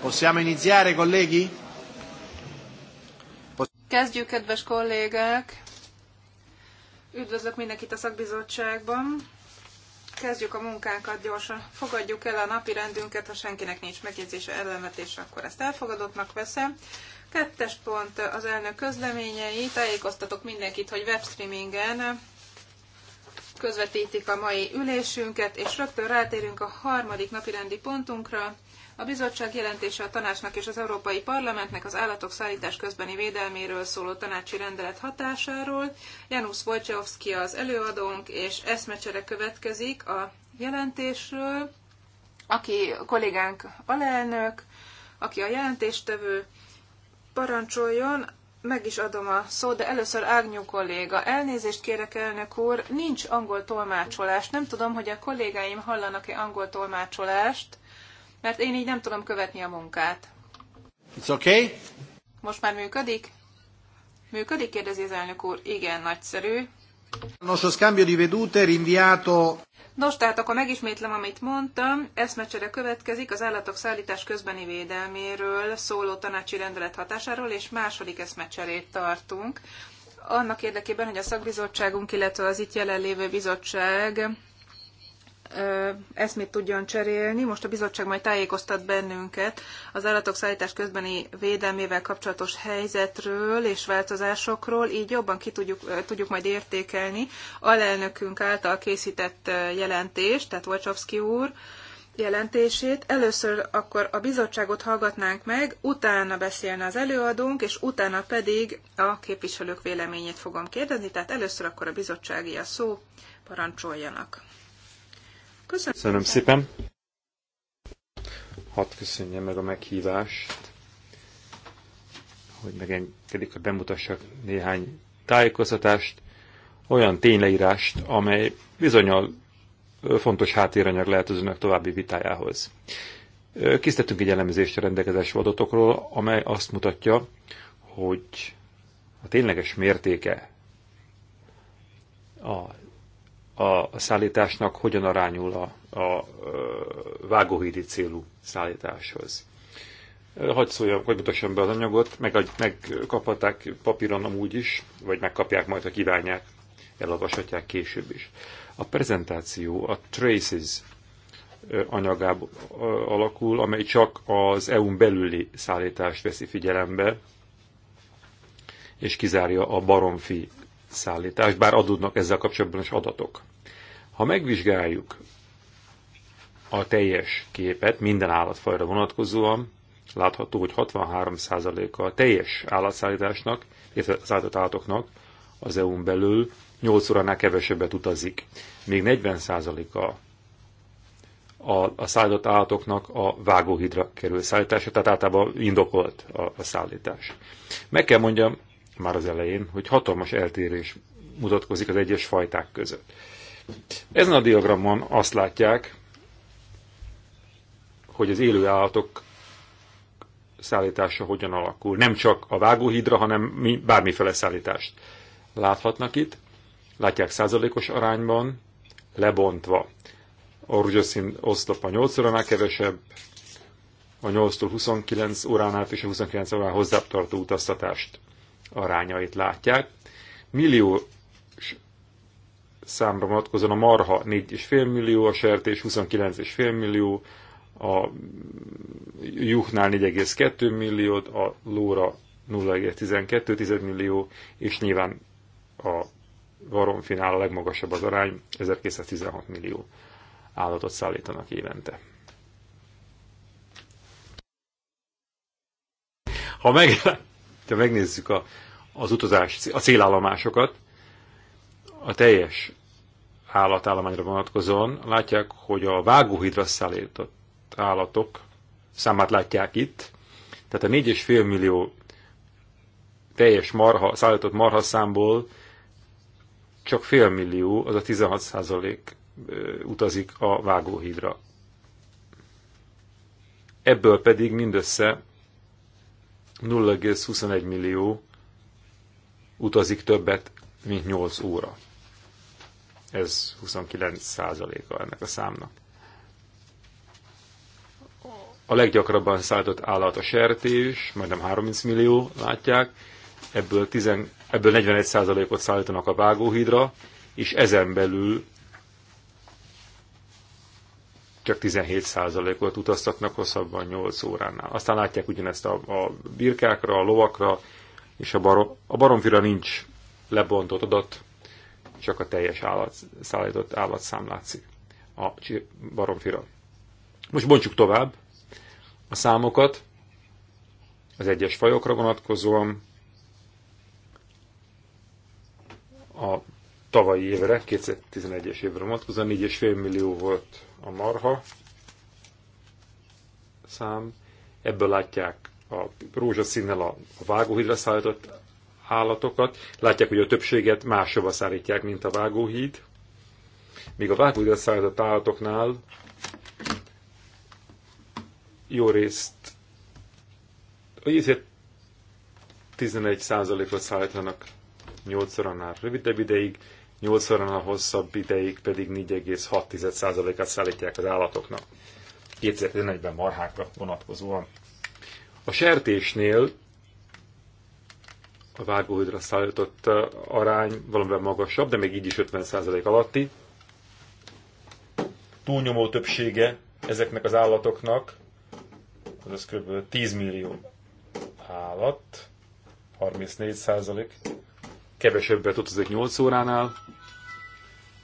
Possiamo iniziare, colleghi? Kezdjük, kedves kollégák! Üdvözlök mindenkit a szakbizottságban. Kezdjük a munkánkat gyorsan. Fogadjuk el a napi rendünket, ha senkinek nincs megjegyzése, ellenvetése, akkor ezt elfogadottnak veszem. Kettes pont az elnök közleményei. Tájékoztatok mindenkit, hogy webstreamingen közvetítik a mai ülésünket, és rögtön rátérünk a harmadik napirendi pontunkra, a bizottság jelentése a tanácsnak és az Európai Parlamentnek az állatok szállítás közbeni védelméről szóló tanácsi rendelet hatásáról. Janusz Wojciechowski az előadónk, és eszmecsere következik a jelentésről, aki kollégánk alelnök, aki a jelentéstevő, parancsoljon, meg is adom a szót, de először Ágnyú kolléga. Elnézést kérek, elnök úr, nincs angol tolmácsolás. Nem tudom, hogy a kollégáim hallanak-e angol tolmácsolást mert én így nem tudom követni a munkát. It's okay? Most már működik? Működik, kérdezi az elnök úr. Igen, nagyszerű. Nostro scambio di vedute rinviato. Nos, tehát akkor megismétlem, amit mondtam. Eszmecsere következik az állatok szállítás közbeni védelméről szóló tanácsi rendelet hatásáról, és második eszmecserét tartunk. Annak érdekében, hogy a szakbizottságunk, illetve az itt jelenlévő bizottság eszmét tudjon cserélni. Most a bizottság majd tájékoztat bennünket az állatok szállítás közbeni védelmével kapcsolatos helyzetről és változásokról, így jobban ki tudjuk, tudjuk majd értékelni alelnökünk által készített jelentést, tehát Wojcowski úr, jelentését. Először akkor a bizottságot hallgatnánk meg, utána beszélne az előadónk, és utána pedig a képviselők véleményét fogom kérdezni. Tehát először akkor a bizottsági a szó, parancsoljanak. Köszönöm. Köszönöm szépen. Hadd köszönjem meg a meghívást, hogy megengedik, hogy bemutassak néhány tájékoztatást, olyan tényleírást, amely bizonyal fontos háttéranyag lehet az önök további vitájához. Készítettünk egy elemzést a rendelkezési adatokról, amely azt mutatja, hogy a tényleges mértéke a a szállításnak hogyan arányul a, a vágóhídi célú szállításhoz. Hagy szóljam, hogy mutassam be az anyagot, meg, megkaphatják papíron amúgy is, vagy megkapják majd, ha kívánják, elolvashatják később is. A prezentáció a Traces anyagába alakul, amely csak az EU-n belüli szállítást veszi figyelembe, és kizárja a baromfi szállítást, bár adódnak ezzel kapcsolatban is adatok. Ha megvizsgáljuk a teljes képet minden állatfajra vonatkozóan, látható, hogy 63%-a a teljes állatszállításnak, illetve az állatoknak az EU-n belül 8 óránál kevesebbet utazik. Még 40 a, a, a szállított állatoknak a vágóhidra kerül szállítása, tehát általában indokolt a, a szállítás. Meg kell mondjam már az elején, hogy hatalmas eltérés mutatkozik az egyes fajták között. Ezen a diagramon azt látják, hogy az élő állatok szállítása hogyan alakul. Nem csak a vágóhidra, hanem bármifele szállítást láthatnak itt. Látják százalékos arányban, lebontva. A rúzsaszín oszlop a 8 óránál kevesebb, a 8-tól 29 óránál és a 29 órán hozzátartó utaztatást arányait látják. Millió számra vonatkozóan a marha 4,5 millió, a sertés 29,5 millió, a juhnál 4,2 milliót, a lóra 0,12 millió, és nyilván a varonfinál a legmagasabb az arány, 1216 millió állatot szállítanak évente. Ha, meg, ha megnézzük a, az utazás, a célállomásokat, a teljes állatállományra vonatkozóan. Látják, hogy a vágóhidra szállított állatok számát látják itt. Tehát a 4,5 millió teljes marha, szállított marha számból csak fél millió, az a 16 százalék utazik a vágóhídra. Ebből pedig mindössze 0,21 millió utazik többet, mint 8 óra. Ez 29%-a ennek a számnak. A leggyakrabban szállított állat a sertés, majdnem 30 millió látják, ebből, 10, ebből 41%-ot szállítanak a vágóhídra, és ezen belül csak 17%-ot utaztatnak hosszabban 8 óránál. Aztán látják ugyanezt a, a birkákra, a lovakra, és a, barom, a baromfira nincs lebontott adat, csak a teljes állat, szállított állatszám látszik a baromfira. Most bontsuk tovább a számokat az egyes fajokra vonatkozóan a tavalyi évre, 2011-es évre vonatkozóan 4,5 millió volt a marha szám. Ebből látják a rózsaszínnel a, vágóhidra szállított állatokat. Látják, hogy a többséget máshova szállítják, mint a vágóhíd. Míg a vágóhídra szállított állatoknál jó részt, azért 11%-ot szállítanak 8 annál rövidebb ideig, 8 annál hosszabb ideig pedig 4,6%-át szállítják az állatoknak. 2011-ben marhákra vonatkozóan. A sertésnél a vágóhidra szállított arány valamivel magasabb, de még így is 50% alatti. Túlnyomó többsége ezeknek az állatoknak, az kb. 10 millió állat, 34% kevesebbet utazik 8 óránál,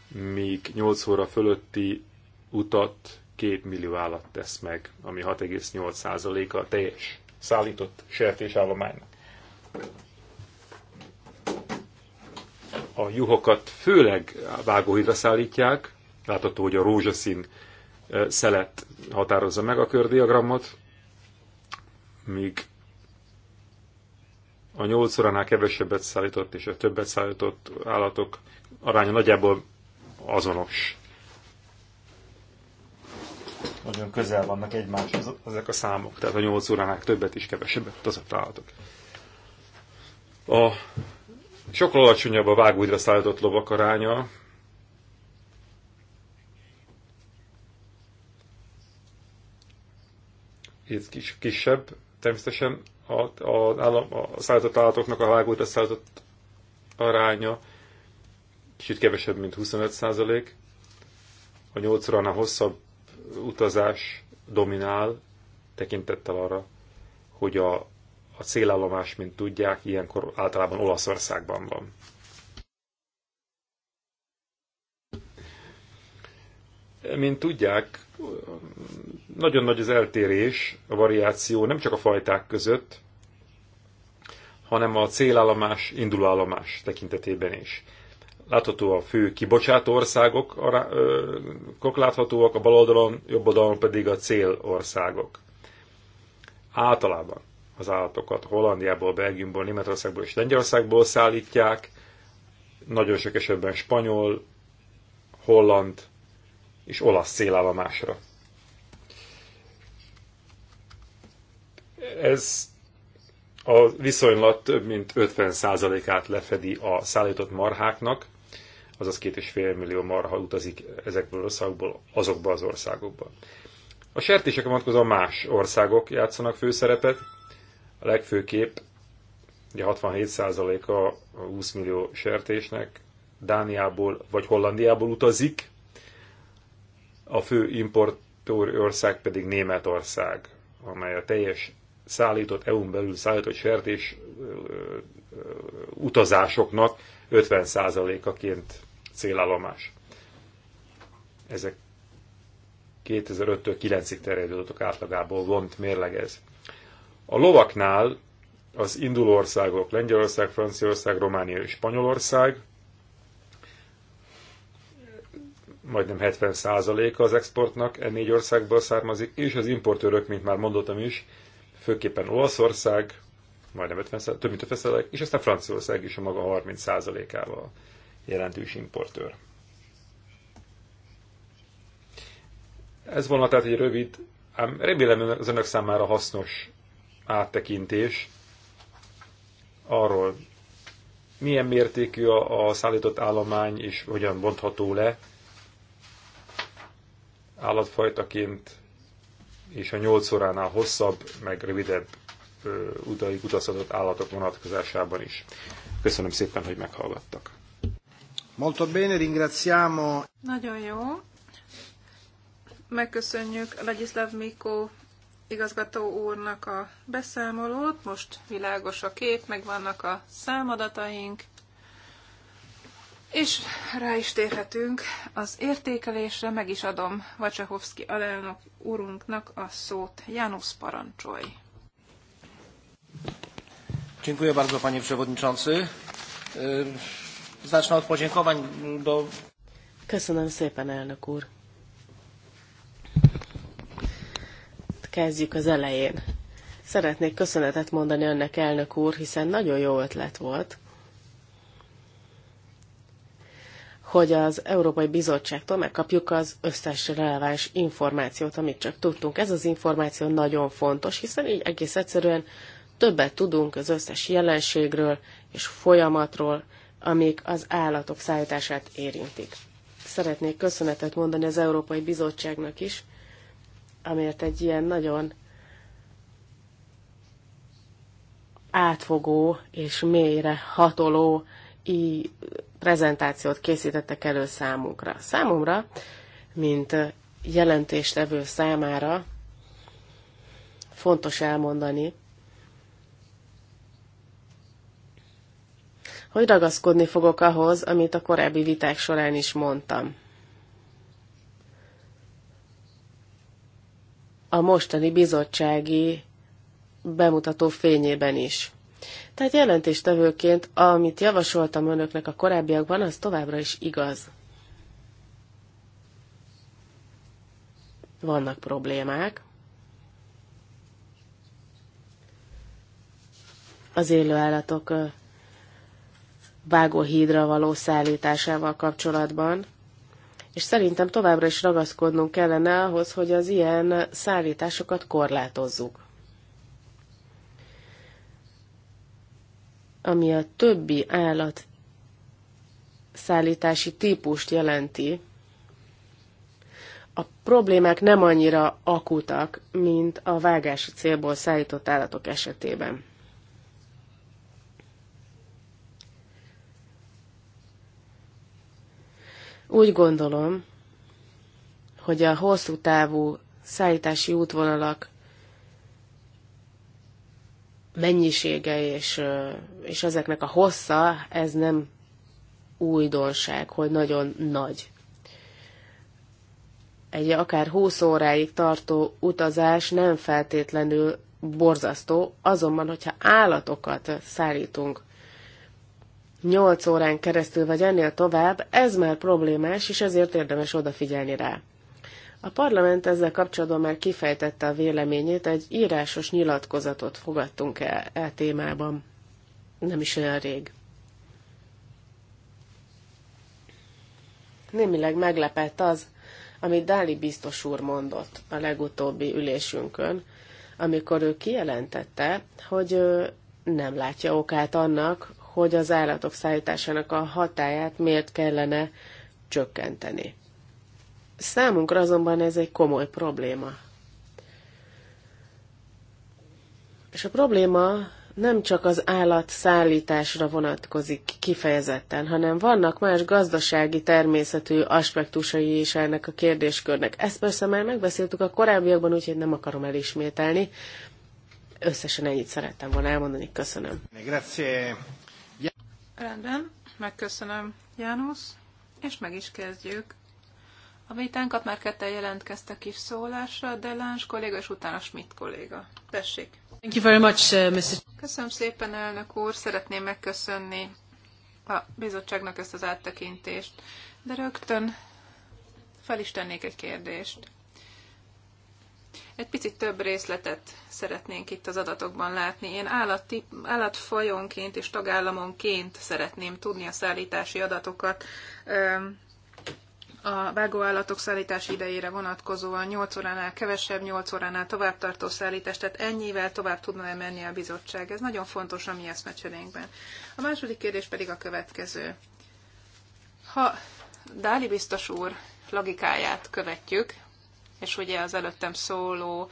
míg 8 óra fölötti utat 2 millió állat tesz meg, ami 6,8% a teljes szállított sertésállománynak a juhokat főleg vágóhidra szállítják, látható, hogy a rózsaszín szelet határozza meg a kördiagramot, míg a nyolc óránál kevesebbet szállított és a többet szállított állatok aránya nagyjából azonos. Nagyon közel vannak egymáshoz ezek a számok, tehát a nyolc óránál többet is kevesebbet az állatok. A Sokkal alacsonyabb a vágóidra szállított lovak aránya. Itt kis, kisebb, természetesen a, a, állam, a szállított állatoknak a vágóidra szállított aránya kicsit kevesebb, mint 25 százalék. A 8 óránál hosszabb utazás dominál, tekintettel arra, hogy a a célállomás, mint tudják, ilyenkor általában Olaszországban van. Mint tudják, nagyon nagy az eltérés, a variáció nem csak a fajták között, hanem a célállomás, indulállomás tekintetében is. Látható a fő kibocsátó országok, kok láthatóak, a bal oldalon, jobb oldalon pedig a célországok. Általában az állatokat Hollandiából, Belgiumból, Németországból és Lengyelországból szállítják, nagyon sok esetben spanyol, holland és olasz szélállomásra. Ez a viszonylat több mint 50%-át lefedi a szállított marháknak, azaz 2,5 millió marha utazik ezekből az országokból azokba az országokba. A sertések vonatkozóan más országok játszanak főszerepet, legfőképp ugye 67%-a 20 millió sertésnek Dániából vagy Hollandiából utazik, a fő importőr ország pedig Németország, amely a teljes szállított, EU-n belül szállított sertés utazásoknak 50%-aként célállomás. Ezek 2005-től 9-ig terjedő adatok átlagából vont mérlegez. A lovaknál az induló országok Lengyelország, Franciaország, Románia és Spanyolország, majdnem 70%-a az exportnak e négy országból származik, és az importőrök, mint már mondottam is, főképpen Olaszország, majdnem 50%, több mint 50%, és aztán Franciaország is a maga 30%-ával jelentős importőr. Ez volna tehát egy rövid, ám remélem az önök számára hasznos áttekintés arról, milyen mértékű a, a szállított állomány, és hogyan bontható le állatfajtaként, és a 8 óránál hosszabb, meg rövidebb ö, utaig utazhatott állatok vonatkozásában is. Köszönöm szépen, hogy meghallgattak. Molto bene, ringraziamo. Nagyon jó. Megköszönjük Legislav Mikó igazgató úrnak a beszámolót. Most világos a kép, megvannak a számadataink, és rá is térhetünk az értékelésre, meg is adom Vacsehovszki alelnök urunknak a szót. Janusz parancsolj! Dziękuję bardzo, panie przewodniczący. Zacznę od podziękowań do... Köszönöm szépen, elnök úr. kezdjük az elején. Szeretnék köszönetet mondani önnek, elnök úr, hiszen nagyon jó ötlet volt, hogy az Európai Bizottságtól megkapjuk az összes releváns információt, amit csak tudtunk. Ez az információ nagyon fontos, hiszen így egész egyszerűen többet tudunk az összes jelenségről és folyamatról, amik az állatok szállítását érintik. Szeretnék köszönetet mondani az Európai Bizottságnak is, amért egy ilyen nagyon átfogó és mélyre hatoló i prezentációt készítettek elő számunkra. Számomra, mint jelentéstevő számára fontos elmondani, hogy ragaszkodni fogok ahhoz, amit a korábbi viták során is mondtam. a mostani bizottsági bemutató fényében is. Tehát jelentéstevőként, amit javasoltam önöknek a korábbiakban, az továbbra is igaz. Vannak problémák. Az élőállatok vágóhídra való szállításával kapcsolatban, és szerintem továbbra is ragaszkodnunk kellene ahhoz, hogy az ilyen szállításokat korlátozzuk. Ami a többi állat szállítási típust jelenti, a problémák nem annyira akutak, mint a vágási célból szállított állatok esetében. Úgy gondolom, hogy a hosszú távú szállítási útvonalak mennyisége és, és ezeknek a hossza, ez nem újdonság, hogy nagyon nagy. Egy akár 20 óráig tartó utazás nem feltétlenül borzasztó, azonban, hogyha állatokat szállítunk 8 órán keresztül, vagy ennél tovább, ez már problémás, és ezért érdemes odafigyelni rá. A parlament ezzel kapcsolatban már kifejtette a véleményét, egy írásos nyilatkozatot fogadtunk el e témában. Nem is olyan rég. Némileg meglepett az, amit Dáli biztos úr mondott a legutóbbi ülésünkön, amikor ő kijelentette, hogy nem látja okát annak, hogy az állatok szállításának a hatáját miért kellene csökkenteni. Számunkra azonban ez egy komoly probléma. És a probléma nem csak az állat szállításra vonatkozik kifejezetten, hanem vannak más gazdasági természetű aspektusai is ennek a kérdéskörnek. Ezt persze már megbeszéltük a korábbiakban, úgyhogy nem akarom elismételni. Összesen ennyit szerettem volna elmondani. Köszönöm. Grazie, Rendben, megköszönöm, János, és meg is kezdjük. A vitánkat már ketten jelentkeztek is szólásra, de Láns kolléga és utána Schmidt kolléga. Tessék! Thank you very much, uh, Mr. Köszönöm szépen, elnök úr, szeretném megköszönni a bizottságnak ezt az áttekintést, de rögtön fel is tennék egy kérdést. Egy picit több részletet szeretnénk itt az adatokban látni. Én állati, állatfajonként és tagállamonként szeretném tudni a szállítási adatokat a vágóállatok szállítási idejére vonatkozóan 8 óránál kevesebb, 8 óránál tovább tartó szállítás, tehát ennyivel tovább tudna -e menni a bizottság. Ez nagyon fontos a mi eszmecserénkben. A második kérdés pedig a következő. Ha Dáli biztos úr logikáját követjük, és ugye az előttem szóló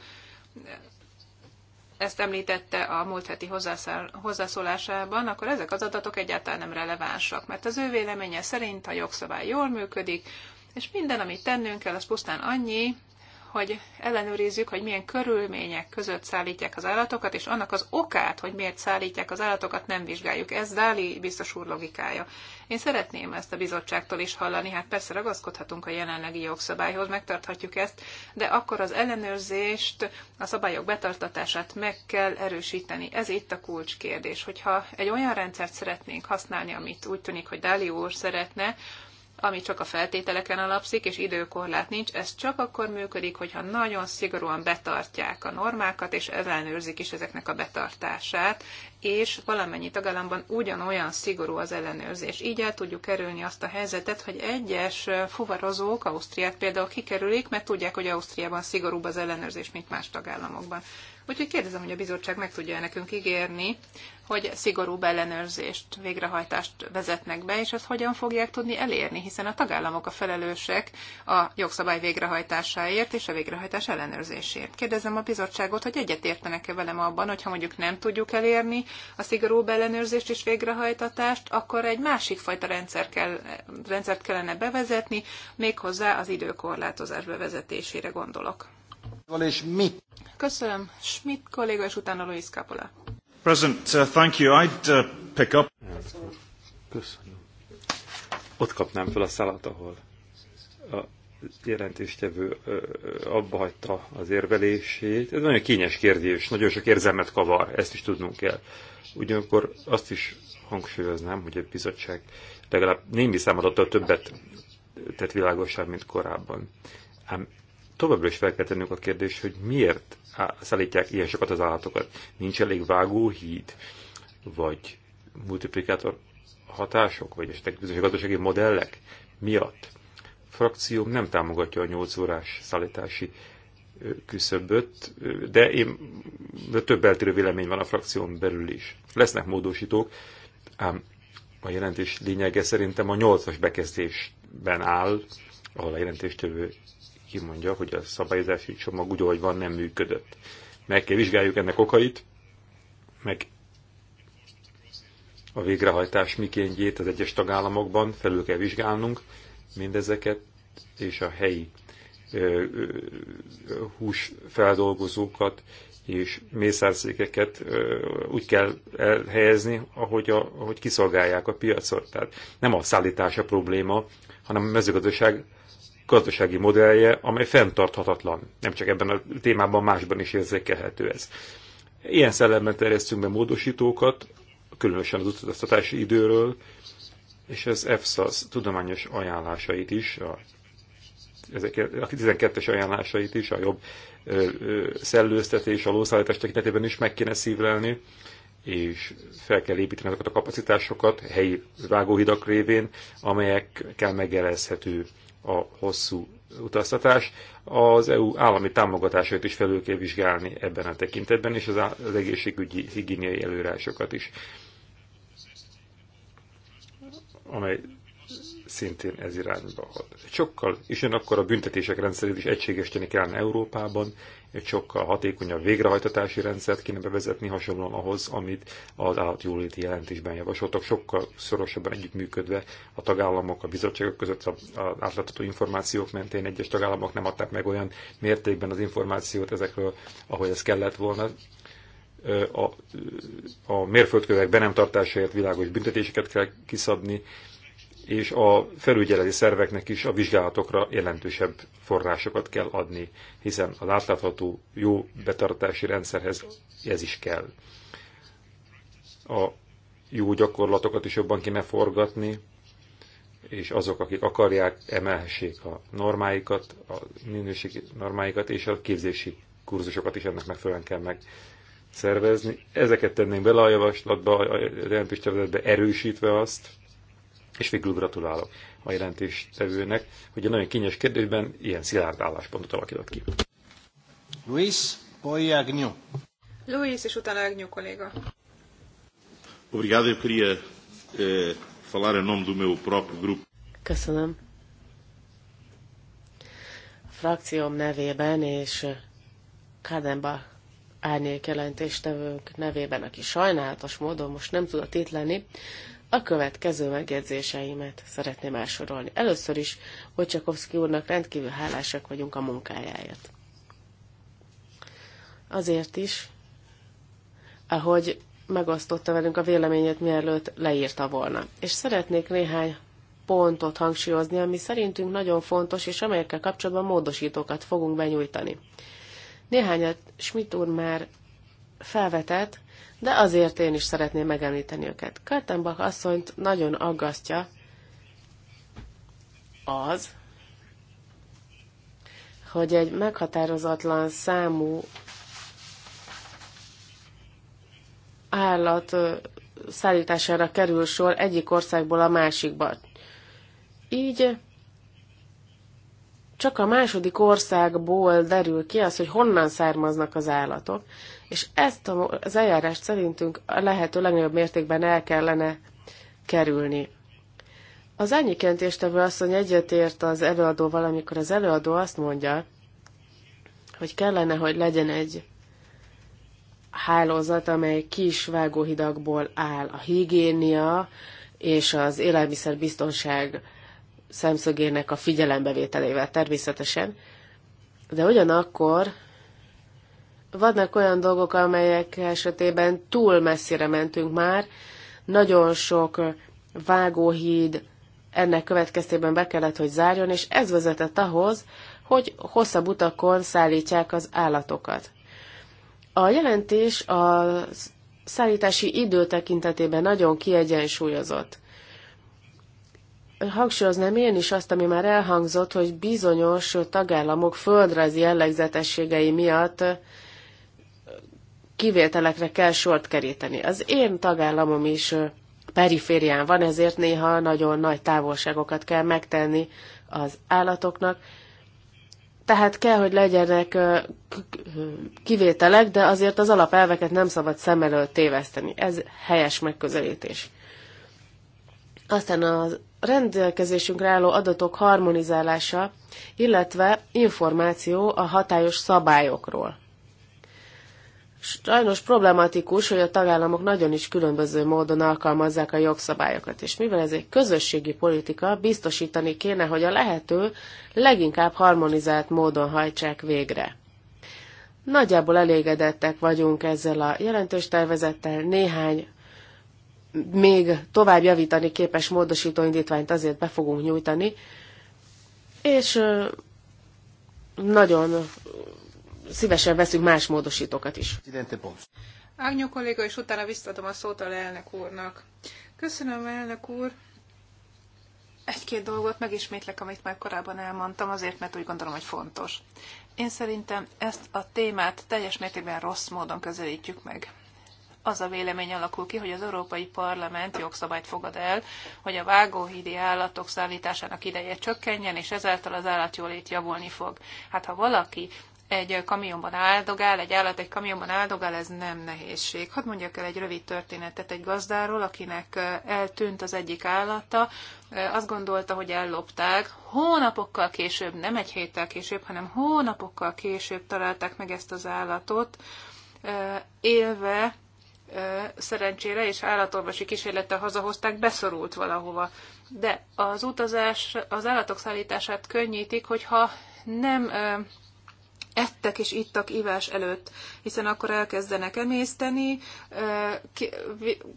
ezt említette a múlt heti hozzászólásában, akkor ezek az adatok egyáltalán nem relevánsak, mert az ő véleménye szerint a jogszabály jól működik, és minden, amit tennünk kell, az pusztán annyi, hogy ellenőrizzük, hogy milyen körülmények között szállítják az állatokat, és annak az okát, hogy miért szállítják az állatokat, nem vizsgáljuk. Ez Dáli biztos úr logikája. Én szeretném ezt a bizottságtól is hallani, hát persze ragaszkodhatunk a jelenlegi jogszabályhoz, megtarthatjuk ezt, de akkor az ellenőrzést, a szabályok betartatását meg kell erősíteni. Ez itt a kulcskérdés, hogyha egy olyan rendszert szeretnénk használni, amit úgy tűnik, hogy Dáli úr szeretne, ami csak a feltételeken alapszik, és időkorlát nincs, ez csak akkor működik, hogyha nagyon szigorúan betartják a normákat, és ellenőrzik is ezeknek a betartását, és valamennyi tagállamban ugyanolyan szigorú az ellenőrzés. Így el tudjuk kerülni azt a helyzetet, hogy egyes fuvarozók Ausztriát például kikerülik, mert tudják, hogy Ausztriában szigorúbb az ellenőrzés, mint más tagállamokban. Úgyhogy kérdezem, hogy a bizottság meg tudja nekünk ígérni, hogy szigorúbb ellenőrzést, végrehajtást vezetnek be, és ezt hogyan fogják tudni elérni, hiszen a tagállamok a felelősek a jogszabály végrehajtásáért és a végrehajtás ellenőrzésért. Kérdezem a bizottságot, hogy egyetértenek-e velem abban, hogy ha mondjuk nem tudjuk elérni a szigorúbb ellenőrzést és végrehajtatást, akkor egy másik fajta rendszer kell, rendszert kellene bevezetni, méghozzá az időkorlátozás bevezetésére gondolok. És Köszönöm. Schmidt kolléga, és utána Luis Capola. President, uh, thank you. I'd uh, pick up. Köszönöm. Ott kapnám fel a szállat, ahol a jelentéstevő abba hagyta az érvelését. Ez nagyon kényes kérdés, nagyon sok érzelmet kavar, ezt is tudnunk kell. Ugyanakkor azt is hangsúlyoznám, hogy a bizottság legalább némi számadattal többet tett világosan, mint korábban. Ám továbbra is fel kell tennünk a kérdést, hogy miért szállítják ilyen sokat az állatokat. Nincs elég vágóhíd, vagy multiplikátor hatások, vagy esetleg bizonyos gazdasági modellek miatt. A frakcióm nem támogatja a 8 órás szállítási küszöböt, de én de több eltérő vélemény van a frakción belül is. Lesznek módosítók, ám a jelentés lényege szerintem a 8-as bekezdésben áll, ahol a jelentéstevő kimondja, hogy a szabályozási csomag úgy, ahogy van, nem működött. Meg kell vizsgáljuk ennek okait, meg a végrehajtás mikéntjét az egyes tagállamokban, felül kell vizsgálnunk mindezeket, és a helyi húsfeldolgozókat és mészárszékeket úgy kell elhelyezni, ahogy, a, ahogy kiszolgálják a piacot. Tehát nem a a probléma, hanem a mezőgazdaság gazdasági modellje, amely fenntarthatatlan. Nem csak ebben a témában, másban is érzékelhető ez. Ilyen szellemben terjesztünk be módosítókat, különösen az utaztatási időről, és az EFSAS tudományos ajánlásait is, a, a 12-es ajánlásait is, a jobb ö, ö, szellőztetés, a lószállítás tekintetében is meg kéne szívlelni, és fel kell építeni azokat a kapacitásokat helyi vágóhidak révén, amelyekkel megjelezhető a hosszú utaztatás, az EU állami támogatásait is felül kell vizsgálni ebben a tekintetben, és az, az egészségügyi higiéniai előrásokat is, amely szintén ez irányba hat. Sokkal, és akkor a büntetések rendszerét is egységesíteni kellene Európában, egy sokkal hatékonyabb végrehajtatási rendszert kéne bevezetni hasonlóan ahhoz, amit az állatjóléti jelentésben javasoltak, sokkal szorosabban együttműködve a tagállamok, a bizottságok között az átlátható információk mentén egyes tagállamok nem adták meg olyan mértékben az információt ezekről, ahogy ez kellett volna a, a mérföldkövek be nem tartásáért világos büntetéseket kell kiszabni, és a felügyeleti szerveknek is a vizsgálatokra jelentősebb forrásokat kell adni, hiszen a átlátható jó betartási rendszerhez ez is kell. A jó gyakorlatokat is jobban kéne forgatni, és azok, akik akarják, emelhessék a normáikat, a minőségi normáikat, és a képzési kurzusokat is ennek megfelelően kell meg szervezni. Ezeket tenném bele a javaslatba, a jelentős erősítve azt, és végül gratulálok a jelentéstevőnek, hogy a nagyon kényes kérdésben ilyen szilárd álláspontot alakított ki. Luis, poi Agnew. Luis, és utána Agnew kolléga. Obrigado, eu queria eh, falar em nome do meu próprio grupo. Köszönöm. A frakcióm nevében és Kadenbach árnyék jelentéstevők nevében, aki sajnálatos módon most nem tudott itt lenni, a következő megjegyzéseimet szeretném elsorolni. Először is Bocsakovszki úrnak rendkívül hálásak vagyunk a munkájáért. Azért is, ahogy megosztotta velünk a véleményét, mielőtt leírta volna. És szeretnék néhány pontot hangsúlyozni, ami szerintünk nagyon fontos, és amelyekkel kapcsolatban módosítókat fogunk benyújtani. Néhányat Schmidt úr már felvetett, de azért én is szeretném megemlíteni őket. Kartenbach asszonyt nagyon aggasztja az, hogy egy meghatározatlan számú állat szállítására kerül sor egyik országból a másikba. Így csak a második országból derül ki az, hogy honnan származnak az állatok, és ezt a, az eljárást szerintünk a lehető legnagyobb mértékben el kellene kerülni. Az ennyikentéstevő asszony egyetért az előadóval, amikor az előadó azt mondja, hogy kellene, hogy legyen egy hálózat, amely kis vágóhidakból áll. A higiénia és az élelmiszerbiztonság szemszögének a figyelembevételével természetesen, de ugyanakkor vannak olyan dolgok, amelyek esetében túl messzire mentünk már, nagyon sok vágóhíd ennek következtében be kellett, hogy zárjon, és ez vezetett ahhoz, hogy hosszabb utakon szállítják az állatokat. A jelentés a szállítási idő tekintetében nagyon kiegyensúlyozott. Hangsúlyoznám én is azt, ami már elhangzott, hogy bizonyos tagállamok földrajzi jellegzetességei miatt kivételekre kell sort keríteni. Az én tagállamom is periférián van, ezért néha nagyon nagy távolságokat kell megtenni az állatoknak. Tehát kell, hogy legyenek kivételek, de azért az alapelveket nem szabad szem elől téveszteni. Ez helyes megközelítés. Aztán a rendelkezésünkre álló adatok harmonizálása, illetve információ a hatályos szabályokról. Sajnos problematikus, hogy a tagállamok nagyon is különböző módon alkalmazzák a jogszabályokat, és mivel ez egy közösségi politika, biztosítani kéne, hogy a lehető leginkább harmonizált módon hajtsák végre. Nagyjából elégedettek vagyunk ezzel a jelentős tervezettel, néhány még tovább javítani képes módosító indítványt azért be fogunk nyújtani, és nagyon szívesen veszünk más módosítókat is. Ágnyó kolléga, és utána visszaadom a szót a elnök úrnak. Köszönöm, elnök úr. Egy-két dolgot megismétlek, amit már korábban elmondtam, azért, mert úgy gondolom, hogy fontos. Én szerintem ezt a témát teljes mértékben rossz módon közelítjük meg az a vélemény alakul ki, hogy az Európai Parlament jogszabályt fogad el, hogy a vágóhídi állatok szállításának ideje csökkenjen, és ezáltal az állatjólét javulni fog. Hát ha valaki egy kamionban áldogál, egy állat egy kamionban áldogál, ez nem nehézség. Hadd mondjak el egy rövid történetet egy gazdáról, akinek eltűnt az egyik állata, azt gondolta, hogy ellopták. Hónapokkal később, nem egy héttel később, hanem hónapokkal később találták meg ezt az állatot, élve szerencsére és állatorvosi kísérlettel hazahozták, beszorult valahova. De az utazás az állatok szállítását könnyítik, hogyha nem ettek és ittak ivás előtt, hiszen akkor elkezdenek emészteni,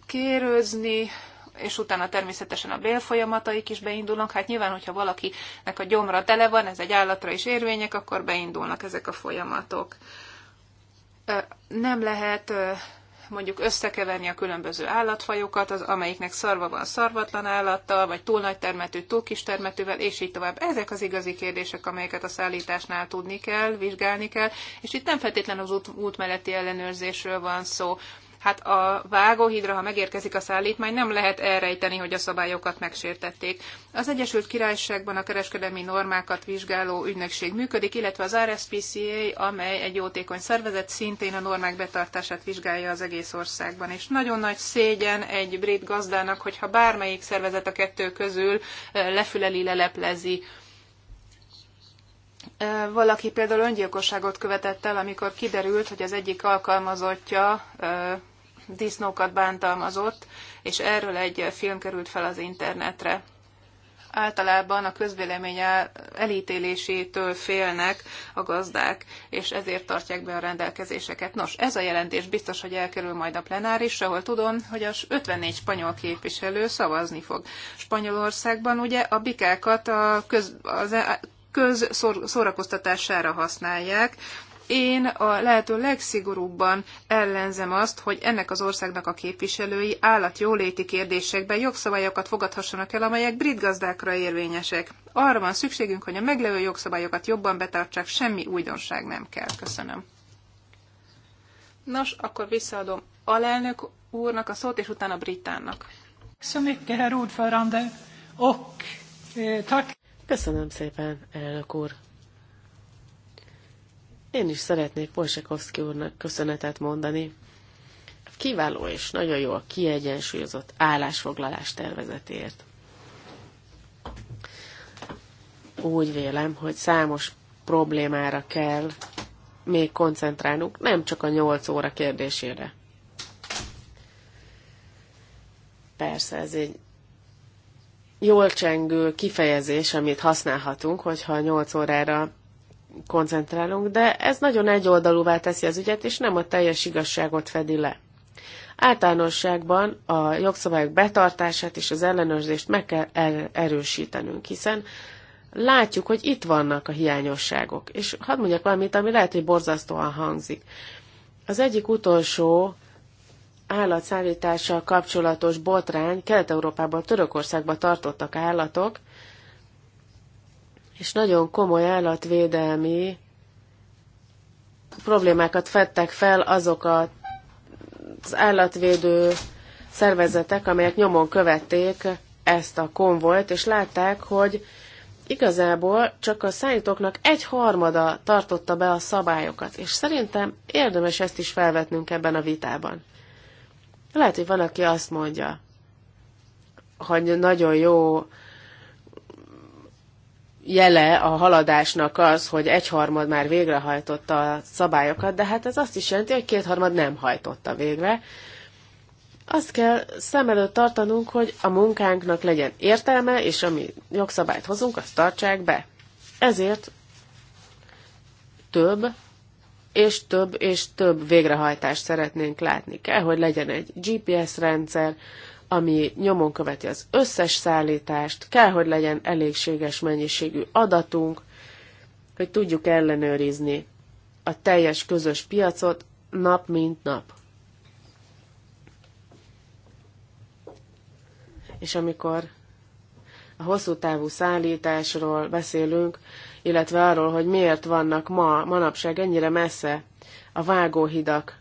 kérőzni, és utána természetesen a bélfolyamataik is beindulnak. Hát nyilván, hogyha valakinek a gyomra tele van, ez egy állatra is érvények, akkor beindulnak ezek a folyamatok. Nem lehet mondjuk összekeverni a különböző állatfajokat, az amelyiknek szarva van szarvatlan állattal, vagy túl nagy termetű, túl kis termetűvel, és így tovább. Ezek az igazi kérdések, amelyeket a szállításnál tudni kell, vizsgálni kell, és itt nem feltétlenül az út, út melletti ellenőrzésről van szó, Hát a vágóhídra, ha megérkezik a szállítmány, nem lehet elrejteni, hogy a szabályokat megsértették. Az Egyesült Királyságban a kereskedelmi normákat vizsgáló ügynökség működik, illetve az RSPCA, amely egy jótékony szervezet, szintén a normák betartását vizsgálja az egész országban. És nagyon nagy szégyen egy brit gazdának, hogyha bármelyik szervezet a kettő közül eh, lefüleli, leleplezi eh, valaki például öngyilkosságot követett el, amikor kiderült, hogy az egyik alkalmazottja eh, disznókat bántalmazott, és erről egy film került fel az internetre. Általában a közvélemény elítélésétől félnek a gazdák, és ezért tartják be a rendelkezéseket. Nos, ez a jelentés biztos, hogy elkerül majd a plenárisra, ahol tudom, hogy az 54 spanyol képviselő szavazni fog. Spanyolországban ugye a bikákat a köz, az, e- köz szórakoztatására használják, én a lehető legszigorúbban ellenzem azt, hogy ennek az országnak a képviselői állatjóléti kérdésekben jogszabályokat fogadhassanak el, amelyek brit gazdákra érvényesek. Arra van szükségünk, hogy a meglevő jogszabályokat jobban betartsák, semmi újdonság nem kell. Köszönöm. Nos, akkor visszaadom alelnök úrnak a szót, és utána Británnak. Eh, Köszönöm szépen, elnök úr. Én is szeretnék Polsakovszki úrnak köszönetet mondani. Kiváló és nagyon a kiegyensúlyozott állásfoglalás tervezetért. Úgy vélem, hogy számos problémára kell még koncentrálnunk, nem csak a 8 óra kérdésére. Persze, ez egy jól csengő kifejezés, amit használhatunk, hogyha 8 órára koncentrálunk, de ez nagyon egyoldalúvá teszi az ügyet, és nem a teljes igazságot fedi le. Általánosságban a jogszabályok betartását és az ellenőrzést meg kell er- erősítenünk, hiszen látjuk, hogy itt vannak a hiányosságok. És hadd mondjak valamit, ami lehet, hogy borzasztóan hangzik. Az egyik utolsó állatszállítással kapcsolatos botrány Kelet-Európában, Törökországban tartottak állatok, és nagyon komoly állatvédelmi problémákat fedtek fel azok a, az állatvédő szervezetek, amelyek nyomon követték ezt a konvolt, és látták, hogy igazából csak a szállítóknak egy harmada tartotta be a szabályokat, és szerintem érdemes ezt is felvetnünk ebben a vitában. Lehet, hogy van, aki azt mondja, hogy nagyon jó jele a haladásnak az, hogy egyharmad már végrehajtotta a szabályokat, de hát ez azt is jelenti, hogy kétharmad nem hajtotta végre. Azt kell szem előtt tartanunk, hogy a munkánknak legyen értelme, és ami jogszabályt hozunk, azt tartsák be. Ezért több és több és több végrehajtást szeretnénk látni. Kell, hogy legyen egy GPS rendszer, ami nyomon követi az összes szállítást, kell, hogy legyen elégséges mennyiségű adatunk, hogy tudjuk ellenőrizni a teljes közös piacot nap mint nap. És amikor a hosszú távú szállításról beszélünk, illetve arról, hogy miért vannak ma, manapság ennyire messze a vágóhidak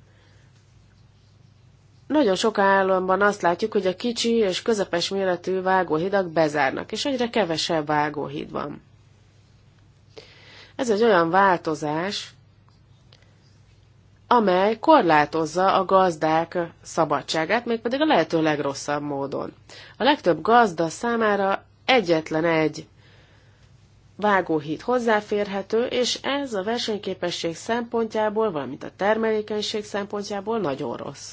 nagyon sok államban azt látjuk, hogy a kicsi és közepes méretű vágóhidak bezárnak, és egyre kevesebb vágóhíd van. Ez egy olyan változás, amely korlátozza a gazdák szabadságát, mégpedig a lehető legrosszabb módon. A legtöbb gazda számára egyetlen egy vágóhíd hozzáférhető, és ez a versenyképesség szempontjából, valamint a termelékenység szempontjából nagyon rossz.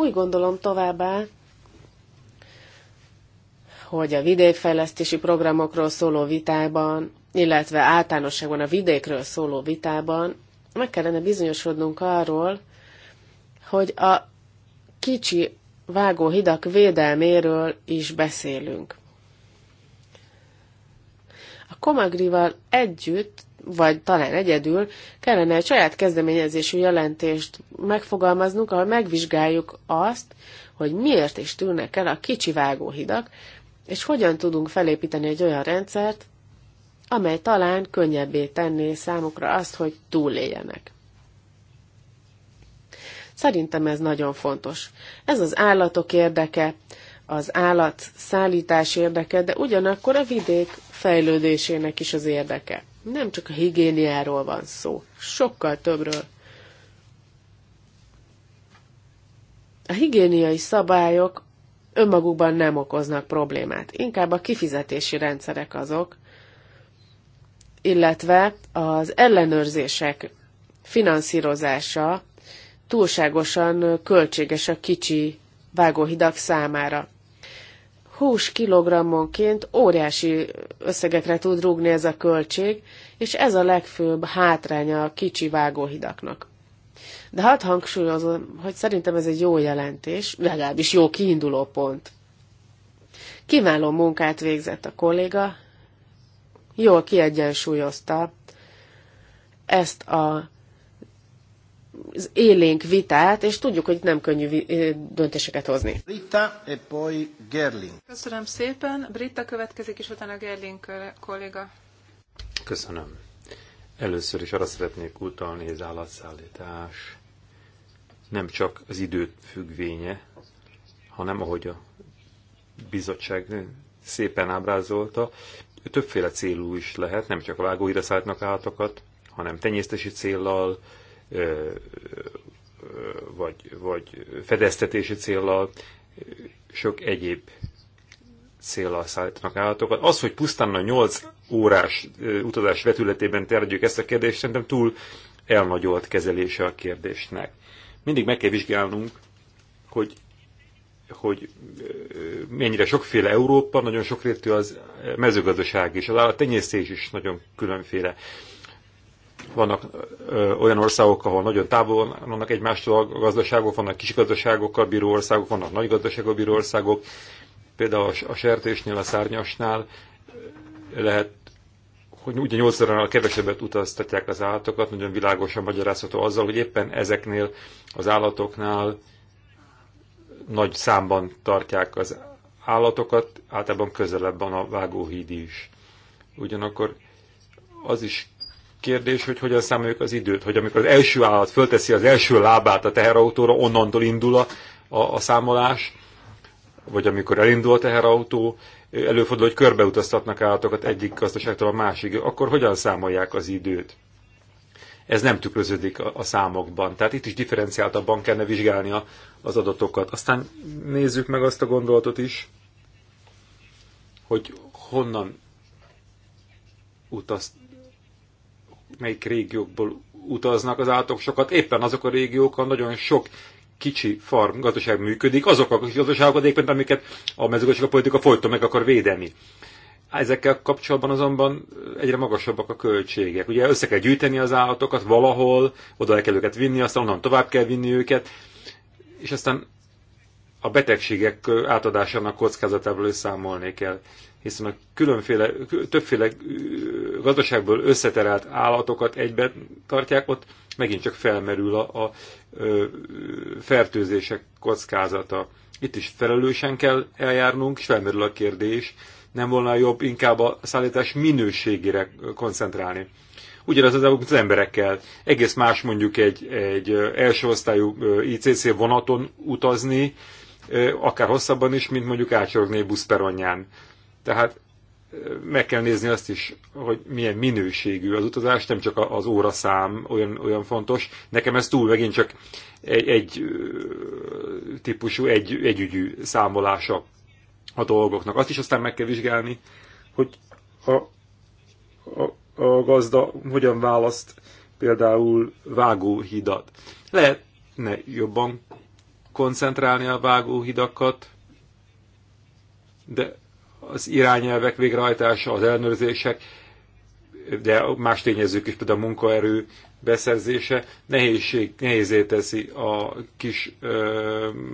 Úgy gondolom továbbá, hogy a vidékfejlesztési programokról szóló vitában, illetve általánosságban a vidékről szóló vitában meg kellene bizonyosodnunk arról, hogy a kicsi vágóhidak védelméről is beszélünk. A Komagrival együtt vagy talán egyedül kellene egy saját kezdeményezésű jelentést megfogalmaznunk, ahol megvizsgáljuk azt, hogy miért is tűnnek el a kicsi vágóhidak, és hogyan tudunk felépíteni egy olyan rendszert, amely talán könnyebbé tenné számukra azt, hogy túléljenek. Szerintem ez nagyon fontos. Ez az állatok érdeke, az állat szállítás érdeke, de ugyanakkor a vidék fejlődésének is az érdeke nem csak a higiéniáról van szó, sokkal többről. A higiéniai szabályok önmagukban nem okoznak problémát, inkább a kifizetési rendszerek azok, illetve az ellenőrzések finanszírozása túlságosan költséges a kicsi vágóhidak számára. 20 kilogrammonként óriási összegekre tud rúgni ez a költség, és ez a legfőbb hátránya a kicsi vágóhidaknak. De hadd hangsúlyozom, hogy szerintem ez egy jó jelentés, legalábbis jó kiinduló pont. Kiváló munkát végzett a kolléga, jól kiegyensúlyozta ezt a az élénk vitát, és tudjuk, hogy nem könnyű döntéseket hozni. Britta, e poi Gerling. Köszönöm szépen. Britta következik, és utána Gerling kolléga. Köszönöm. Először is arra szeretnék utalni, hogy az állatszállítás nem csak az idő függvénye, hanem ahogy a bizottság szépen ábrázolta, többféle célú is lehet, nem csak a vágóira szállítnak állatokat, hanem tenyésztési céllal, vagy, vagy fedeztetési célral, sok egyéb célral szállítanak állatokat. Az, hogy pusztán a 8 órás utazás vetületében tárgyaljuk ezt a kérdést, szerintem túl elnagyolt kezelése a kérdésnek. Mindig meg kell vizsgálnunk, hogy hogy mennyire sokféle Európa, nagyon sokrétű az mezőgazdaság is, az állattenyésztés is nagyon különféle. Vannak ö, olyan országok, ahol nagyon távol vannak egymástól a gazdaságok, vannak kis gazdaságokkal bíró országok, vannak nagy gazdaságokkal bíró országok. Például a, a sertésnél, a szárnyasnál lehet hogy ugye 8 a kevesebbet utaztatják az állatokat, nagyon világosan magyarázható azzal, hogy éppen ezeknél az állatoknál nagy számban tartják az állatokat, általában közelebb van a vágóhíd is. Ugyanakkor az is kérdés, hogy hogyan számoljuk az időt, hogy amikor az első állat fölteszi az első lábát a teherautóra, onnantól indul a, a, a számolás, vagy amikor elindul a teherautó, előfordul, hogy körbeutaztatnak állatokat egyik gazdaságtól a másik, akkor hogyan számolják az időt? Ez nem tükröződik a, a számokban. Tehát itt is differenciáltabban kellene vizsgálni a, az adatokat. Aztán nézzük meg azt a gondolatot is, hogy honnan utaz melyik régiókból utaznak az állatok sokat, éppen azok a régiók, ahol nagyon sok kicsi farm gazdaság működik, azok a kicsi gazdaságokat éppen, amiket a mezőgazdasági politika folyton meg akar védeni. Ezekkel kapcsolatban azonban egyre magasabbak a költségek. Ugye össze kell gyűjteni az állatokat valahol, oda kell őket vinni, aztán onnan tovább kell vinni őket, és aztán a betegségek átadásának kockázatával is számolni kell hiszen a különféle, többféle gazdaságból összeterelt állatokat egyben tartják, ott megint csak felmerül a, a fertőzések kockázata. Itt is felelősen kell eljárnunk, és felmerül a kérdés, nem volna jobb inkább a szállítás minőségére koncentrálni. Ugyanaz az az emberekkel. Egész más mondjuk egy, egy első osztályú ICC vonaton utazni, akár hosszabban is, mint mondjuk átsorogni egy buszperonján. Tehát meg kell nézni azt is, hogy milyen minőségű az utazás, nem csak az óraszám olyan, olyan fontos. Nekem ez túl megint csak egy, egy típusú, egy, együgyű számolása a dolgoknak. Azt is aztán meg kell vizsgálni, hogy a, a, a gazda hogyan választ például vágóhidat. Lehetne jobban koncentrálni a vágóhidakat, de az irányelvek végrehajtása, az ellenőrzések, de más tényezők is, például a munkaerő beszerzése nehézség, nehézé teszi a kis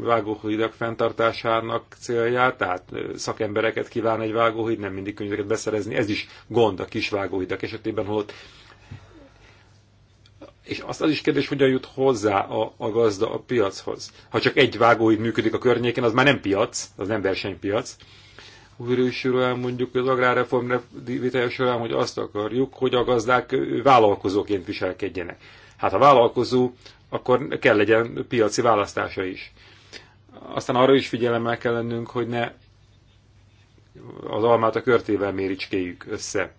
vágóhidak fenntartásának célját, tehát szakembereket kíván egy vágóhíd, nem mindig könnyű őket beszerezni, ez is gond a kis vágóhidak esetében, holott és azt az is kérdés, hogyan jut hozzá a, a gazda a piachoz. Ha csak egy vágóid működik a környéken, az már nem piac, az nem versenypiac, újra mondjuk az agrárreform vitája során, hogy azt akarjuk, hogy a gazdák vállalkozóként viselkedjenek. Hát a vállalkozó, akkor kell legyen piaci választása is. Aztán arra is figyelemmel kell lennünk, hogy ne az almát a körtével méricskéjük össze.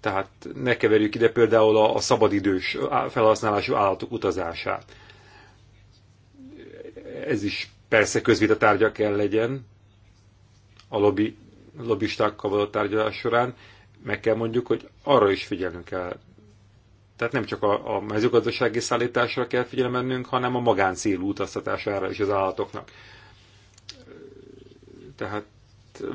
Tehát ne keverjük ide például a, a szabadidős felhasználású állatok utazását. Ez is Persze közvita tárgya kell legyen a lobby, lobbistákkal való tárgyalás során, meg kell mondjuk, hogy arra is figyelnünk kell. Tehát nem csak a, a mezőgazdasági szállításra kell figyelmennünk, hanem a magáncélú utaztatására is az állatoknak. Tehát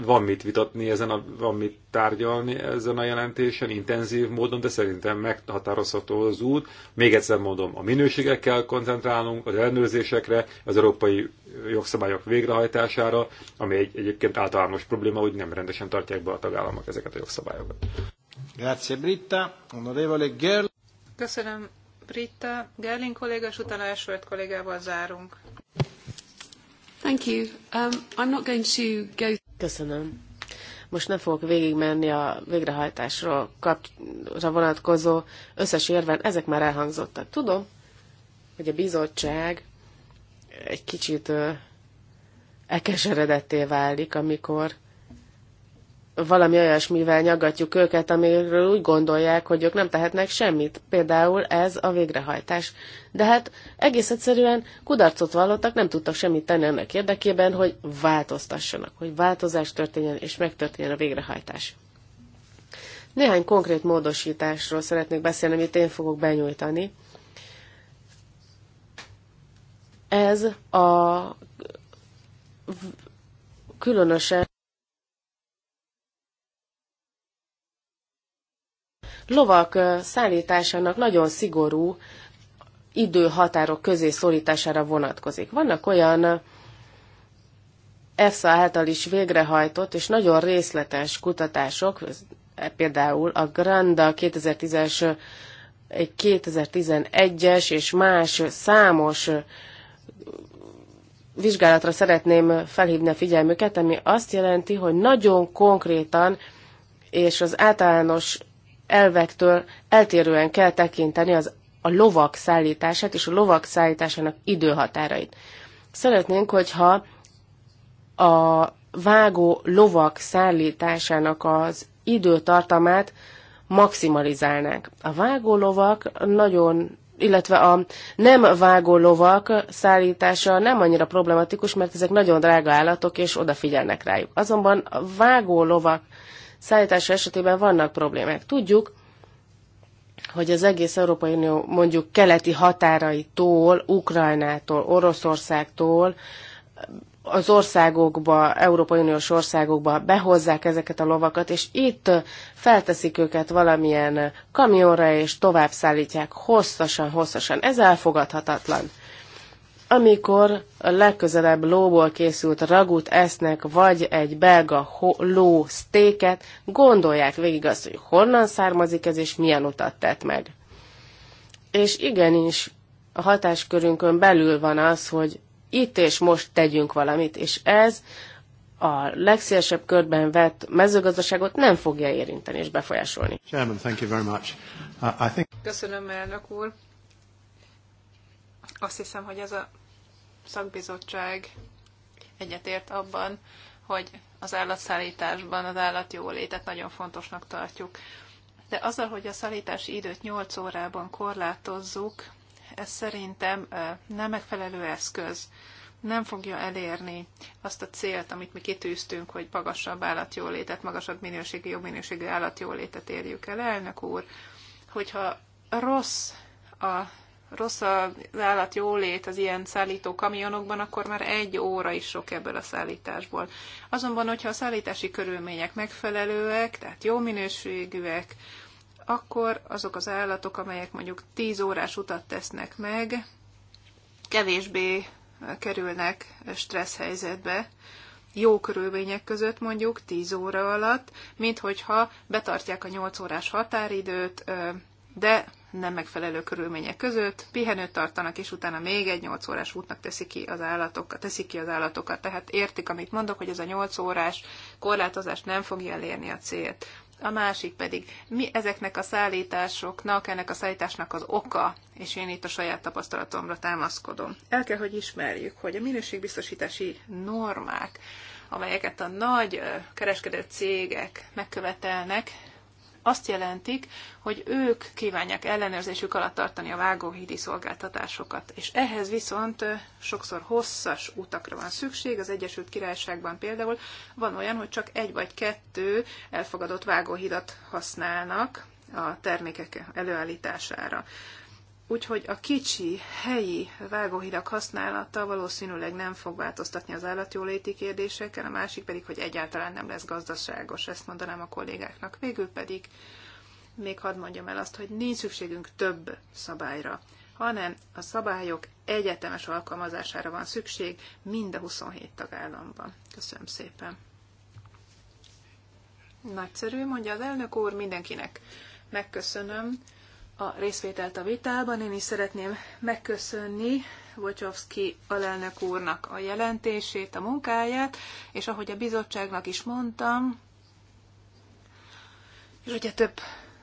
van mit vitatni ezen, a, van mit tárgyalni ezen a jelentésen, intenzív módon, de szerintem meghatározható az út. Még egyszer mondom, a minőségekkel koncentrálunk, az ellenőrzésekre, az európai jogszabályok végrehajtására, ami egy, egyébként általános probléma, hogy nem rendesen tartják be a tagállamok ezeket a jogszabályokat. Grazie Britta, onorevole Gerl. Köszönöm Britta, Gerlin kolléga, és utána Esvert kollégával zárunk. Thank you. Um, I'm not going to go... Köszönöm. Most nem fogok végigmenni a végrehajtásra kapra vonatkozó összes érven, ezek már elhangzottak. Tudom, hogy a bizottság egy kicsit elkeseredetté válik, amikor valami olyasmivel nyaggatjuk őket, amiről úgy gondolják, hogy ők nem tehetnek semmit. Például ez a végrehajtás. De hát egész egyszerűen kudarcot vallottak, nem tudtak semmit tenni ennek érdekében, hogy változtassanak, hogy változás történjen és megtörténjen a végrehajtás. Néhány konkrét módosításról szeretnék beszélni, amit én fogok benyújtani. Ez a különösen lovak szállításának nagyon szigorú időhatárok közé szólítására vonatkozik. Vannak olyan EFSA által is végrehajtott és nagyon részletes kutatások, e, például a Granda 2010-es, 2011-es és más számos vizsgálatra szeretném felhívni a figyelmüket, ami azt jelenti, hogy nagyon konkrétan és az általános elvektől eltérően kell tekinteni az, a lovak szállítását és a lovak szállításának időhatárait. Szeretnénk, hogyha a vágó lovak szállításának az időtartamát maximalizálnánk. A vágó lovak nagyon illetve a nem vágó lovak szállítása nem annyira problematikus, mert ezek nagyon drága állatok, és odafigyelnek rájuk. Azonban a vágó lovak szállítása esetében vannak problémák. Tudjuk, hogy az egész Európai Unió mondjuk keleti határaitól, Ukrajnától, Oroszországtól az országokba, Európai Uniós országokba behozzák ezeket a lovakat, és itt felteszik őket valamilyen kamionra, és tovább szállítják hosszasan, hosszasan. Ez elfogadhatatlan amikor a legközelebb lóból készült ragut esznek, vagy egy belga ló sztéket, gondolják végig azt, hogy honnan származik ez, és milyen utat tett meg. És igenis, a hatáskörünkön belül van az, hogy itt és most tegyünk valamit, és ez a legszélesebb körben vett mezőgazdaságot nem fogja érinteni és befolyásolni. Chairman, thank you very much. Uh, I think... Köszönöm, elnök úr. Azt hiszem, hogy ez a szakbizottság egyetért abban, hogy az állatszállításban az állatjólétet nagyon fontosnak tartjuk. De azzal, hogy a szállítási időt 8 órában korlátozzuk, ez szerintem nem megfelelő eszköz. Nem fogja elérni azt a célt, amit mi kitűztünk, hogy magasabb állatjólétet, magasabb minőségi, jobb minőségű állatjólétet érjük el. Elnök úr, hogyha rossz a rossz a állat jólét az ilyen szállító kamionokban, akkor már egy óra is sok ebből a szállításból. Azonban, hogyha a szállítási körülmények megfelelőek, tehát jó minőségűek, akkor azok az állatok, amelyek mondjuk 10 órás utat tesznek meg, kevésbé kerülnek stressz helyzetbe, jó körülmények között mondjuk 10 óra alatt, mint hogyha betartják a 8 órás határidőt, de nem megfelelő körülmények között, pihenőt tartanak, és utána még egy 8 órás útnak teszik ki az állatokat, teszik ki az állatokat. Tehát értik, amit mondok, hogy ez a 8 órás korlátozás nem fogja elérni a célt. A másik pedig, mi ezeknek a szállításoknak, ennek a szállításnak az oka, és én itt a saját tapasztalatomra támaszkodom. El kell, hogy ismerjük, hogy a minőségbiztosítási normák, amelyeket a nagy kereskedő cégek megkövetelnek, azt jelentik, hogy ők kívánják ellenőrzésük alatt tartani a vágóhídi szolgáltatásokat. És ehhez viszont sokszor hosszas utakra van szükség. Az Egyesült Királyságban például van olyan, hogy csak egy vagy kettő elfogadott vágóhidat használnak a termékek előállítására. Úgyhogy a kicsi, helyi vágóhidak használata valószínűleg nem fog változtatni az állatjóléti kérdésekkel, a másik pedig, hogy egyáltalán nem lesz gazdaságos, ezt mondanám a kollégáknak. Végül pedig még hadd mondjam el azt, hogy nincs szükségünk több szabályra, hanem a szabályok egyetemes alkalmazására van szükség mind a 27 tagállamban. Köszönöm szépen. Nagyszerű, mondja az elnök úr, mindenkinek megköszönöm a részvételt a vitában. Én is szeretném megköszönni Vocsovszki alelnök úrnak a jelentését, a munkáját, és ahogy a bizottságnak is mondtam, és ugye több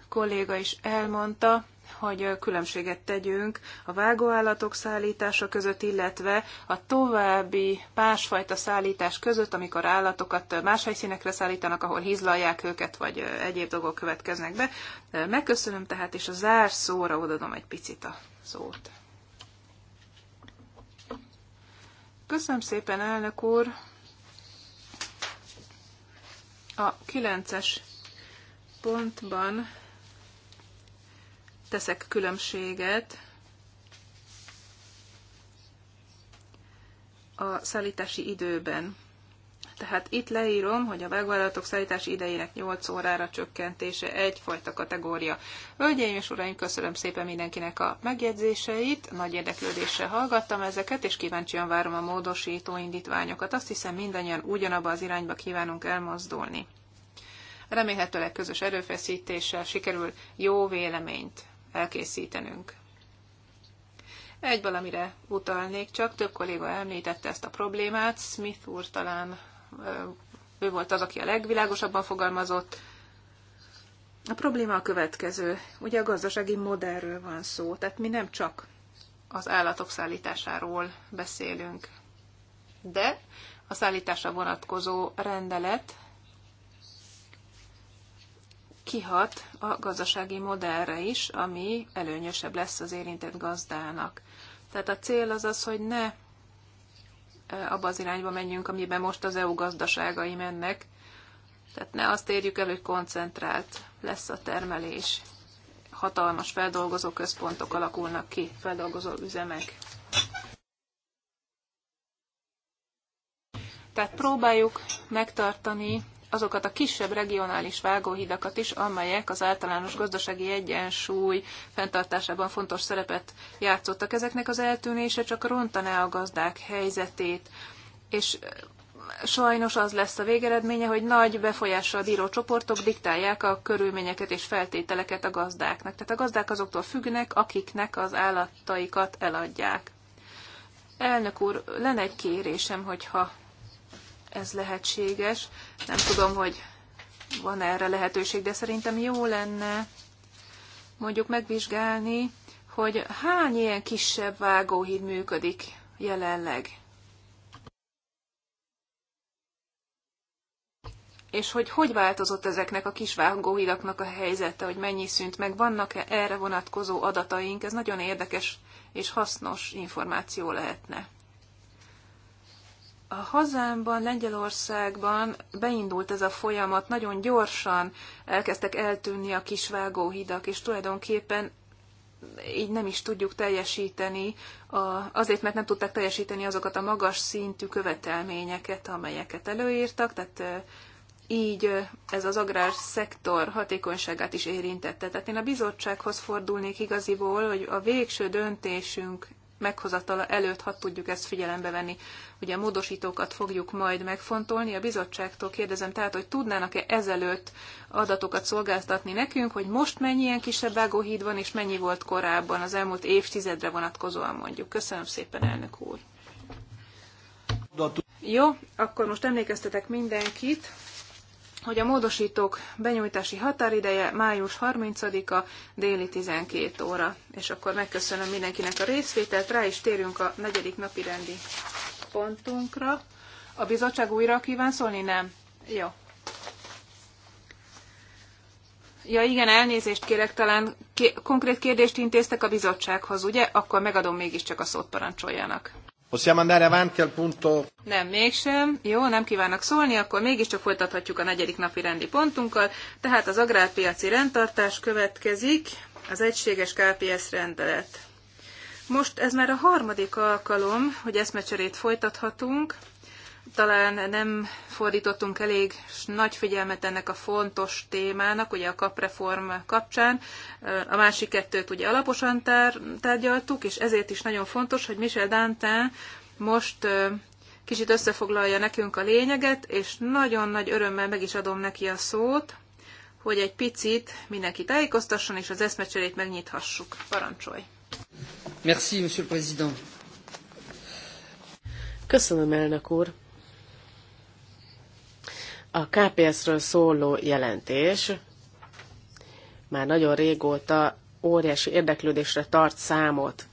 kolléga is elmondta, hogy különbséget tegyünk a vágóállatok szállítása között, illetve a további másfajta szállítás között, amikor állatokat más helyszínekre szállítanak, ahol hízlalják őket, vagy egyéb dolgok következnek be. Megköszönöm tehát, és a zárszóra odadom egy picit a szót. Köszönöm szépen, elnök úr! A 9-es pontban teszek különbséget a szállítási időben. Tehát itt leírom, hogy a vállalatok szállítási idejének 8 órára csökkentése egyfajta kategória. Hölgyeim és uraim, köszönöm szépen mindenkinek a megjegyzéseit, nagy érdeklődéssel hallgattam ezeket, és kíváncsian várom a módosító indítványokat. Azt hiszem mindannyian ugyanabba az irányba kívánunk elmozdulni. Remélhetőleg közös erőfeszítéssel sikerül jó véleményt elkészítenünk. Egy valamire utalnék, csak több kolléga említette ezt a problémát. Smith úr talán ő volt az, aki a legvilágosabban fogalmazott. A probléma a következő. Ugye a gazdasági modellről van szó, tehát mi nem csak az állatok szállításáról beszélünk, de a szállításra vonatkozó rendelet kihat a gazdasági modellre is, ami előnyösebb lesz az érintett gazdának. Tehát a cél az az, hogy ne abba az irányba menjünk, amiben most az EU gazdaságai mennek. Tehát ne azt érjük el, hogy koncentrált lesz a termelés. Hatalmas feldolgozó központok alakulnak ki, feldolgozó üzemek. Tehát próbáljuk megtartani azokat a kisebb regionális vágóhidakat is, amelyek az általános gazdasági egyensúly fenntartásában fontos szerepet játszottak. Ezeknek az eltűnése csak rontaná a gazdák helyzetét, és sajnos az lesz a végeredménye, hogy nagy befolyással bíró csoportok diktálják a körülményeket és feltételeket a gazdáknak. Tehát a gazdák azoktól függnek, akiknek az állataikat eladják. Elnök úr, lenne egy kérésem, hogyha ez lehetséges. Nem tudom, hogy van -e erre lehetőség, de szerintem jó lenne mondjuk megvizsgálni, hogy hány ilyen kisebb vágóhíd működik jelenleg. És hogy hogy változott ezeknek a kis vágóhidaknak a helyzete, hogy mennyi szűnt meg, vannak-e erre vonatkozó adataink, ez nagyon érdekes és hasznos információ lehetne. A hazámban, Lengyelországban beindult ez a folyamat, nagyon gyorsan elkezdtek eltűnni a kis vágóhidak, és tulajdonképpen így nem is tudjuk teljesíteni, azért, mert nem tudták teljesíteni azokat a magas szintű követelményeket, amelyeket előírtak, tehát így ez az szektor hatékonyságát is érintette. Tehát én a bizottsághoz fordulnék igaziból, hogy a végső döntésünk meghozatala előtt hadd tudjuk ezt figyelembe venni. Ugye a módosítókat fogjuk majd megfontolni. A bizottságtól kérdezem tehát, hogy tudnának-e ezelőtt adatokat szolgáltatni nekünk, hogy most mennyi ilyen kisebb vágóhíd van, és mennyi volt korábban az elmúlt évtizedre vonatkozóan mondjuk. Köszönöm szépen, elnök úr! Jó, akkor most emlékeztetek mindenkit, hogy a módosítók benyújtási határideje május 30-a déli 12 óra. És akkor megköszönöm mindenkinek a részvételt, rá is térünk a negyedik napi rendi pontunkra. A bizottság újra kíván szólni? Nem. Jó. Ja igen, elnézést kérek, talán ké- konkrét kérdést intéztek a bizottsághoz, ugye? Akkor megadom mégiscsak a szót parancsoljanak. Possiamo andare avanti al punto... Nem, mégsem. Jó, nem kívánok szólni, akkor mégiscsak folytathatjuk a negyedik napi rendi pontunkkal. Tehát az agrárpiaci rendtartás következik, az egységes KPS rendelet. Most ez már a harmadik alkalom, hogy eszmecserét folytathatunk talán nem fordítottunk elég nagy figyelmet ennek a fontos témának, ugye a kapreform kapcsán. A másik kettőt ugye alaposan tár- tárgyaltuk, és ezért is nagyon fontos, hogy Michel Dantin most kicsit összefoglalja nekünk a lényeget, és nagyon nagy örömmel meg is adom neki a szót, hogy egy picit mindenki tájékoztasson, és az eszmecserét megnyithassuk. Parancsolj! Merci, Monsieur le Président. Köszönöm, elnök úr. A KPS-ről szóló jelentés már nagyon régóta óriási érdeklődésre tart számot.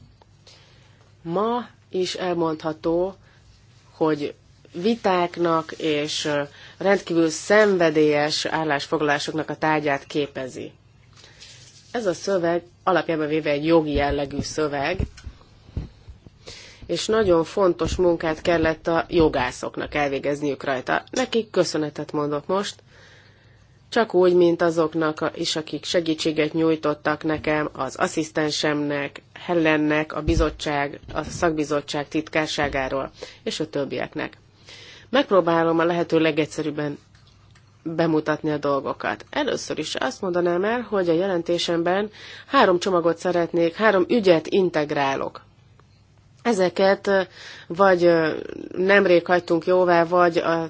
Ma is elmondható, hogy vitáknak és rendkívül szenvedélyes állásfoglalásoknak a tárgyát képezi. Ez a szöveg alapjában véve egy jogi jellegű szöveg, és nagyon fontos munkát kellett a jogászoknak elvégezniük rajta. Nekik köszönetet mondok most, csak úgy, mint azoknak is, akik segítséget nyújtottak nekem, az asszisztensemnek, Hellennek, a bizottság, a szakbizottság titkárságáról, és a többieknek. Megpróbálom a lehető legegyszerűbben bemutatni a dolgokat. Először is azt mondanám el, hogy a jelentésemben három csomagot szeretnék, három ügyet integrálok. Ezeket vagy nemrég hagytunk jóvá, vagy a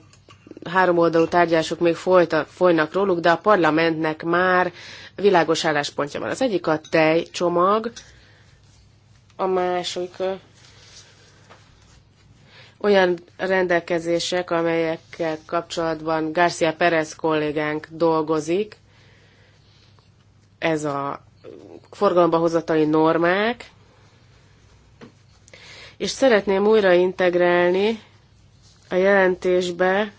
háromoldalú tárgyások még folyta, folynak róluk, de a parlamentnek már világos álláspontja van. Az egyik a tejcsomag, a másik olyan rendelkezések, amelyekkel kapcsolatban Garcia Perez kollégánk dolgozik, ez a forgalomba hozatai normák, és szeretném újra integrálni a jelentésbe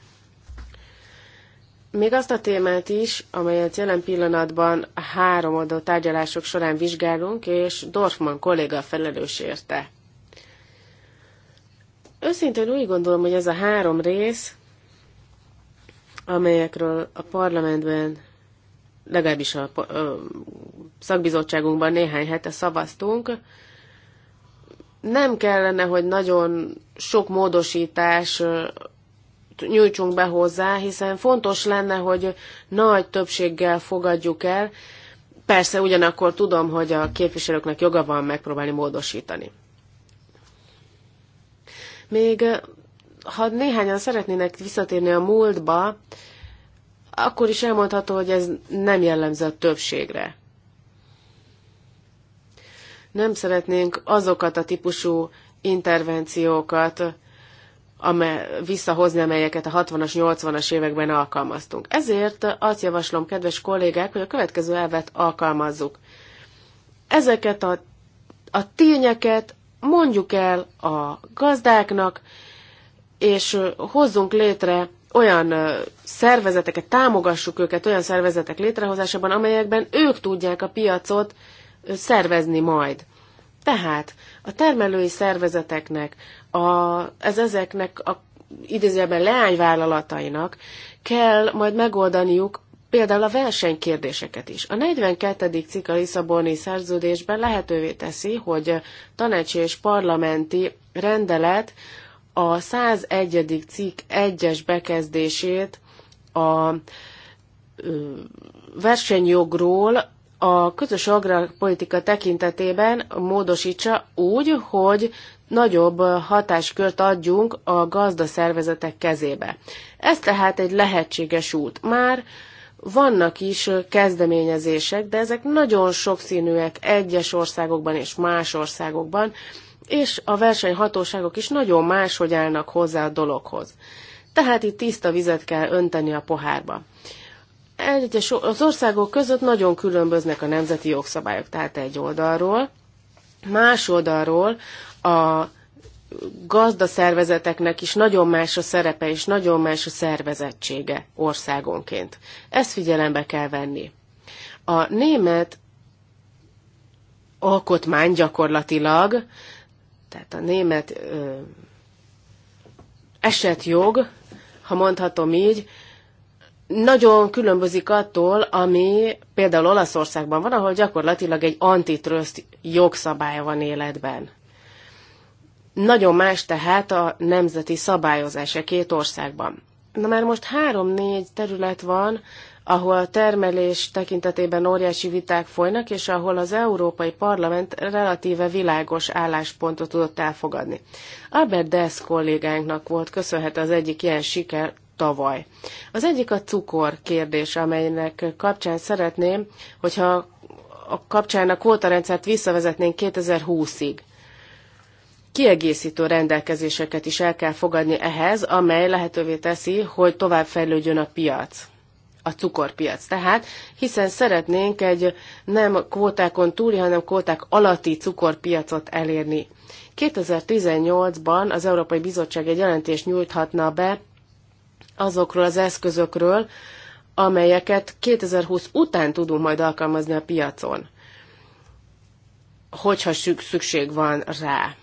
még azt a témát is, amelyet jelen pillanatban a három adó tárgyalások során vizsgálunk, és Dorfman kolléga felelős érte. Őszintén úgy gondolom, hogy ez a három rész, amelyekről a parlamentben, legalábbis a, a szakbizottságunkban néhány hete szavaztunk, nem kellene, hogy nagyon sok módosítás nyújtsunk be hozzá, hiszen fontos lenne, hogy nagy többséggel fogadjuk el. Persze ugyanakkor tudom, hogy a képviselőknek joga van megpróbálni módosítani. Még ha néhányan szeretnének visszatérni a múltba, akkor is elmondható, hogy ez nem jellemző a többségre. Nem szeretnénk azokat a típusú intervenciókat amely, visszahozni, amelyeket a 60-as, 80-as években alkalmaztunk. Ezért azt javaslom, kedves kollégák, hogy a következő elvet alkalmazzuk. Ezeket a, a tényeket mondjuk el a gazdáknak, és hozzunk létre olyan szervezeteket, támogassuk őket olyan szervezetek létrehozásában, amelyekben ők tudják a piacot szervezni majd. Tehát a termelői szervezeteknek, a, ez ezeknek a idézőben leányvállalatainak kell majd megoldaniuk például a versenykérdéseket is. A 42. cikk a Lisszaboni szerződésben lehetővé teszi, hogy tanácsi és parlamenti rendelet a 101. cikk 1-es bekezdését a versenyjogról a közös agrárpolitika tekintetében módosítsa úgy, hogy nagyobb hatáskört adjunk a gazdaszervezetek kezébe. Ez tehát egy lehetséges út. Már vannak is kezdeményezések, de ezek nagyon sokszínűek egyes országokban és más országokban, és a versenyhatóságok is nagyon máshogy állnak hozzá a dologhoz. Tehát itt tiszta vizet kell önteni a pohárba egyes az országok között nagyon különböznek a nemzeti jogszabályok, tehát egy oldalról, más oldalról a gazdaszervezeteknek is nagyon más a szerepe és nagyon más a szervezettsége országonként. Ezt figyelembe kell venni. A német alkotmány gyakorlatilag, tehát a német ö, esetjog, ha mondhatom így, nagyon különbözik attól, ami például Olaszországban van, ahol gyakorlatilag egy antitrust jogszabály van életben. Nagyon más tehát a nemzeti szabályozás a két országban. Na már most három-négy terület van, ahol a termelés tekintetében óriási viták folynak, és ahol az Európai Parlament relatíve világos álláspontot tudott elfogadni. Albert Dess kollégánknak volt köszönhet az egyik ilyen siker, tavaly. Az egyik a cukor kérdés, amelynek kapcsán szeretném, hogyha a kapcsán a kvótarendszert visszavezetnénk 2020-ig. Kiegészítő rendelkezéseket is el kell fogadni ehhez, amely lehetővé teszi, hogy tovább fejlődjön a piac a cukorpiac. Tehát, hiszen szeretnénk egy nem kvótákon túli, hanem kvóták alatti cukorpiacot elérni. 2018-ban az Európai Bizottság egy jelentést nyújthatna be azokról az eszközökről, amelyeket 2020 után tudunk majd alkalmazni a piacon, hogyha szükség van rá.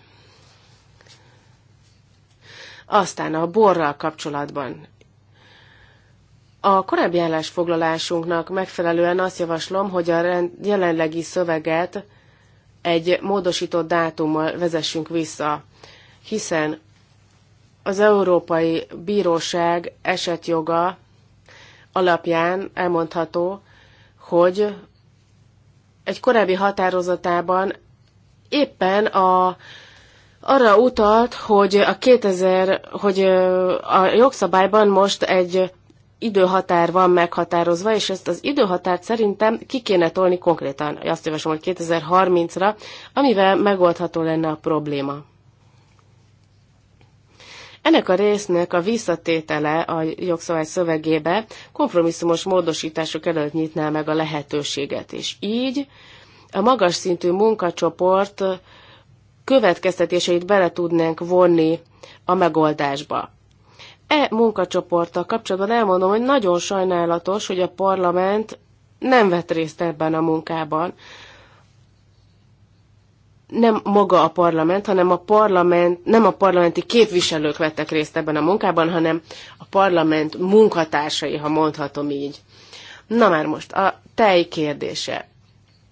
Aztán a borral kapcsolatban. A korábbi állásfoglalásunknak megfelelően azt javaslom, hogy a jelenlegi szöveget egy módosított dátummal vezessünk vissza, hiszen az Európai Bíróság esetjoga alapján elmondható, hogy egy korábbi határozatában éppen a, arra utalt, hogy a 2000, hogy a jogszabályban most egy időhatár van meghatározva, és ezt az időhatárt szerintem ki kéne tolni konkrétan. Azt javaslom, hogy 2030-ra, amivel megoldható lenne a probléma. Ennek a résznek a visszatétele a jogszabály szövegébe kompromisszumos módosítások előtt nyitná meg a lehetőséget, és így a magas szintű munkacsoport következtetéseit bele tudnánk vonni a megoldásba. E munkacsoporttal kapcsolatban elmondom, hogy nagyon sajnálatos, hogy a parlament nem vett részt ebben a munkában nem maga a parlament, hanem a parlament, nem a parlamenti képviselők vettek részt ebben a munkában, hanem a parlament munkatársai, ha mondhatom így. Na már most, a tej kérdése.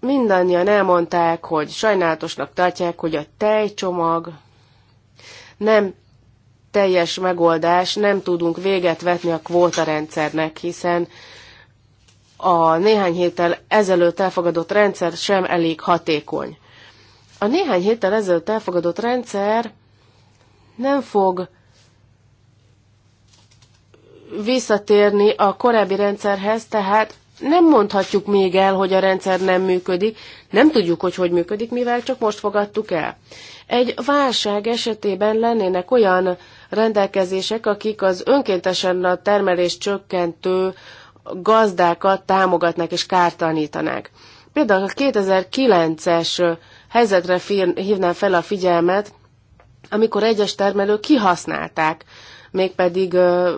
Mindannyian elmondták, hogy sajnálatosnak tartják, hogy a tejcsomag nem teljes megoldás, nem tudunk véget vetni a kvótarendszernek, hiszen a néhány héttel ezelőtt elfogadott rendszer sem elég hatékony. A néhány héttel ezelőtt elfogadott rendszer nem fog visszatérni a korábbi rendszerhez, tehát nem mondhatjuk még el, hogy a rendszer nem működik, nem tudjuk, hogy hogy működik, mivel csak most fogadtuk el. Egy válság esetében lennének olyan rendelkezések, akik az önkéntesen a termelés csökkentő gazdákat támogatnak és kártanítanák. Például a 2009-es helyzetre hívnám fel a figyelmet, amikor egyes termelők kihasználták, mégpedig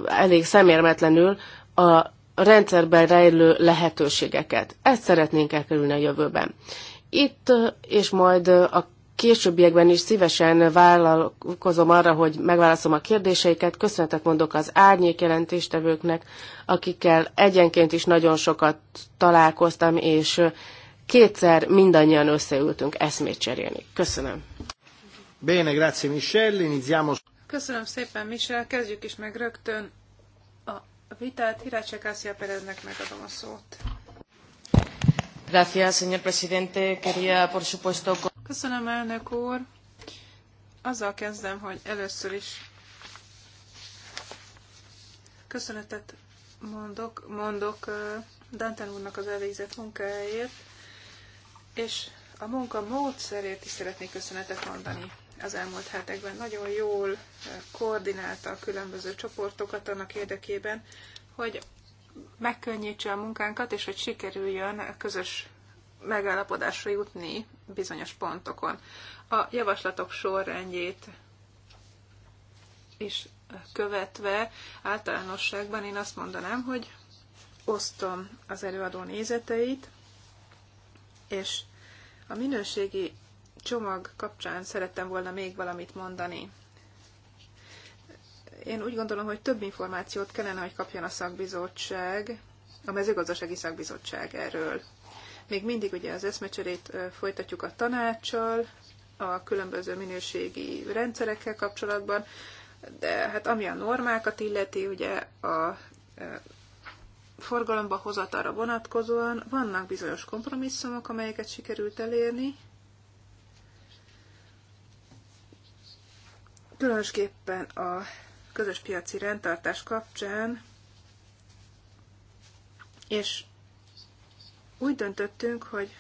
elég szemérmetlenül a rendszerben rejlő lehetőségeket. Ezt szeretnénk elkerülni a jövőben. Itt és majd a későbbiekben is szívesen vállalkozom arra, hogy megválaszom a kérdéseiket. Köszönetet mondok az árnyék jelentéstevőknek, akikkel egyenként is nagyon sokat találkoztam, és kétszer mindannyian összeültünk eszmét cserélni. Köszönöm. Bene, grazie Michelle, iniziamo. Köszönöm szépen, Michelle. Kezdjük is meg rögtön a vitát. Hirácsa Kászia Pereznek megadom a szót. Gracias, señor presidente. Quería, por supuesto... Köszönöm, elnök úr. Azzal kezdem, hogy először is köszönetet mondok, mondok Danten úrnak az elvégzett munkájáért és a munka módszerét is szeretnék köszönetet mondani. Az elmúlt hetekben nagyon jól eh, koordinálta a különböző csoportokat annak érdekében, hogy megkönnyítse a munkánkat, és hogy sikerüljön a közös megállapodásra jutni bizonyos pontokon. A javaslatok sorrendjét is követve általánosságban én azt mondanám, hogy osztom az előadó nézeteit, és a minőségi csomag kapcsán szerettem volna még valamit mondani. Én úgy gondolom, hogy több információt kellene, hogy kapjon a szakbizottság, a mezőgazdasági szakbizottság erről. Még mindig ugye az eszmecserét folytatjuk a tanácssal, a különböző minőségi rendszerekkel kapcsolatban, de hát ami a normákat illeti, ugye a forgalomba hozatára vonatkozóan vannak bizonyos kompromisszumok, amelyeket sikerült elérni. Különösképpen a közös piaci rendtartás kapcsán, és úgy döntöttünk, hogy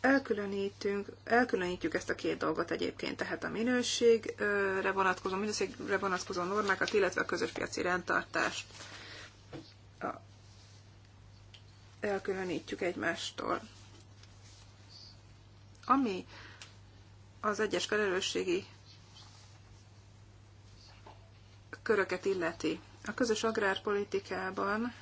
elkülönítünk, elkülönítjük ezt a két dolgot egyébként, tehát a minőségre vonatkozó, minőségre vonatkozó normákat, illetve a közös piaci rendtartást elkülönítjük egymástól. Ami az egyes felelősségi köröket illeti. A közös agrárpolitikában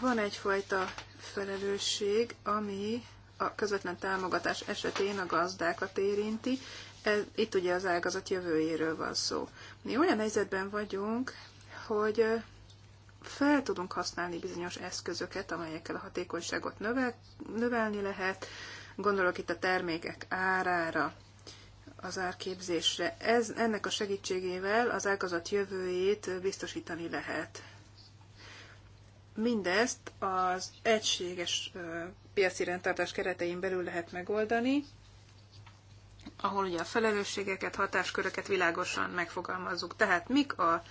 van egyfajta felelősség, ami a közvetlen támogatás esetén a gazdákat érinti. Ez, itt ugye az ágazat jövőjéről van szó. Mi olyan helyzetben vagyunk, hogy fel tudunk használni bizonyos eszközöket, amelyekkel a hatékonyságot növel, növelni lehet. Gondolok itt a termékek árára, az árképzésre. Ez, ennek a segítségével az ágazat jövőjét biztosítani lehet. Mindezt az egységes piaci rendtartás keretein belül lehet megoldani, ahol ugye a felelősségeket, hatásköröket világosan megfogalmazzuk. Tehát mik a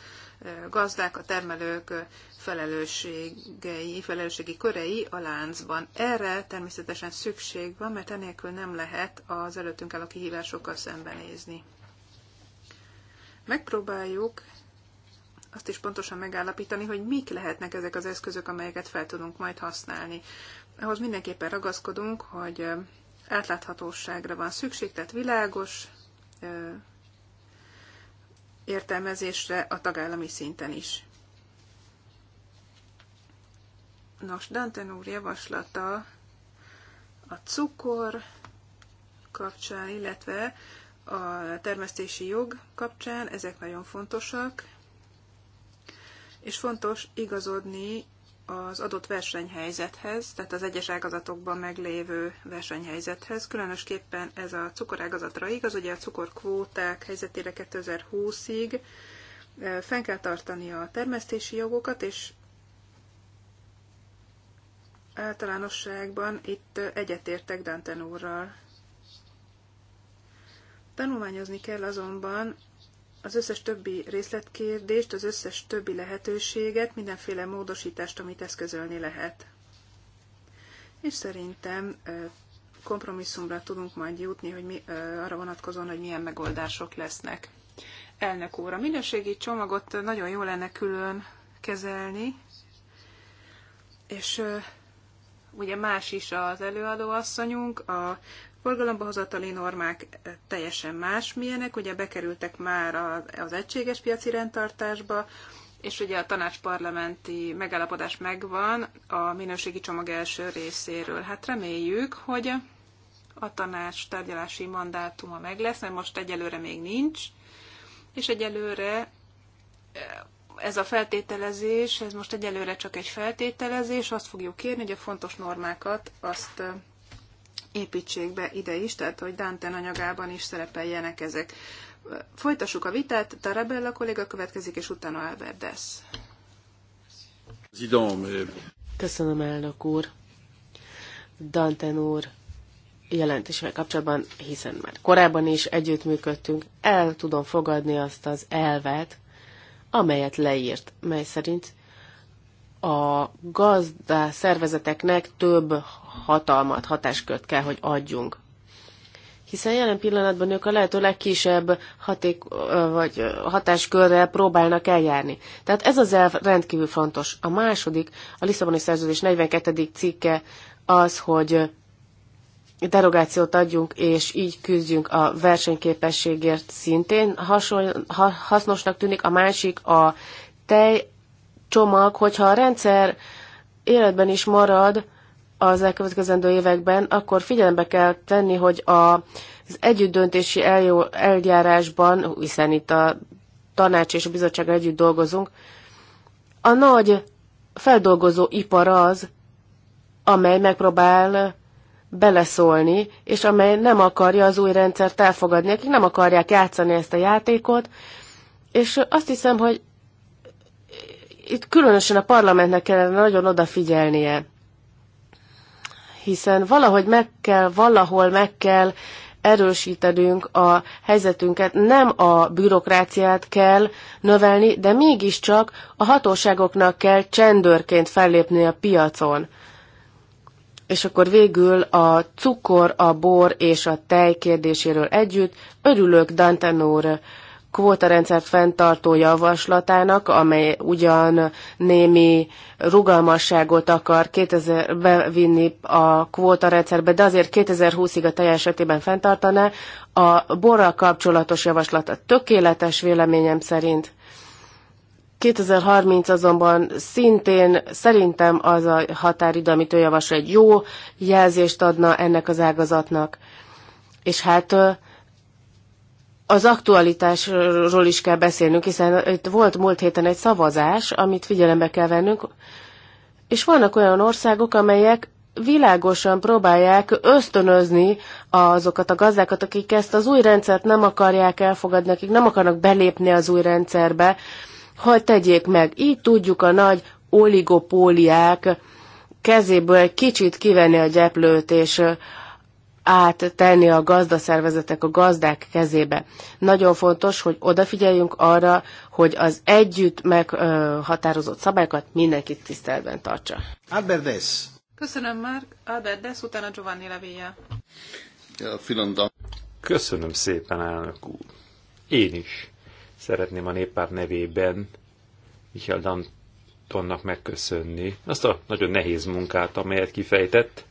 gazdák, a termelők felelősségei, felelősségi körei a láncban. Erre természetesen szükség van, mert enélkül nem lehet az előttünk álló kihívásokkal szembenézni. Megpróbáljuk azt is pontosan megállapítani, hogy mik lehetnek ezek az eszközök, amelyeket fel tudunk majd használni. Ahhoz mindenképpen ragaszkodunk, hogy átláthatóságra van szükség, tehát világos értelmezésre a tagállami szinten is. Nos, Danten úr javaslata a cukor kapcsán, illetve a termesztési jog kapcsán, ezek nagyon fontosak és fontos igazodni az adott versenyhelyzethez, tehát az egyes ágazatokban meglévő versenyhelyzethez. Különösképpen ez a cukorágazatra igaz, ugye a cukorkvóták helyzetére 2020-ig eh, fenn kell tartani a termesztési jogokat, és általánosságban itt egyetértek Dante úrral. Tanulmányozni kell azonban az összes többi részletkérdést, az összes többi lehetőséget, mindenféle módosítást, amit eszközölni lehet. És szerintem kompromisszumra tudunk majd jutni, hogy mi, arra vonatkozóan, hogy milyen megoldások lesznek. Elnök úr, a minőségi csomagot nagyon jó lenne külön kezelni, és ugye más is az előadóasszonyunk, a forgalomba hozatali normák teljesen más milyenek, ugye bekerültek már az egységes piaci rendtartásba, és ugye a tanácsparlamenti megállapodás megvan a minőségi csomag első részéről. Hát reméljük, hogy a tanács tárgyalási mandátuma meg lesz, mert most egyelőre még nincs, és egyelőre eh, ez a feltételezés, ez most egyelőre csak egy feltételezés, azt fogjuk kérni, hogy a fontos normákat azt eh, építsék be ide is, tehát hogy Dante anyagában is szerepeljenek ezek. Folytassuk a vitát, Tarabella kolléga következik, és utána Albert Dess. Köszönöm, elnök úr. Dante úr jelentésével kapcsolatban, hiszen már korábban is együttműködtünk, el tudom fogadni azt az elvet, amelyet leírt, mely szerint a gazda szervezeteknek több hatalmat, hatáskört kell, hogy adjunk. Hiszen jelen pillanatban ők a lehető legkisebb haték, vagy hatáskörrel próbálnak eljárni. Tehát ez az elv rendkívül fontos. A második, a Lisszaboni Szerződés 42. cikke az, hogy derogációt adjunk, és így küzdjünk a versenyképességért szintén. Hasonl, ha, hasznosnak tűnik a másik a tej csomag, hogyha a rendszer életben is marad az elkövetkezendő években, akkor figyelembe kell tenni, hogy a, az együttdöntési eljárásban, hiszen itt a tanács és a bizottság együtt dolgozunk, a nagy feldolgozó ipar az, amely megpróbál beleszólni, és amely nem akarja az új rendszert elfogadni, akik nem akarják játszani ezt a játékot, és azt hiszem, hogy itt különösen a parlamentnek kellene nagyon odafigyelnie, hiszen valahogy meg kell, valahol meg kell erősítenünk a helyzetünket. Nem a bürokráciát kell növelni, de mégiscsak a hatóságoknak kell csendőrként fellépni a piacon. És akkor végül a cukor, a bor és a tej kérdéséről együtt örülök Dantanóra kvótarendszert fenntartó javaslatának, amely ugyan némi rugalmasságot akar 2000 bevinni a kvótarendszerbe, de azért 2020-ig a teljes esetében fenntartaná. A borral kapcsolatos javaslata tökéletes véleményem szerint. 2030 azonban szintén szerintem az a határidő, amit ő javasol, egy jó jelzést adna ennek az ágazatnak. És hát az aktualitásról is kell beszélnünk, hiszen itt volt múlt héten egy szavazás, amit figyelembe kell vennünk, és vannak olyan országok, amelyek világosan próbálják ösztönözni azokat a gazdákat, akik ezt az új rendszert nem akarják elfogadni, akik nem akarnak belépni az új rendszerbe, hogy tegyék meg. Így tudjuk a nagy oligopóliák kezéből egy kicsit kivenni a gyeplőt, és áttenni a gazdaszervezetek a gazdák kezébe. Nagyon fontos, hogy odafigyeljünk arra, hogy az együtt meghatározott szabályokat mindenkit tiszteletben tartsa. Albert Dess. Köszönöm, Mark. Albert Dess, utána Giovanni Levilla. Ja, Köszönöm szépen, elnök úr. Én is szeretném a néppárt nevében Michael Dantonnak megköszönni azt a nagyon nehéz munkát, amelyet kifejtett,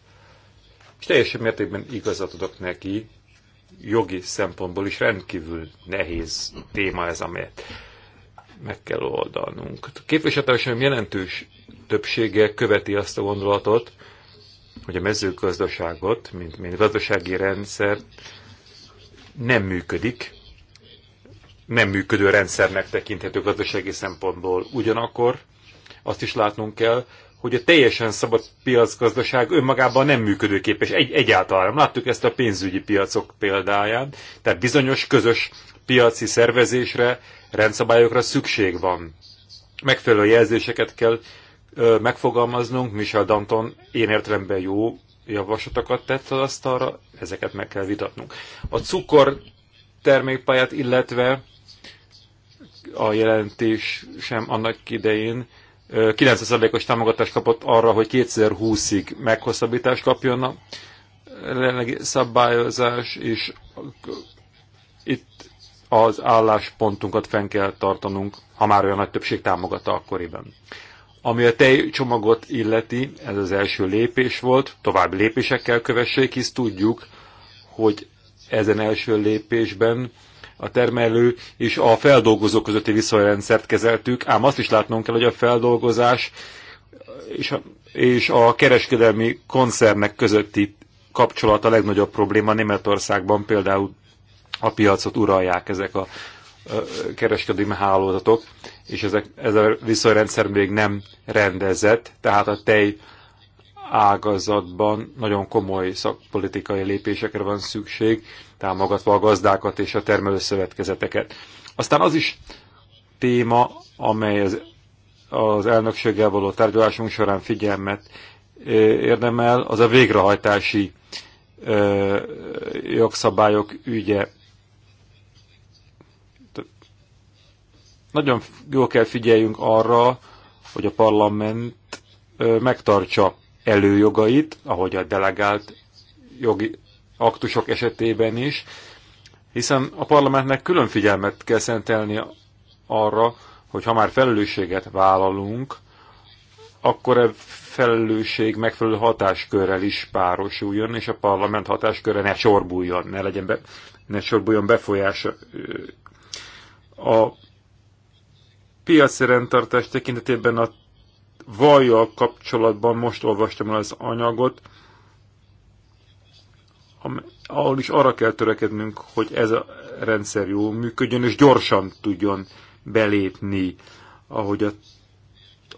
és teljesen mértékben igazat adok neki, jogi szempontból is rendkívül nehéz téma ez, amelyet meg kell oldanunk. A képviselőtársaim jelentős többsége követi azt a gondolatot, hogy a mezőgazdaságot, mint, mint gazdasági rendszer nem működik, nem működő rendszernek tekinthető gazdasági szempontból. Ugyanakkor azt is látnunk kell, hogy a teljesen szabad piacgazdaság önmagában nem működőképes. Egy, egyáltalán Láttuk ezt a pénzügyi piacok példáján. Tehát bizonyos közös piaci szervezésre, rendszabályokra szükség van. Megfelelő jelzéseket kell ö, megfogalmaznunk. Michel Danton én értelemben jó javaslatokat tett az asztalra, ezeket meg kell vitatnunk. A cukor termékpályát, illetve a jelentés sem annak idején 90%-os támogatást kapott arra, hogy 2020-ig meghosszabbítást kapjon a jelenlegi szabályozás, és itt az álláspontunkat fenn kell tartanunk, ha már olyan nagy többség támogatta akkoriban. Ami a tejcsomagot illeti, ez az első lépés volt, további lépésekkel kövessék, hisz tudjuk, hogy ezen első lépésben a termelő és a feldolgozó közötti viszonyrendszert kezeltük, ám azt is látnunk kell, hogy a feldolgozás és a, és a kereskedelmi koncernek közötti kapcsolat a legnagyobb probléma Németországban, például a piacot uralják ezek a kereskedelmi hálózatok, és ezek, ez a viszonyrendszer még nem rendezett, tehát a tej ágazatban nagyon komoly szakpolitikai lépésekre van szükség, támogatva a gazdákat és a termelőszövetkezeteket. Aztán az is téma, amely az, az elnökséggel való tárgyalásunk során figyelmet érdemel, az a végrehajtási ö, jogszabályok ügye. Nagyon jól kell figyeljünk arra, hogy a parlament megtartsa előjogait, ahogy a delegált jogi aktusok esetében is, hiszen a parlamentnek külön figyelmet kell szentelni arra, hogy ha már felelősséget vállalunk, akkor a e felelősség megfelelő hatáskörrel is párosuljon, és a parlament hatásköre ne sorbuljon, ne, legyen be, ne sorbuljon befolyása. A piaci rendtartás tekintetében a vajjal kapcsolatban most olvastam el az anyagot, ahol is arra kell törekednünk, hogy ez a rendszer jól működjön, és gyorsan tudjon belépni, ahogy a,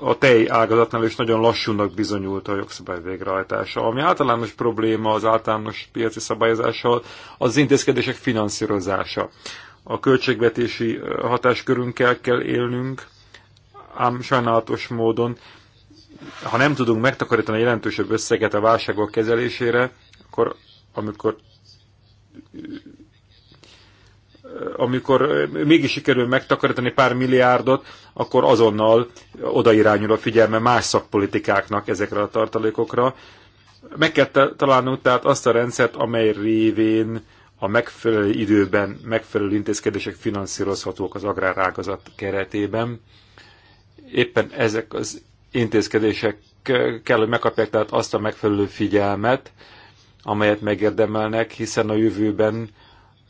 a tej ágazatnál is nagyon lassúnak bizonyult a jogszabály végrehajtása. Ami általános probléma az általános piaci szabályozással, az intézkedések finanszírozása. A költségvetési hatáskörünkkel kell élnünk, ám sajnálatos módon, ha nem tudunk megtakarítani jelentősebb összeget a válságok kezelésére, akkor amikor amikor mégis sikerül megtakarítani pár milliárdot, akkor azonnal odairányul a figyelme más szakpolitikáknak ezekre a tartalékokra. Meg kell találnunk tehát azt a rendszert, amely révén a megfelelő időben megfelelő intézkedések finanszírozhatók az agrárágazat keretében. Éppen ezek az intézkedések kell, hogy megkapják tehát azt a megfelelő figyelmet, amelyet megérdemelnek, hiszen a jövőben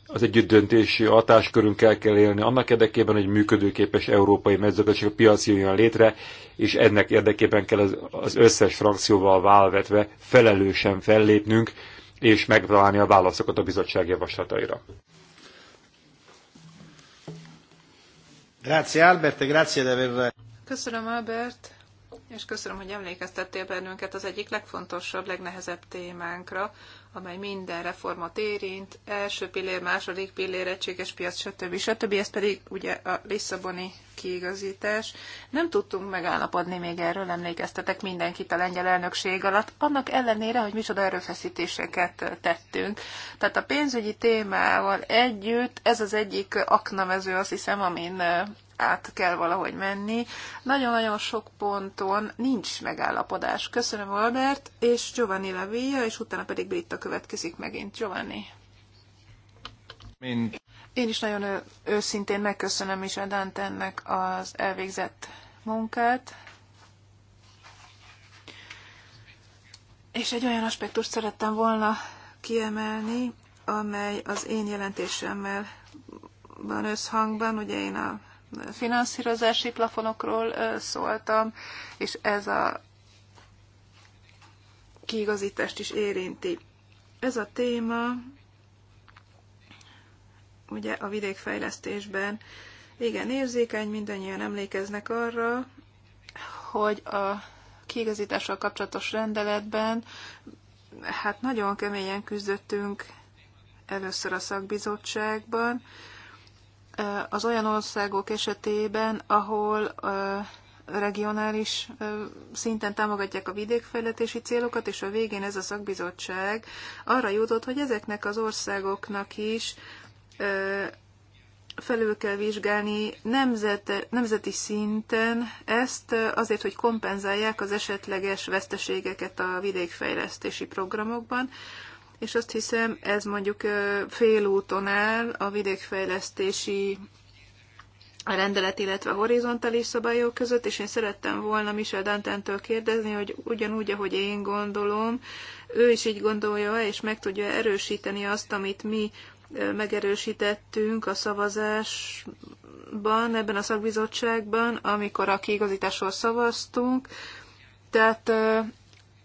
az együttdöntési hatáskörünkkel kell élni annak érdekében, hogy működőképes európai mezőgazdaság piac jöjjön létre, és ennek érdekében kell az, az összes frakcióval válvetve felelősen fellépnünk, és megtalálni a válaszokat a bizottság javaslataira. Grazie Albert, grazie di aver... Köszönöm Albert, és köszönöm, hogy emlékeztettél bennünket az egyik legfontosabb, legnehezebb témánkra, amely minden reformot érint, első pillér, második pillér, egységes piac, stb. stb. Ez pedig ugye a Lisszaboni kiigazítás. Nem tudtunk megállapodni még erről, emlékeztetek mindenkit a lengyel elnökség alatt, annak ellenére, hogy micsoda erőfeszítéseket tettünk. Tehát a pénzügyi témával együtt ez az egyik aknamező, azt hiszem, amin át kell valahogy menni. Nagyon-nagyon sok ponton nincs megállapodás. Köszönöm Albert, és Giovanni Lavia, és utána pedig Britta következik megint. Giovanni. Mind. Én is nagyon őszintén megköszönöm is a Dantennek az elvégzett munkát. És egy olyan aspektust szerettem volna kiemelni, amely az én jelentésemmel van összhangban, ugye én a finanszírozási plafonokról szóltam, és ez a kiigazítást is érinti. Ez a téma ugye a vidékfejlesztésben igen érzékeny, mindannyian emlékeznek arra, hogy a kiigazítással kapcsolatos rendeletben hát nagyon keményen küzdöttünk először a szakbizottságban, az olyan országok esetében, ahol regionális szinten támogatják a vidékfejletési célokat, és a végén ez a szakbizottság arra jutott, hogy ezeknek az országoknak is felül kell vizsgálni nemzete, nemzeti szinten ezt azért, hogy kompenzálják az esetleges veszteségeket a vidékfejlesztési programokban, és azt hiszem, ez mondjuk félúton áll a vidékfejlesztési a rendelet, illetve a horizontális szabályok között, és én szerettem volna Michel Dantentől kérdezni, hogy ugyanúgy, ahogy én gondolom, ő is így gondolja, és meg tudja erősíteni azt, amit mi megerősítettünk a szavazásban, ebben a szakbizottságban, amikor a kiigazításról szavaztunk. Tehát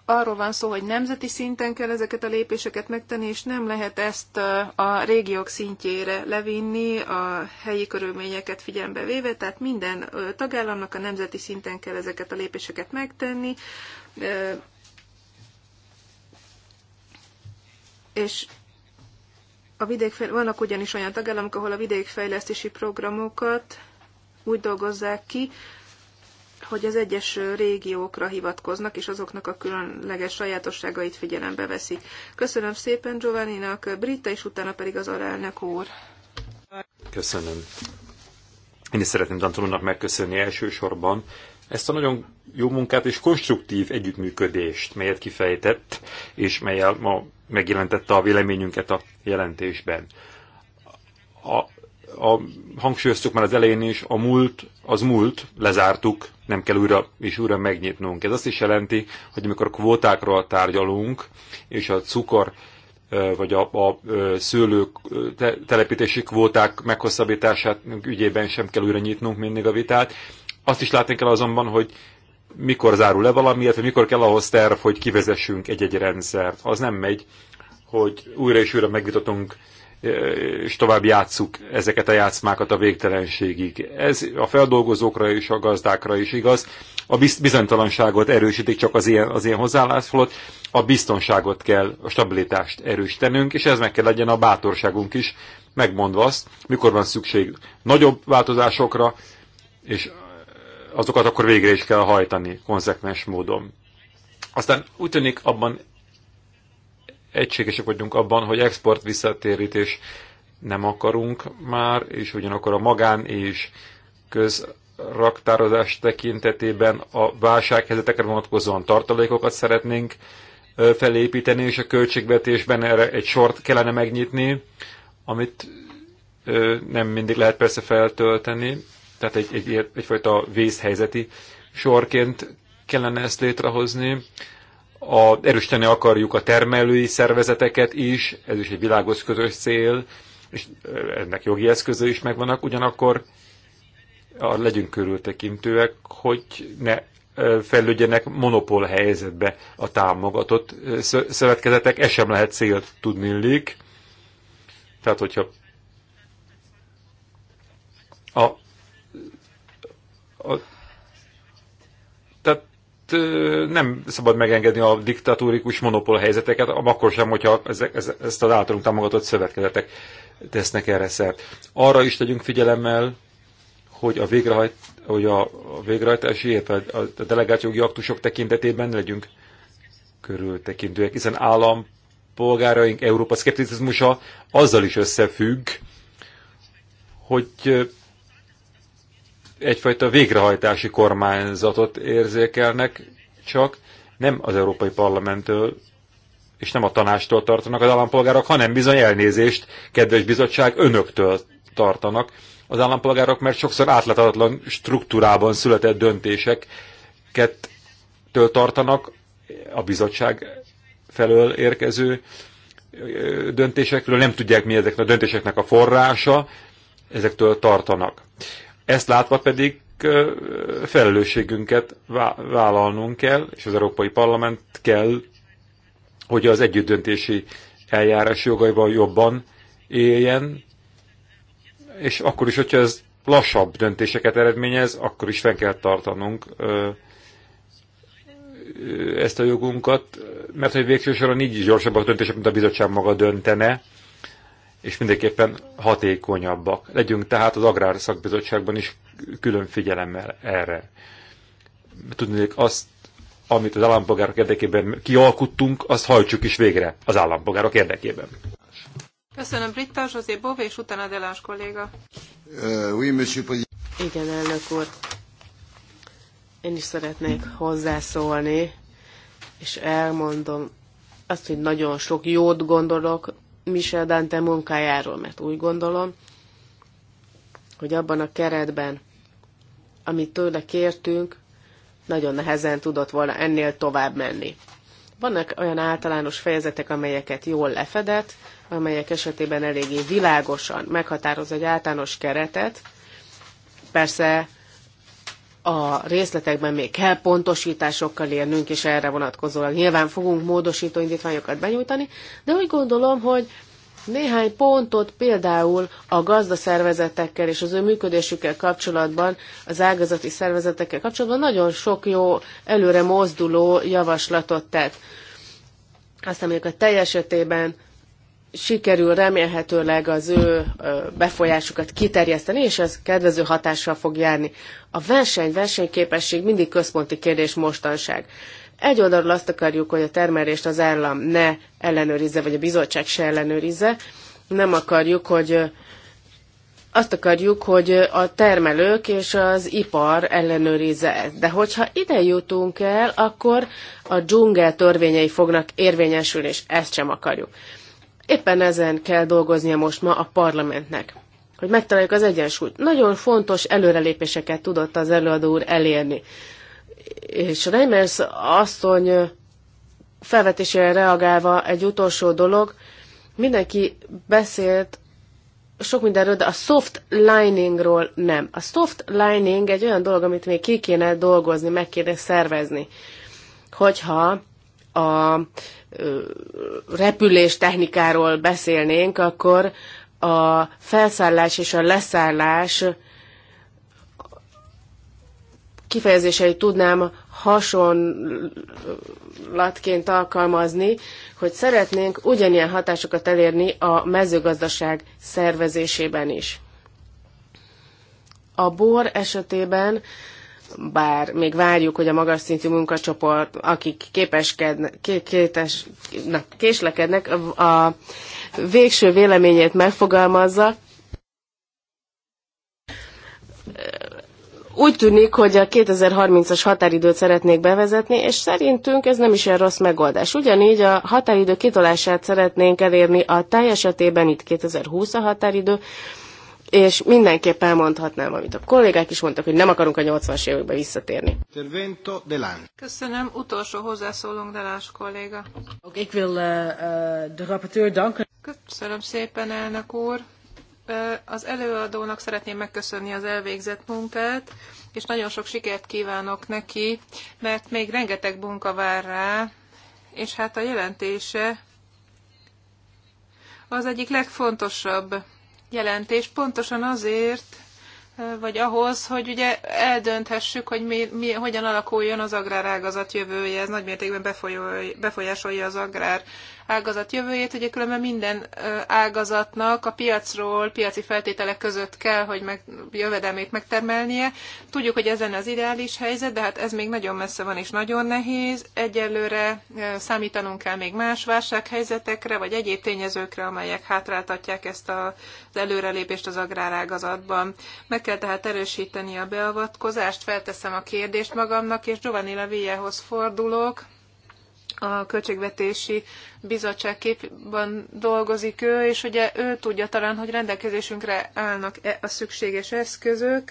arról van szó, hogy nemzeti szinten kell ezeket a lépéseket megtenni, és nem lehet ezt a régiók szintjére levinni, a helyi körülményeket figyelembe véve, tehát minden tagállamnak a nemzeti szinten kell ezeket a lépéseket megtenni, és a vidékfejl... vannak ugyanis olyan tagállamok, ahol a vidékfejlesztési programokat úgy dolgozzák ki, hogy az egyes régiókra hivatkoznak, és azoknak a különleges sajátosságait figyelembe veszik. Köszönöm szépen Giovanninak, Britta, és utána pedig az alelnök úr. Köszönöm. Én is szeretném Dantonónak megköszönni elsősorban ezt a nagyon jó munkát és konstruktív együttműködést, melyet kifejtett, és melyel ma megjelentette a véleményünket a jelentésben. A, a, hangsúlyoztuk már az elején is, a múlt az múlt, lezártuk, nem kell újra és újra megnyitnunk. Ez azt is jelenti, hogy amikor kvótákról tárgyalunk, és a cukor vagy a, a szőlők telepítési kvóták meghosszabbítását ügyében sem kell újra nyitnunk mindig a vitát. Azt is látni kell azonban, hogy mikor zárul le valami, illetve mikor kell ahhoz terv, hogy kivezessünk egy-egy rendszert. Az nem megy, hogy újra és újra megvitatunk és tovább játsszuk ezeket a játszmákat a végtelenségig. Ez a feldolgozókra és a gazdákra is igaz. A bizonytalanságot erősítik csak az ilyen, az ilyen hozzáállás fölött, a biztonságot kell, a stabilitást erősítenünk, és ez meg kell legyen a bátorságunk is, megmondva azt, mikor van szükség nagyobb változásokra, és azokat akkor végre is kell hajtani konzekvens módon. Aztán úgy tűnik abban egységesek vagyunk abban, hogy export visszatérítés nem akarunk már, és ugyanakkor a magán és közraktározás tekintetében a válsághelyzetekre vonatkozóan tartalékokat szeretnénk felépíteni, és a költségvetésben erre egy sort kellene megnyitni, amit nem mindig lehet persze feltölteni, tehát egy, egy, egyfajta vészhelyzeti sorként kellene ezt létrehozni a, erősteni akarjuk a termelői szervezeteket is, ez is egy világos közös cél, és ennek jogi eszközei is megvannak, ugyanakkor a, legyünk körültekintőek, hogy ne fejlődjenek monopól helyzetbe a támogatott szövetkezetek, ez sem lehet cél tudni illik. Tehát, hogyha a, a nem szabad megengedni a diktatórikus monopól helyzeteket, akkor sem, hogyha ezek, ez, ezt az általunk támogatott szövetkezetek tesznek erre szert. Arra is tegyünk figyelemmel, hogy a, végrehajt, hogy a, végrehajtási, illetve a, a delegációgi aktusok tekintetében legyünk körültekintőek, hiszen állampolgáraink Európa szkepticizmusa azzal is összefügg, hogy egyfajta végrehajtási kormányzatot érzékelnek csak, nem az Európai Parlamenttől és nem a tanástól tartanak az állampolgárok, hanem bizony elnézést, kedves bizottság, önöktől tartanak az állampolgárok, mert sokszor átlátatlan struktúrában született döntéseket től tartanak a bizottság felől érkező döntésekről, nem tudják mi ezeknek a döntéseknek a forrása, ezektől tartanak. Ezt látva pedig felelősségünket vállalnunk kell, és az Európai Parlament kell, hogy az együttdöntési eljárás jogaival jobban éljen, és akkor is, hogyha ez lassabb döntéseket eredményez, akkor is fenn kell tartanunk ezt a jogunkat, mert hogy végső soron így gyorsabb a döntések, mint a bizottság maga döntene, és mindenképpen hatékonyabbak. Legyünk tehát az Agrár Szakbizottságban is külön figyelemmel erre. Tudnék azt, amit az állampolgárok érdekében kialkuttunk, azt hajtsuk is végre az állampolgárok érdekében. Köszönöm, Britta, José Bové, és utána Delás kolléga. Uh, oui, monsieur... Igen, elnök úr. Én is szeretnék hozzászólni, és elmondom azt, hogy nagyon sok jót gondolok Michel Dante munkájáról, mert úgy gondolom, hogy abban a keretben, amit tőle kértünk, nagyon nehezen tudott volna ennél tovább menni. Vannak olyan általános fejezetek, amelyeket jól lefedett, amelyek esetében eléggé világosan meghatároz egy általános keretet. Persze a részletekben még kell pontosításokkal érnünk, és erre vonatkozólag nyilván fogunk módosító indítványokat benyújtani, de úgy gondolom, hogy néhány pontot például a gazdaszervezetekkel és az ő működésükkel kapcsolatban, az ágazati szervezetekkel kapcsolatban nagyon sok jó előre mozduló javaslatot tett. Aztán még a teljesetében sikerül remélhetőleg az ő befolyásukat kiterjeszteni, és ez kedvező hatással fog járni. A verseny, versenyképesség mindig központi kérdés mostanság. Egy oldalról azt akarjuk, hogy a termelést az állam ne ellenőrizze, vagy a bizottság se ellenőrizze. Nem akarjuk, hogy azt akarjuk, hogy a termelők és az ipar ellenőrizze ezt. De hogyha ide jutunk el, akkor a dzsungel törvényei fognak érvényesülni, és ezt sem akarjuk. Éppen ezen kell dolgoznia most ma a parlamentnek, hogy megtaláljuk az egyensúlyt. Nagyon fontos előrelépéseket tudott az előadó úr elérni. És Reimers asszony felvetésére reagálva egy utolsó dolog, mindenki beszélt sok mindenről, de a soft liningról nem. A soft lining egy olyan dolog, amit még ki kéne dolgozni, meg kéne szervezni. Hogyha a repülés technikáról beszélnénk, akkor a felszállás és a leszállás kifejezéseit tudnám hasonlatként alkalmazni, hogy szeretnénk ugyanilyen hatásokat elérni a mezőgazdaság szervezésében is. A bor esetében bár még várjuk, hogy a magas szintű munkacsoport, akik képeskednek, kétes, na, késlekednek, a végső véleményét megfogalmazza. Úgy tűnik, hogy a 2030-as határidőt szeretnék bevezetni, és szerintünk ez nem is egy rossz megoldás. Ugyanígy a határidő kitolását szeretnénk elérni a teljesetében, itt 2020 a határidő, és mindenképp elmondhatnám, amit a kollégák is mondtak, hogy nem akarunk a 80-as évekbe visszatérni. Köszönöm, utolsó hozzászólónk Delás kolléga. Ik wil eh, eh, de rapporteur danken. Köszönöm szépen, elnök úr. Az előadónak szeretném megköszönni az elvégzett munkát, és nagyon sok sikert kívánok neki, mert még rengeteg munka vár rá, és hát a jelentése az egyik legfontosabb jelentés pontosan azért, eh, vagy ahhoz, hogy ugye eldönthessük, hogy mi, mi, hogyan alakuljon az agrárágazat jövője, ez nagymértékben befolyásolja az agrár ágazat jövőjét, ugye különben minden ágazatnak a piacról, piaci feltételek között kell, hogy meg, jövedelmét megtermelnie. Tudjuk, hogy ez az ideális helyzet, de hát ez még nagyon messze van és nagyon nehéz. Egyelőre számítanunk kell még más válsághelyzetekre, vagy egyéb tényezőkre, amelyek hátráltatják ezt az előrelépést az agrárágazatban. Meg kell tehát erősíteni a beavatkozást, felteszem a kérdést magamnak, és Giovanni Levéjehoz fordulok a Költségvetési Bizottság képben dolgozik ő, és ugye ő tudja talán, hogy rendelkezésünkre állnak-e a szükséges eszközök,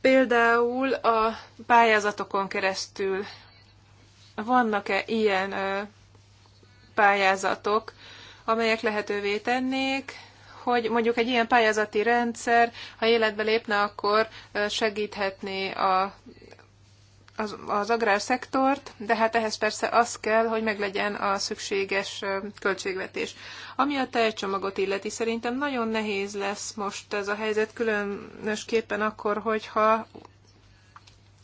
például a pályázatokon keresztül vannak-e ilyen pályázatok, amelyek lehetővé tennék, hogy mondjuk egy ilyen pályázati rendszer, ha életbe lépne, akkor segíthetné a az, az agrárszektort, de hát ehhez persze az kell, hogy meglegyen a szükséges költségvetés. Ami a tejcsomagot illeti, szerintem nagyon nehéz lesz most ez a helyzet, különösképpen akkor, hogyha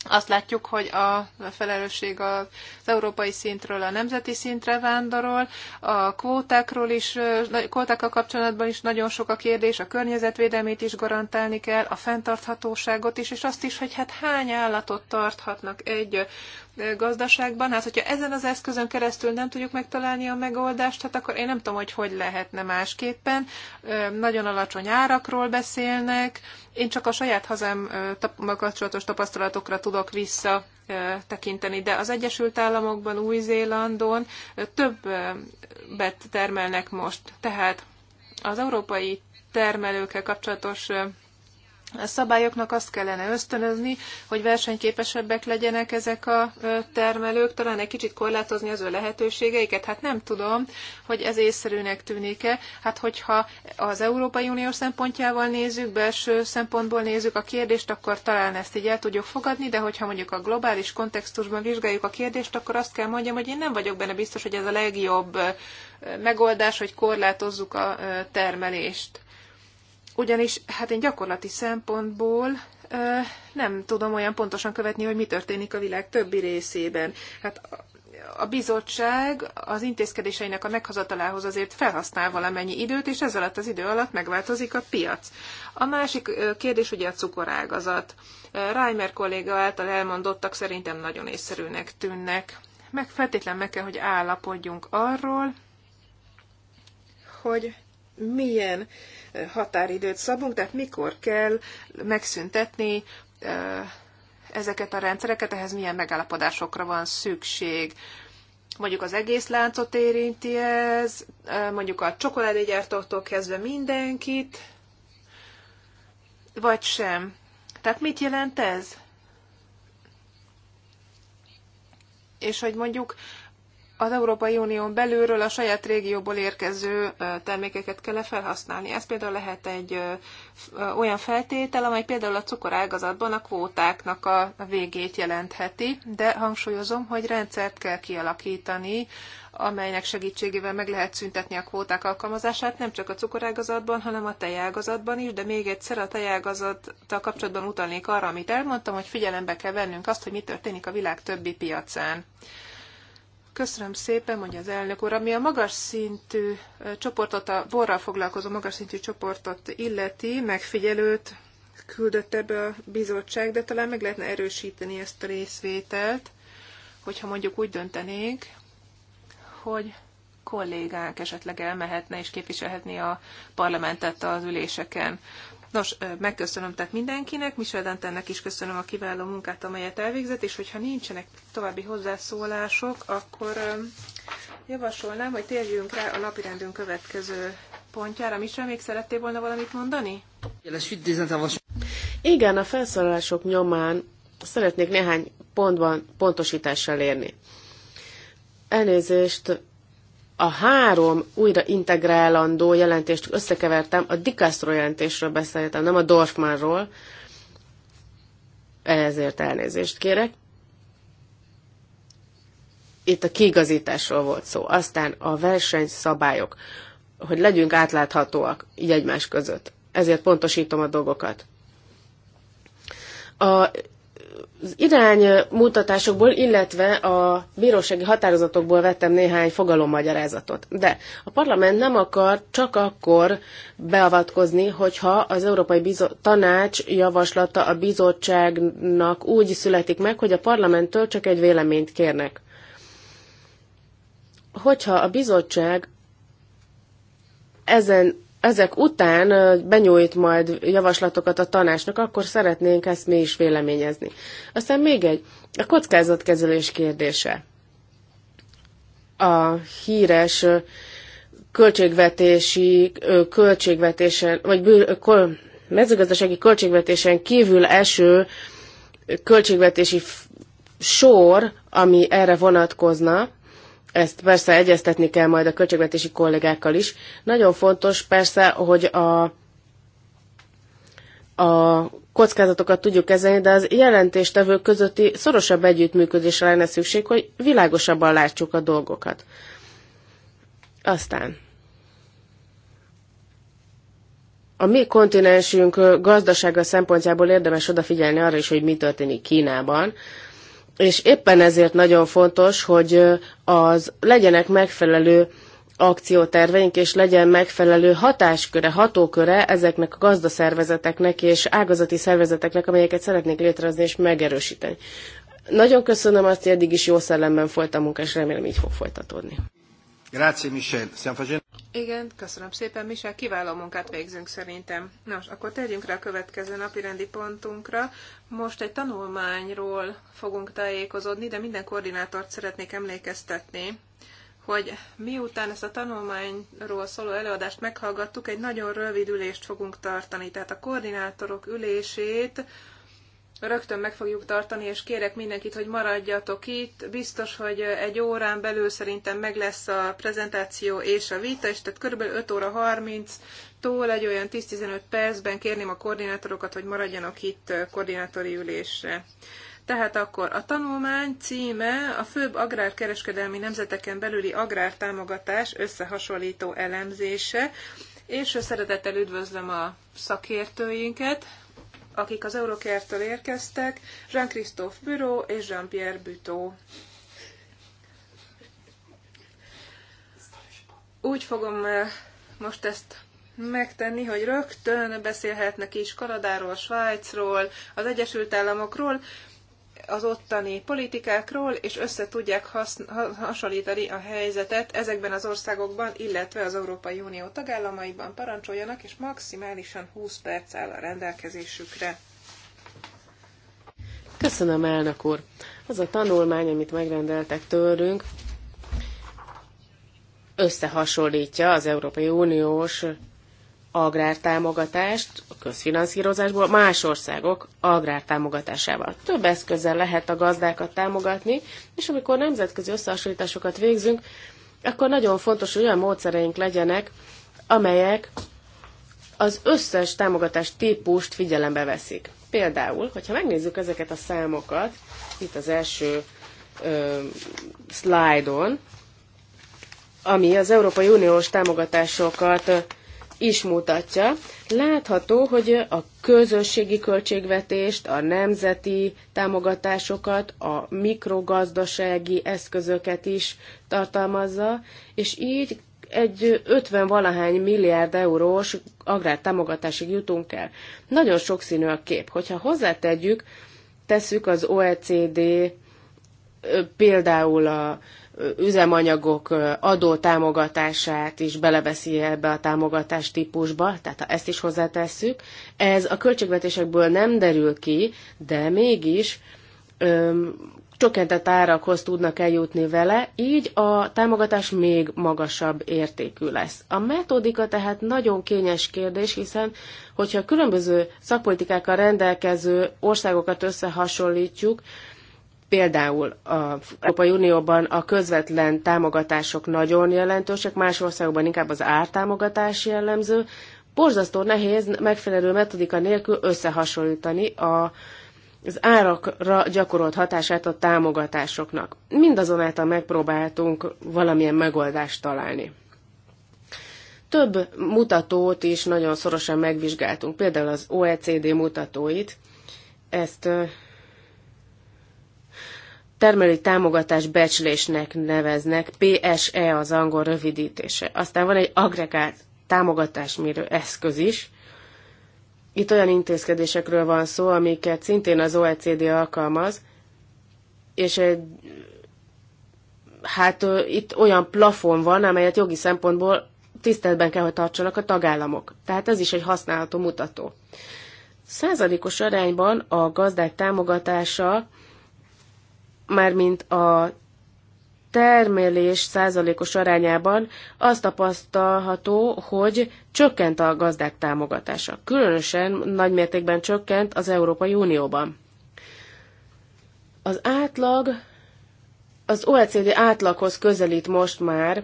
azt látjuk, hogy a felelősség az európai szintről a nemzeti szintre vándorol, a kvótákról is, kvótákkal kapcsolatban is nagyon sok a kérdés, a környezetvédelmét is garantálni kell, a fenntarthatóságot is, és azt is, hogy hát hány állatot tarthatnak egy gazdaságban. Hát, hogyha ezen az eszközön keresztül nem tudjuk megtalálni a megoldást, hát akkor én nem tudom, hogy hogy lehetne másképpen. Nagyon alacsony árakról beszélnek. Én csak a saját hazám kapcsolatos tapasztalatokra tudok vissza tekinteni, de az Egyesült Államokban, Új-Zélandon többet termelnek most. Tehát az európai termelőkkel kapcsolatos a szabályoknak azt kellene ösztönözni, hogy versenyképesebbek legyenek ezek a termelők, talán egy kicsit korlátozni az ő lehetőségeiket. Hát nem tudom, hogy ez észszerűnek tűnik-e. Hát hogyha az Európai Unió szempontjával nézzük, belső szempontból nézzük a kérdést, akkor talán ezt így el tudjuk fogadni, de hogyha mondjuk a globális kontextusban vizsgáljuk a kérdést, akkor azt kell mondjam, hogy én nem vagyok benne biztos, hogy ez a legjobb megoldás, hogy korlátozzuk a termelést ugyanis hát én gyakorlati szempontból nem tudom olyan pontosan követni, hogy mi történik a világ többi részében. Hát a bizottság az intézkedéseinek a meghazatalához azért felhasznál valamennyi időt, és ez alatt az idő alatt megváltozik a piac. A másik kérdés ugye a cukorágazat. Reimer kolléga által elmondottak szerintem nagyon észszerűnek tűnnek. Meg feltétlen meg kell, hogy állapodjunk arról, hogy milyen eh, határidőt szabunk, tehát mikor kell megszüntetni eh, ezeket a rendszereket, ehhez milyen megállapodásokra van szükség. Mondjuk az egész láncot érinti ez, eh, mondjuk a csokoládégyártóktól kezdve mindenkit, vagy sem. Tehát mit jelent ez? És hogy mondjuk az Európai Unión belülről a saját régióból érkező termékeket kell -e felhasználni. Ez például lehet egy olyan feltétel, amely például a cukorágazatban a kvótáknak a végét jelentheti, de hangsúlyozom, hogy rendszert kell kialakítani, amelynek segítségével meg lehet szüntetni a kvóták alkalmazását, nem csak a cukorágazatban, hanem a tejágazatban is, de még egyszer a tejágazattal kapcsolatban utalnék arra, amit elmondtam, hogy figyelembe kell vennünk azt, hogy mi történik a világ többi piacán. Köszönöm szépen, mondja az elnök úr. Ami a magas szintű csoportot, a borral foglalkozó magas szintű csoportot illeti, megfigyelőt küldött ebbe a bizottság, de talán meg lehetne erősíteni ezt a részvételt, hogyha mondjuk úgy döntenénk, hogy kollégánk esetleg elmehetne és képviselhetné a parlamentet az üléseken. Nos, megköszönöm tehát mindenkinek, Michel Dantennek is köszönöm a kiváló munkát, amelyet elvégzett, és hogyha nincsenek további hozzászólások, akkor javasolnám, hogy térjünk rá a napirendünk következő pontjára. Michel, még szerettél volna valamit mondani? Igen, a felszólalások nyomán szeretnék néhány pontban pontosítással érni. Elnézést, a három újra integrálandó jelentést összekevertem, a Dicastro jelentésről beszéltem, nem a Dorfmanról, ezért elnézést kérek. Itt a kiigazításról volt szó, aztán a versenyszabályok, hogy legyünk átláthatóak így egymás között. Ezért pontosítom a dolgokat. A az iránymutatásokból, illetve a bírósági határozatokból vettem néhány fogalommagyarázatot. De a parlament nem akar csak akkor beavatkozni, hogyha az Európai Bizo- Tanács javaslata a bizottságnak úgy születik meg, hogy a parlamenttől csak egy véleményt kérnek. Hogyha a bizottság ezen ezek után benyújt majd javaslatokat a tanácsnak, akkor szeretnénk ezt mi is véleményezni. Aztán még egy, a kockázatkezelés kérdése. A híres költségvetési, költségvetésen, vagy mezőgazdasági költségvetésen kívül eső költségvetési sor, ami erre vonatkozna, ezt persze egyeztetni kell majd a költségvetési kollégákkal is. Nagyon fontos persze, hogy a, a kockázatokat tudjuk kezelni, de az jelentéstevők közötti szorosabb együttműködésre lenne szükség, hogy világosabban látsuk a dolgokat. Aztán a mi kontinensünk gazdasága szempontjából érdemes odafigyelni arra is, hogy mi történik Kínában, és éppen ezért nagyon fontos, hogy az legyenek megfelelő akcióterveink, és legyen megfelelő hatásköre, hatóköre ezeknek a gazdaszervezeteknek és ágazati szervezeteknek, amelyeket szeretnék létrehozni és megerősíteni. Nagyon köszönöm, azt hogy eddig is jó szellemben folyt a munka, és remélem így fog folytatódni. Grazie, Michel. Igen, köszönöm szépen, Michel, kiváló munkát végzünk szerintem. Nos, akkor tegyünk rá a következő napi rendi pontunkra. Most egy tanulmányról fogunk tájékozódni, de minden koordinátort szeretnék emlékeztetni, hogy miután ezt a tanulmányról szóló előadást meghallgattuk, egy nagyon rövid ülést fogunk tartani. Tehát a koordinátorok ülését rögtön meg fogjuk tartani, és kérek mindenkit, hogy maradjatok itt. Biztos, hogy egy órán belül szerintem meg lesz a prezentáció és a vita, és tehát kb. 5 óra 30 tól egy olyan 10-15 percben kérném a koordinátorokat, hogy maradjanak itt koordinátori ülésre. Tehát akkor a tanulmány címe a főbb agrárkereskedelmi nemzeteken belüli agrártámogatás összehasonlító elemzése, és szeretettel üdvözlöm a szakértőinket, akik az Eurokertől érkeztek, Jean-Christophe Bureau és Jean-Pierre Buteau. Úgy fogom eh, most ezt megtenni, hogy rögtön beszélhetnek is Kanadáról, Svájcról, az Egyesült Államokról, az ottani politikákról, és össze tudják hasonlítani a helyzetet ezekben az országokban, illetve az Európai Unió tagállamaiban parancsoljanak, és maximálisan 20 perc áll a rendelkezésükre. Köszönöm, elnök úr! Az a tanulmány, amit megrendeltek tőlünk, összehasonlítja az Európai Uniós agrártámogatást a közfinanszírozásból más országok agrártámogatásával. Több eszközzel lehet a gazdákat támogatni, és amikor nemzetközi összehasonlításokat végzünk, akkor nagyon fontos, hogy olyan módszereink legyenek, amelyek az összes támogatás típust figyelembe veszik. Például, hogyha megnézzük ezeket a számokat, itt az első ö, szlájdon, ami az Európai Uniós támogatásokat is mutatja. Látható, hogy a közösségi költségvetést, a nemzeti támogatásokat, a mikrogazdasági eszközöket is tartalmazza, és így egy 50 valahány milliárd eurós agrártámogatásig jutunk el. Nagyon sokszínű a kép. Hogyha hozzátegyük, tesszük az OECD például a üzemanyagok adótámogatását is beleveszi ebbe a támogatás típusba, tehát ha ezt is hozzátesszük. Ez a költségvetésekből nem derül ki, de mégis öm, csökkentett árakhoz tudnak eljutni vele, így a támogatás még magasabb értékű lesz. A metódika tehát nagyon kényes kérdés, hiszen hogyha különböző szakpolitikákkal rendelkező országokat összehasonlítjuk, Például a Európai Unióban a közvetlen támogatások nagyon jelentősek, más országokban inkább az ártámogatás jellemző. Borzasztó nehéz megfelelő metodika nélkül összehasonlítani a, az árakra gyakorolt hatását a támogatásoknak. Mindazonáltal megpróbáltunk valamilyen megoldást találni. Több mutatót is nagyon szorosan megvizsgáltunk, például az OECD mutatóit. Ezt termelői támogatás becslésnek neveznek, PSE az angol rövidítése. Aztán van egy agregált támogatásmérő eszköz is. Itt olyan intézkedésekről van szó, amiket szintén az OECD alkalmaz, és egy, hát itt olyan plafon van, amelyet jogi szempontból tiszteletben kell, hogy tartsanak a tagállamok. Tehát ez is egy használható mutató. Századikos arányban a gazdák támogatása mármint a termelés százalékos arányában az tapasztalható, hogy csökkent a gazdák támogatása. Különösen nagymértékben csökkent az Európai Unióban. Az átlag, az OECD átlaghoz közelít most már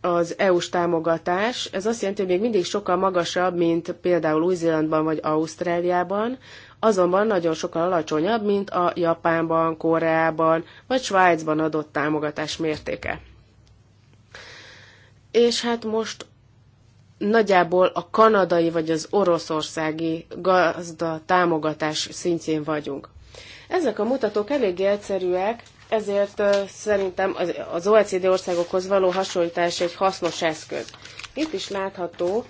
az EU-s támogatás. Ez azt jelenti, hogy még mindig sokkal magasabb, mint például Új-Zélandban vagy Ausztráliában, azonban nagyon sokkal alacsonyabb, mint a Japánban, Koreában vagy Svájcban adott támogatás mértéke. És hát most nagyjából a kanadai vagy az oroszországi gazda támogatás szintjén vagyunk. Ezek a mutatók eléggé egyszerűek, ezért szerintem az OECD országokhoz való hasonlítás egy hasznos eszköz. Itt is látható,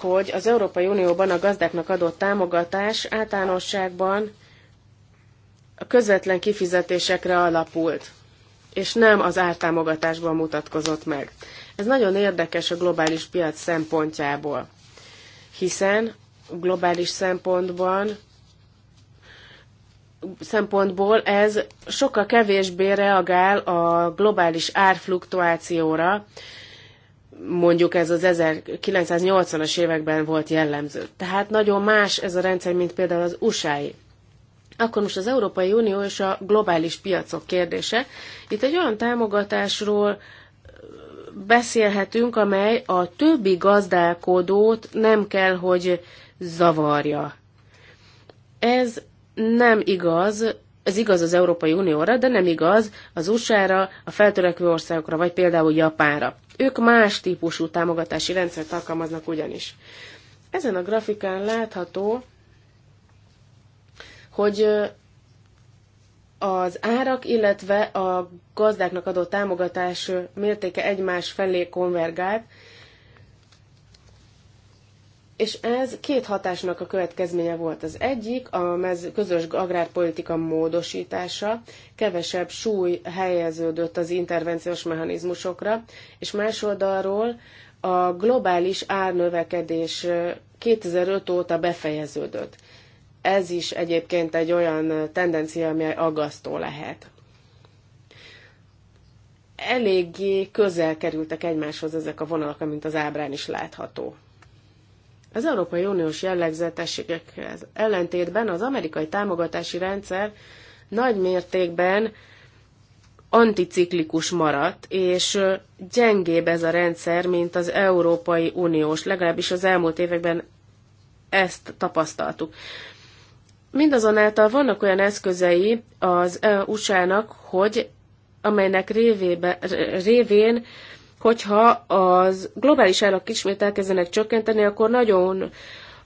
hogy az Európai Unióban a gazdáknak adott támogatás általánosságban a közvetlen kifizetésekre alapult, és nem az ártámogatásban mutatkozott meg. Ez nagyon érdekes a globális piac szempontjából, hiszen globális szempontban szempontból ez sokkal kevésbé reagál a globális árfluktuációra, mondjuk ez az 1980-as években volt jellemző. Tehát nagyon más ez a rendszer, mint például az USA-i. Akkor most az Európai Unió és a globális piacok kérdése. Itt egy olyan támogatásról beszélhetünk, amely a többi gazdálkodót nem kell, hogy zavarja. Ez nem igaz, ez igaz az Európai Unióra, de nem igaz az USA-ra, a feltörekvő országokra, vagy például Japánra. Ők más típusú támogatási rendszert alkalmaznak ugyanis. Ezen a grafikán látható, hogy az árak, illetve a gazdáknak adott támogatás mértéke egymás felé konvergált, és ez két hatásnak a következménye volt. Az egyik a mez- közös agrárpolitika módosítása, kevesebb súly helyeződött az intervenciós mechanizmusokra, és másoldalról a globális árnövekedés 2005 óta befejeződött. Ez is egyébként egy olyan tendencia, ami aggasztó lehet. Eléggé közel kerültek egymáshoz ezek a vonalak, mint az ábrán is látható. Az Európai Uniós jellegzetességek ellentétben az amerikai támogatási rendszer nagy mértékben anticiklikus maradt, és gyengébb ez a rendszer, mint az Európai Uniós, legalábbis az elmúlt években ezt tapasztaltuk. Mindazonáltal vannak olyan eszközei az USA-nak, hogy amelynek révébe, révén hogyha az globális árak ismét elkezdenek csökkenteni, akkor nagyon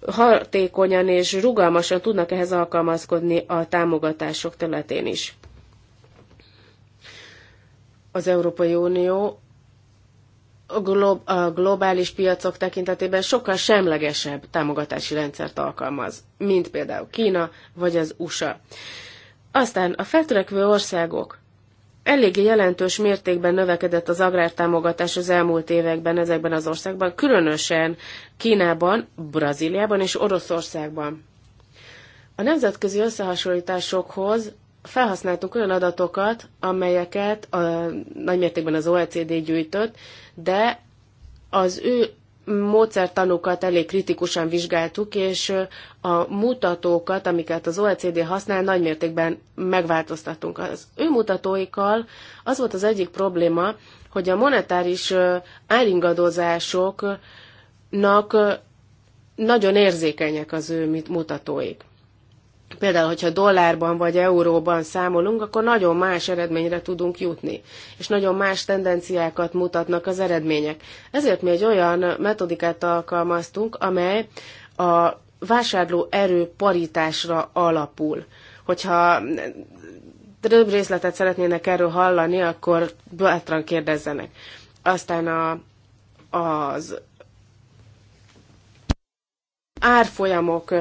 hatékonyan és rugalmasan tudnak ehhez alkalmazkodni a támogatások területén is. Az Európai Unió a, a globális piacok tekintetében sokkal semlegesebb támogatási rendszert alkalmaz, mint például Kína vagy az USA. Aztán a feltörekvő országok eléggé jelentős mértékben növekedett az agrártámogatás az elmúlt években ezekben az országban, különösen Kínában, Brazíliában és Oroszországban. A nemzetközi összehasonlításokhoz felhasználtunk olyan adatokat, amelyeket a, nagymértékben az OECD gyűjtött, de az ő módszertanukat elég kritikusan vizsgáltuk, és a mutatókat, amiket az OECD használ, nagymértékben megváltoztattunk. Az ő mutatóikkal az volt az egyik probléma, hogy a monetáris áringadozásoknak nagyon érzékenyek az ő mutatóik. Például, hogyha dollárban vagy euróban számolunk, akkor nagyon más eredményre tudunk jutni, és nagyon más tendenciákat mutatnak az eredmények. Ezért mi egy olyan metodikát alkalmaztunk, amely a vásárló erő paritásra alapul. Hogyha több részletet szeretnének erről hallani, akkor bátran kérdezzenek. Aztán a, az árfolyamok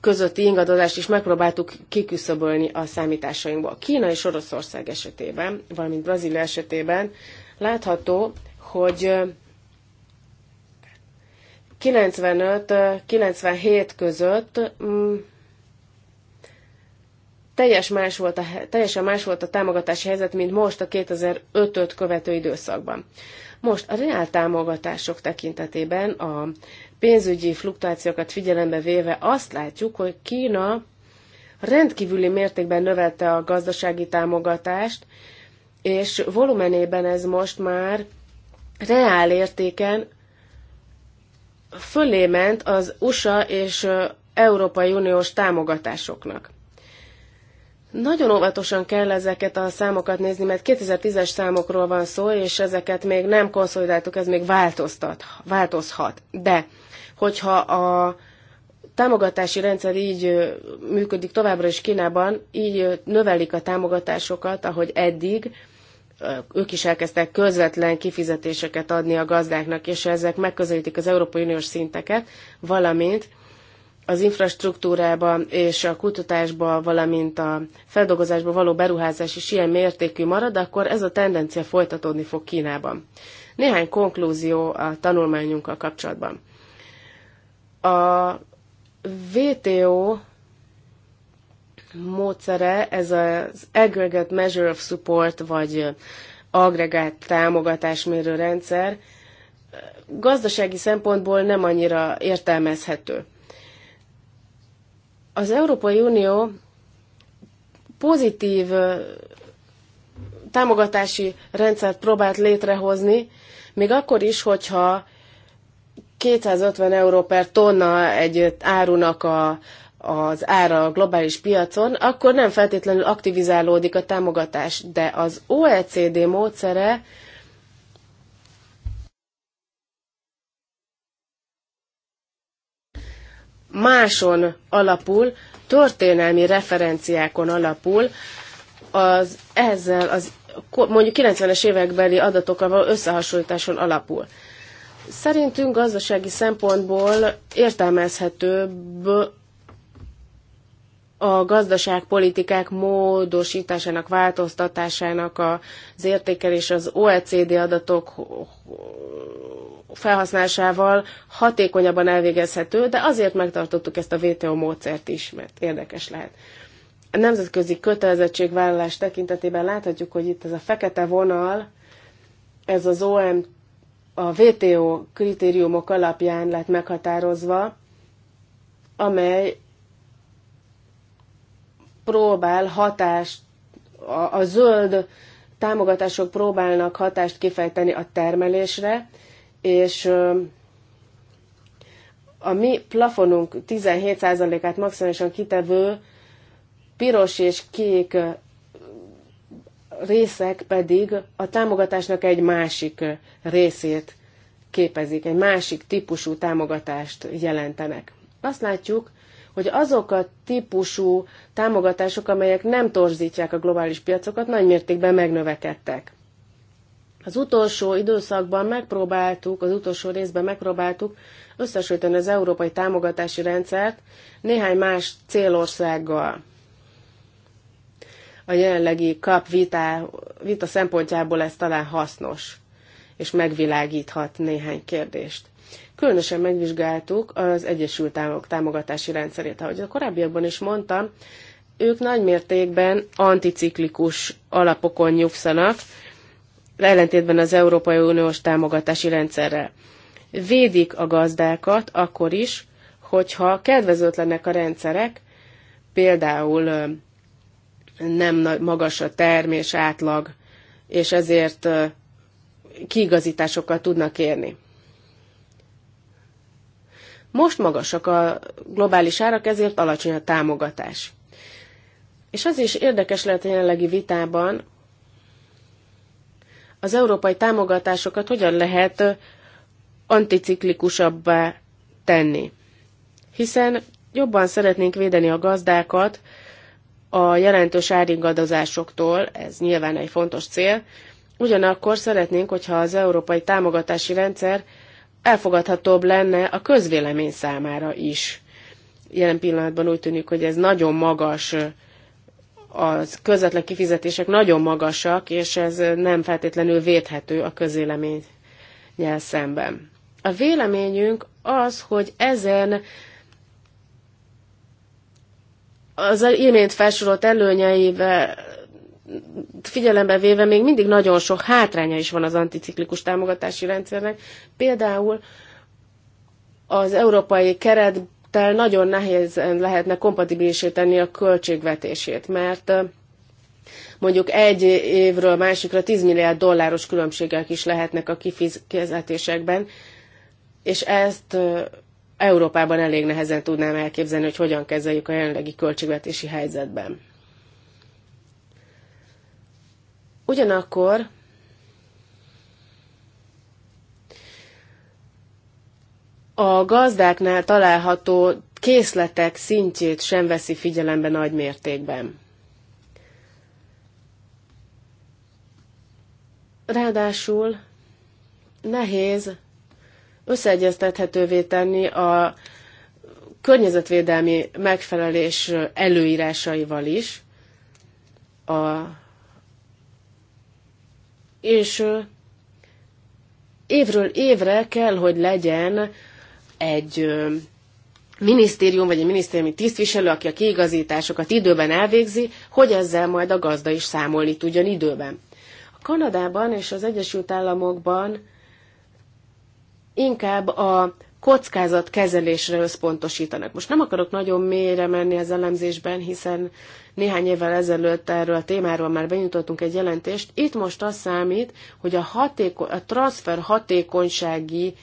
közötti ingadozást is megpróbáltuk kiküszöbölni a számításainkból. Kína és Oroszország esetében, valamint Brazília esetében látható, hogy 95-97 között mm, teljes más volt a, teljesen más volt a támogatási helyzet, mint most a 2005-öt követő időszakban. Most a reál támogatások tekintetében a pénzügyi fluktuációkat figyelembe véve azt látjuk, hogy Kína rendkívüli mértékben növelte a gazdasági támogatást, és volumenében ez most már reál értéken fölé ment az USA és Európai Uniós támogatásoknak. Nagyon óvatosan kell ezeket a számokat nézni, mert 2010-es számokról van szó, és ezeket még nem konszolidáltuk, ez még változtat, változhat. De hogyha a támogatási rendszer így működik továbbra is Kínában, így növelik a támogatásokat, ahogy eddig, ők is elkezdtek közvetlen kifizetéseket adni a gazdáknak, és ezek megközelítik az Európai Uniós szinteket, valamint az infrastruktúrába és a kutatásba, valamint a feldolgozásban való beruházás is ilyen mértékű marad, akkor ez a tendencia folytatódni fog Kínában. Néhány konklúzió a tanulmányunkkal kapcsolatban. A VTO módszere, ez az Aggregate Measure of Support, vagy agregált támogatásmérő rendszer, gazdasági szempontból nem annyira értelmezhető. Az Európai Unió pozitív támogatási rendszert próbált létrehozni, még akkor is, hogyha 250 euró per tonna egy árunak a, az ára a globális piacon, akkor nem feltétlenül aktivizálódik a támogatás, de az OECD módszere máson alapul, történelmi referenciákon alapul, az ezzel az mondjuk 90-es évekbeli adatokkal való összehasonlításon alapul. Szerintünk gazdasági szempontból értelmezhetőbb a gazdaságpolitikák módosításának, változtatásának az értékelés az OECD adatok felhasználásával hatékonyabban elvégezhető, de azért megtartottuk ezt a VTO módszert is, mert érdekes lehet. A nemzetközi kötelezettségvállalás tekintetében láthatjuk, hogy itt ez a fekete vonal, ez az OMT a VTO kritériumok alapján lett meghatározva, amely próbál hatást, a, a zöld támogatások próbálnak hatást kifejteni a termelésre, és a mi plafonunk 17%-át maximálisan kitevő piros és kék részek pedig a támogatásnak egy másik részét képezik, egy másik típusú támogatást jelentenek. Azt látjuk, hogy azok a típusú támogatások, amelyek nem torzítják a globális piacokat, nagy mértékben megnövekedtek. Az utolsó időszakban megpróbáltuk, az utolsó részben megpróbáltuk összesülteni az európai támogatási rendszert néhány más célországgal a jelenlegi kap vita, vita szempontjából ez talán hasznos, és megvilágíthat néhány kérdést. Különösen megvizsgáltuk az Egyesült Államok támogatási rendszerét, ahogy a korábbiakban is mondtam, ők nagy mértékben anticiklikus alapokon nyugszanak, ellentétben az Európai Uniós támogatási rendszerrel. Védik a gazdákat akkor is, hogyha kedvezőtlenek a rendszerek, például nem magas a termés átlag, és ezért kiigazításokat tudnak érni. Most magasak a globális árak, ezért alacsony a támogatás. És az is érdekes lehet a jelenlegi vitában, az európai támogatásokat hogyan lehet anticiklikusabbá tenni. Hiszen jobban szeretnénk védeni a gazdákat, a jelentős áringadozásoktól, ez nyilván egy fontos cél, ugyanakkor szeretnénk, hogyha az európai támogatási rendszer elfogadhatóbb lenne a közvélemény számára is. Jelen pillanatban úgy tűnik, hogy ez nagyon magas, a közvetlen kifizetések nagyon magasak, és ez nem feltétlenül védhető a közéleménnyel szemben. A véleményünk az, hogy ezen az imént felsorolt előnyeivel figyelembe véve még mindig nagyon sok hátránya is van az anticiklikus támogatási rendszernek. Például az európai kerettel nagyon nehéz lehetne kompatibilisé tenni a költségvetését, mert mondjuk egy évről másikra 10 milliárd dolláros különbségek is lehetnek a kifizetésekben, és ezt Európában elég nehezen tudnám elképzelni, hogy hogyan kezeljük a jelenlegi költségvetési helyzetben. Ugyanakkor a gazdáknál található készletek szintjét sem veszi figyelembe nagy mértékben. Ráadásul nehéz összeegyeztethetővé tenni a környezetvédelmi megfelelés előírásaival is, a, és évről évre kell, hogy legyen egy minisztérium vagy egy minisztériumi tisztviselő, aki a kiigazításokat időben elvégzi, hogy ezzel majd a gazda is számolni tudjon időben. A Kanadában és az Egyesült Államokban inkább a kockázatkezelésre összpontosítanak. Most nem akarok nagyon mélyre menni az elemzésben, hiszen néhány évvel ezelőtt erről a témáról már benyújtottunk egy jelentést. Itt most az számít, hogy a, hatéko- a transfer hatékonysági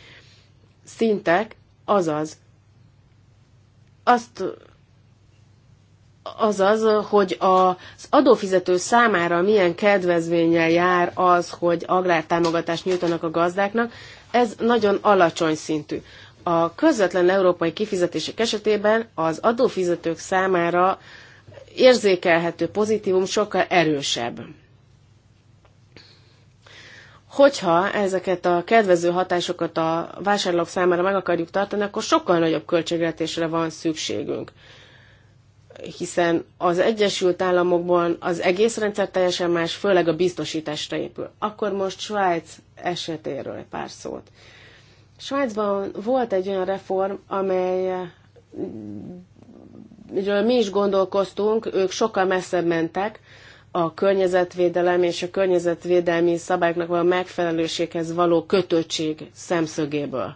szintek, azaz, azt azaz, hogy az adófizető számára milyen kedvezménnyel jár az, hogy agrártámogatást nyújtanak a gazdáknak, ez nagyon alacsony szintű. A közvetlen európai kifizetések esetében az adófizetők számára érzékelhető pozitívum sokkal erősebb. Hogyha ezeket a kedvező hatásokat a vásárlók számára meg akarjuk tartani, akkor sokkal nagyobb költségvetésre van szükségünk hiszen az Egyesült Államokban az egész rendszer teljesen más, főleg a biztosításra épül. Akkor most Svájc esetéről pár szót. Svájcban volt egy olyan reform, amely mi is gondolkoztunk, ők sokkal messzebb mentek a környezetvédelem és a környezetvédelmi szabályoknak való megfelelőséghez való kötöttség szemszögéből.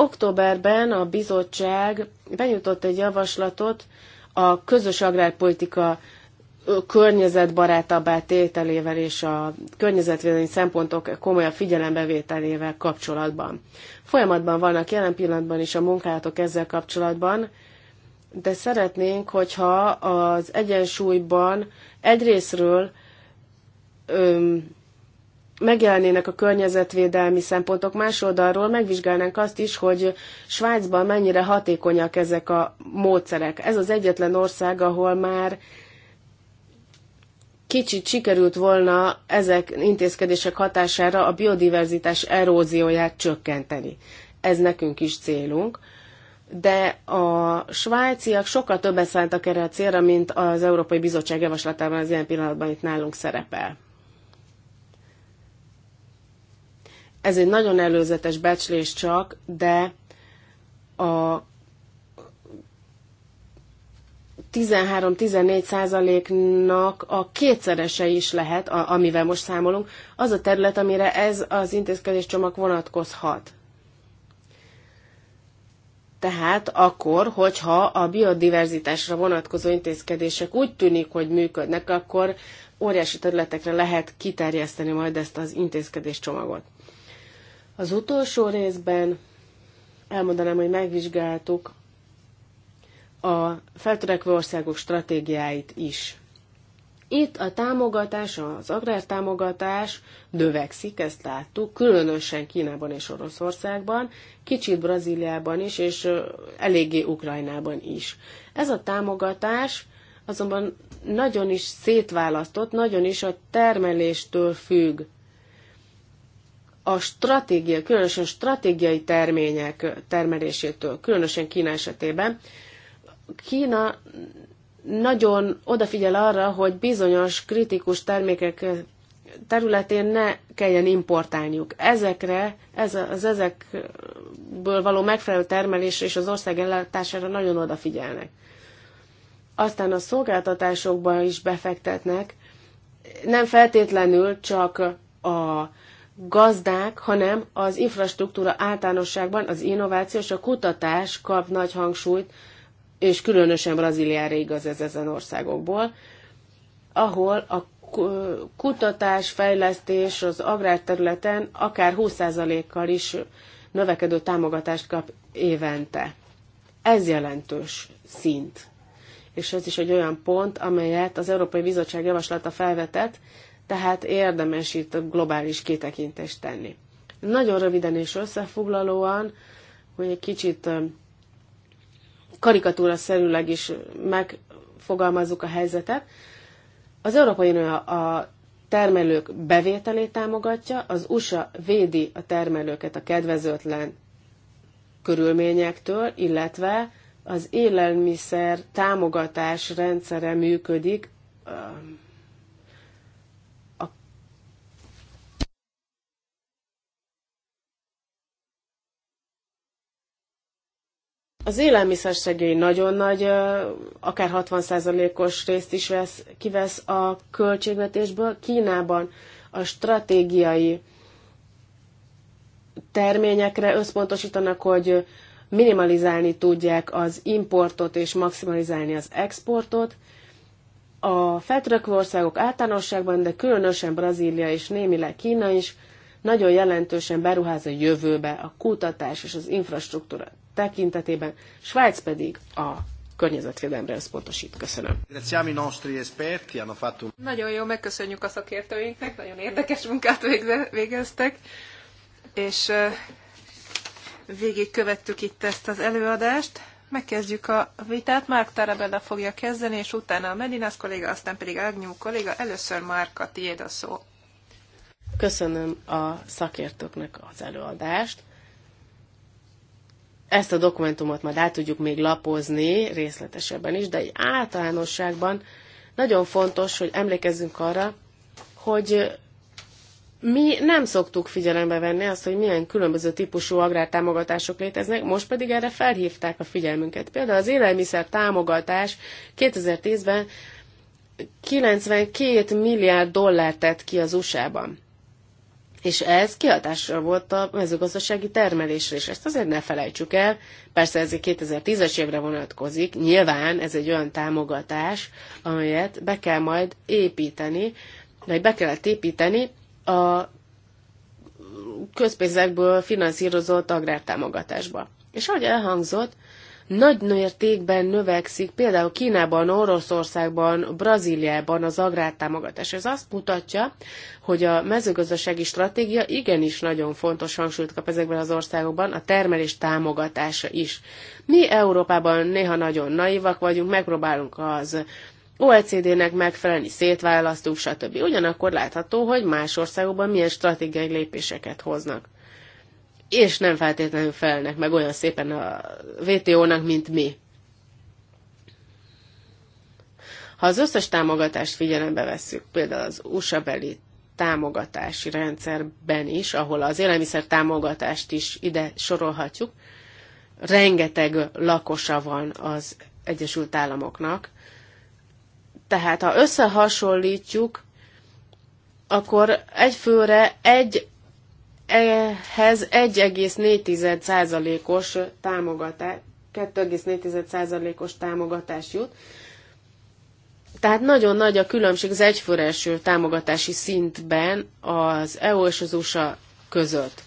Októberben a bizottság benyújtott egy javaslatot a közös agrárpolitika környezetbarátabbá tételével és a környezetvédelmi szempontok komolyabb figyelembevételével kapcsolatban. Folyamatban vannak jelen pillanatban is a munkálatok ezzel kapcsolatban, de szeretnénk, hogyha az egyensúlyban egyrésztről öm, megjelennének a környezetvédelmi szempontok, más oldalról megvizsgálnánk azt is, hogy Svájcban mennyire hatékonyak ezek a módszerek. Ez az egyetlen ország, ahol már kicsit sikerült volna ezek intézkedések hatására a biodiverzitás erózióját csökkenteni. Ez nekünk is célunk. De a svájciak sokkal többet szántak erre a célra, mint az Európai Bizottság javaslatában az ilyen pillanatban itt nálunk szerepel. Ez egy nagyon előzetes becslés csak, de a 13-14 százaléknak a kétszerese is lehet, a, amivel most számolunk, az a terület, amire ez az intézkedés csomag vonatkozhat. Tehát akkor, hogyha a biodiverzitásra vonatkozó intézkedések úgy tűnik, hogy működnek, akkor óriási területekre lehet kiterjeszteni majd ezt az intézkedés csomagot. Az utolsó részben elmondanám, hogy megvizsgáltuk a feltörekvő országok stratégiáit is. Itt a támogatás, az agrártámogatás növekszik, ezt láttuk, különösen Kínában és Oroszországban, kicsit Brazíliában is, és eléggé Ukrajnában is. Ez a támogatás azonban nagyon is szétválasztott, nagyon is a termeléstől függ a stratégia, különösen stratégiai termények termelésétől, különösen Kína esetében. Kína nagyon odafigyel arra, hogy bizonyos kritikus termékek területén ne kelljen importálniuk. Ezekre, ez az ezekből való megfelelő termelésre és az ország ellátására nagyon odafigyelnek. Aztán a szolgáltatásokban is befektetnek, nem feltétlenül csak a gazdák, hanem az infrastruktúra általánosságban az innováció és a kutatás kap nagy hangsúlyt, és különösen Brazíliára igaz ez ezen országokból, ahol a kutatás, fejlesztés az agrárterületen akár 20%-kal is növekedő támogatást kap évente. Ez jelentős szint. És ez is egy olyan pont, amelyet az Európai Bizottság javaslata felvetett, tehát érdemes itt a globális kitekintést tenni. Nagyon röviden és összefoglalóan, hogy egy kicsit karikatúra szerűleg is megfogalmazzuk a helyzetet. Az Európai Unió a termelők bevételét támogatja, az USA védi a termelőket a kedvezőtlen körülményektől, illetve az élelmiszer támogatás rendszere működik Az élelmiszer segély nagyon nagy, akár 60%-os részt is vesz, kivesz a költségvetésből. Kínában a stratégiai terményekre összpontosítanak, hogy minimalizálni tudják az importot és maximalizálni az exportot. A feltörekvő országok általánosságban, de különösen Brazília és némileg Kína is nagyon jelentősen beruház a jövőbe, a kutatás és az infrastruktúra tekintetében, Svájc pedig a környezetvédelemre összpontosít. Köszönöm. Nagyon jó, megköszönjük a szakértőinknek, nagyon érdekes munkát végeztek, és végig követtük itt ezt az előadást. Megkezdjük a vitát, Márk Tarabella fogja kezdeni, és utána a Medinas kolléga, aztán pedig Ágnyú kolléga. Először Márka, tiéd a szó. Köszönöm a szakértőknek az előadást. Ezt a dokumentumot majd át tudjuk még lapozni részletesebben is, de egy általánosságban nagyon fontos, hogy emlékezzünk arra, hogy mi nem szoktuk figyelembe venni azt, hogy milyen különböző típusú agrártámogatások léteznek, most pedig erre felhívták a figyelmünket. Például az élelmiszer támogatás 2010-ben 92 milliárd dollár tett ki az USA-ban és ez kihatással volt a mezőgazdasági termelésre, és ezt azért ne felejtsük el, persze ez 2010-es évre vonatkozik, nyilván ez egy olyan támogatás, amelyet be kell majd építeni, vagy be kellett építeni a közpénzekből finanszírozott agrártámogatásba. És ahogy elhangzott, nagy mértékben növekszik, például Kínában, Oroszországban, Brazíliában az agrártámogatás. Ez azt mutatja, hogy a mezőgazdasági stratégia igenis nagyon fontos hangsúlyt kap ezekben az országokban, a termelés támogatása is. Mi Európában néha nagyon naivak vagyunk, megpróbálunk az OECD-nek megfelelni, szétválasztunk, stb. Ugyanakkor látható, hogy más országokban milyen stratégiai lépéseket hoznak és nem feltétlenül felelnek meg olyan szépen a VTO-nak, mint mi. Ha az összes támogatást figyelembe vesszük, például az USA-beli támogatási rendszerben is, ahol az élelmiszer támogatást is ide sorolhatjuk, rengeteg lakosa van az Egyesült Államoknak. Tehát ha összehasonlítjuk, akkor egy főre egy ehhez 1,4%-os támogatás, 2,4%-os támogatás jut. Tehát nagyon nagy a különbség az egyfőres támogatási szintben az EU és az USA között.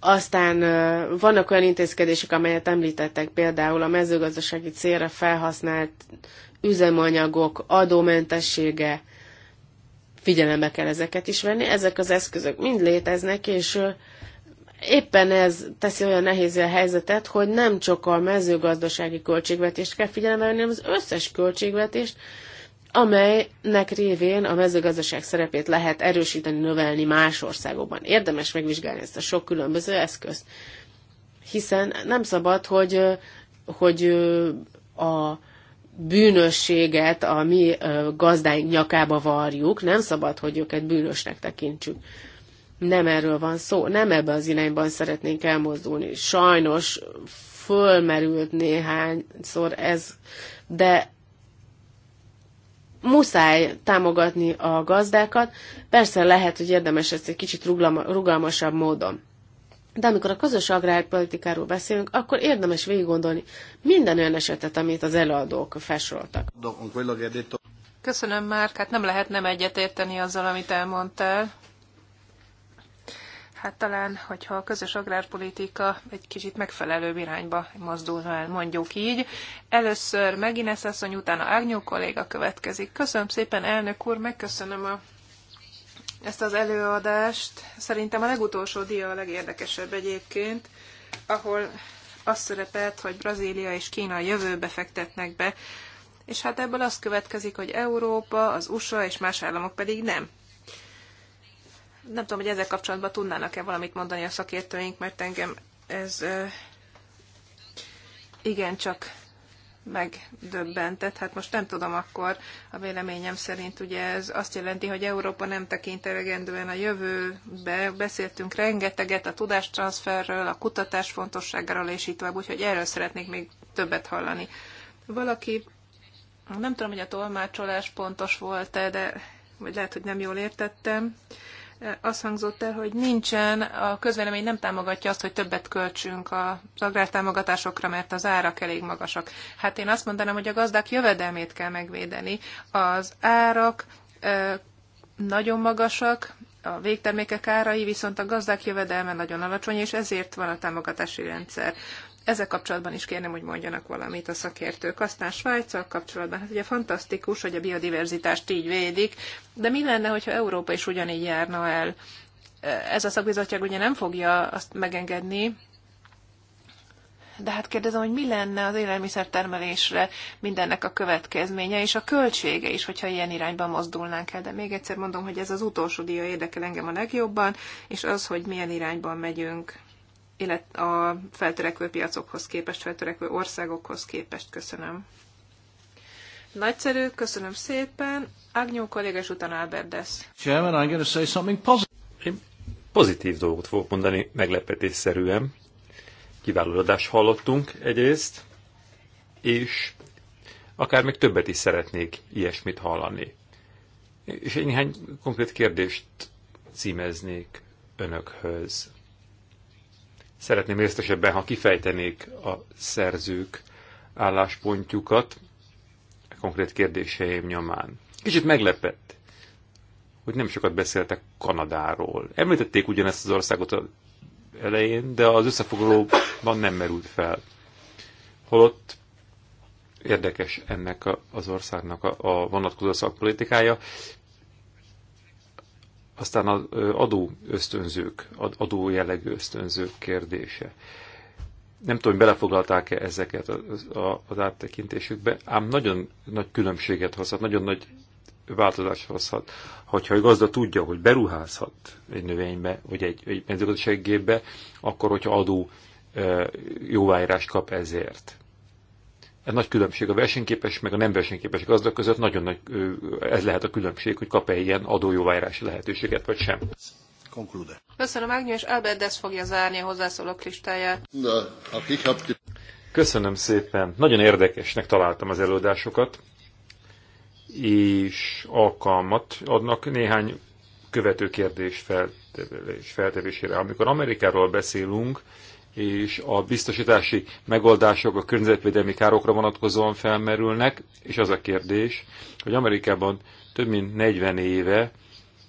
Aztán vannak olyan intézkedések, amelyet említettek, például a mezőgazdasági célra felhasznált üzemanyagok adómentessége, Figyelembe kell ezeket is venni. Ezek az eszközök mind léteznek, és éppen ez teszi olyan nehéz a helyzetet, hogy nem csak a mezőgazdasági költségvetést kell figyelembe venni, hanem az összes költségvetést, amelynek révén a mezőgazdaság szerepét lehet erősíteni, növelni más országokban. Érdemes megvizsgálni ezt a sok különböző eszközt, hiszen nem szabad, hogy, hogy a bűnösséget a mi gazdáink nyakába varjuk, nem szabad, hogy őket bűnösnek tekintsük. Nem erről van szó, nem ebbe az irányban szeretnénk elmozdulni. Sajnos fölmerült néhányszor ez, de muszáj támogatni a gazdákat. Persze lehet, hogy érdemes ezt egy kicsit rugalmasabb módon. De amikor a közös agrárpolitikáról beszélünk, akkor érdemes végiggondolni minden olyan esetet, amit az előadók felsoroltak. Köszönöm, Márk. Hát nem lehet nem egyetérteni azzal, amit elmondtál. Hát talán, hogyha a közös agrárpolitika egy kicsit megfelelőbb irányba mozdulna el, mondjuk így. Először Megines asszony, utána Ágnyó kolléga következik. Köszönöm szépen, elnök úr, megköszönöm a ezt az előadást. Szerintem a legutolsó dia a legérdekesebb egyébként, ahol azt szerepelt, hogy Brazília és Kína a jövőbe fektetnek be, és hát ebből azt következik, hogy Európa, az USA és más államok pedig nem. Nem tudom, hogy ezzel kapcsolatban tudnának-e valamit mondani a szakértőink, mert engem ez igen csak megdöbbentett. Hát most nem tudom akkor, a véleményem szerint ugye ez azt jelenti, hogy Európa nem tekint elegendően a jövőbe. Beszéltünk rengeteget a tudástranszferről, a kutatás fontosságáról és így tovább, úgyhogy erről szeretnék még többet hallani. Valaki, nem tudom, hogy a tolmácsolás pontos volt-e, de vagy lehet, hogy nem jól értettem az hangzott el, hogy nincsen, a közvélemény nem támogatja azt, hogy többet költsünk az agrártámogatásokra, mert az árak elég magasak. Hát én azt mondanám, hogy a gazdák jövedelmét kell megvédeni. Az árak nagyon magasak, a végtermékek árai, viszont a gazdák jövedelme nagyon alacsony, és ezért van a támogatási rendszer ezzel kapcsolatban is kérném, hogy mondjanak valamit a szakértők. Aztán Svájccal kapcsolatban, hát ugye fantasztikus, hogy a biodiverzitást így védik, de mi lenne, hogyha Európa is ugyanígy járna el? Ez a szakbizottság ugye nem fogja azt megengedni, de hát kérdezem, hogy mi lenne az élelmiszertermelésre mindennek a következménye, és a költsége is, hogyha ilyen irányba mozdulnánk el. De még egyszer mondom, hogy ez az utolsó dia érdekel engem a legjobban, és az, hogy milyen irányban megyünk illet a feltörekvő piacokhoz képest, feltörekvő országokhoz képest. Köszönöm. Nagyszerű, köszönöm szépen. Agnyó kolléga, és utána Alberdes. Chairman, I'm going to say something positive. Én pozitív dolgot fogok mondani, meglepetésszerűen. Kiváló adást hallottunk egyrészt, és akár még többet is szeretnék ilyesmit hallani. És egy néhány konkrét kérdést címeznék önökhöz. Szeretném részletesebben, ha kifejtenék a szerzők álláspontjukat a e konkrét kérdéseim nyomán. Kicsit meglepett, hogy nem sokat beszéltek Kanadáról. Említették ugyanezt az országot az elején, de az összefoglalóban nem merült fel. Holott érdekes ennek az országnak a vonatkozó szakpolitikája. Aztán az adó ösztönzők, adó jellegű ösztönzők kérdése. Nem tudom, belefoglalták-e ezeket az áttekintésükbe, ám nagyon nagy különbséget hozhat, nagyon nagy változást hozhat. Hogyha egy gazda tudja, hogy beruházhat egy növénybe, vagy egy, egy mezőgazdasággépbe, akkor hogyha adó jóváírás kap ezért. Ez nagy különbség a versenyképes, meg a nem versenyképes gazdag között. Nagyon nagy, ez lehet a különbség, hogy kap-e ilyen adójóvárási lehetőséget, vagy sem. Konklude. Köszönöm, Ágnyi, és Albert Dess fogja zárni a hozzászólók listáját. Köszönöm szépen. Nagyon érdekesnek találtam az előadásokat, és alkalmat adnak néhány követő kérdés feltevésére. Amikor Amerikáról beszélünk, és a biztosítási megoldások a környezetvédelmi károkra vonatkozóan felmerülnek, és az a kérdés, hogy Amerikában több mint 40 éve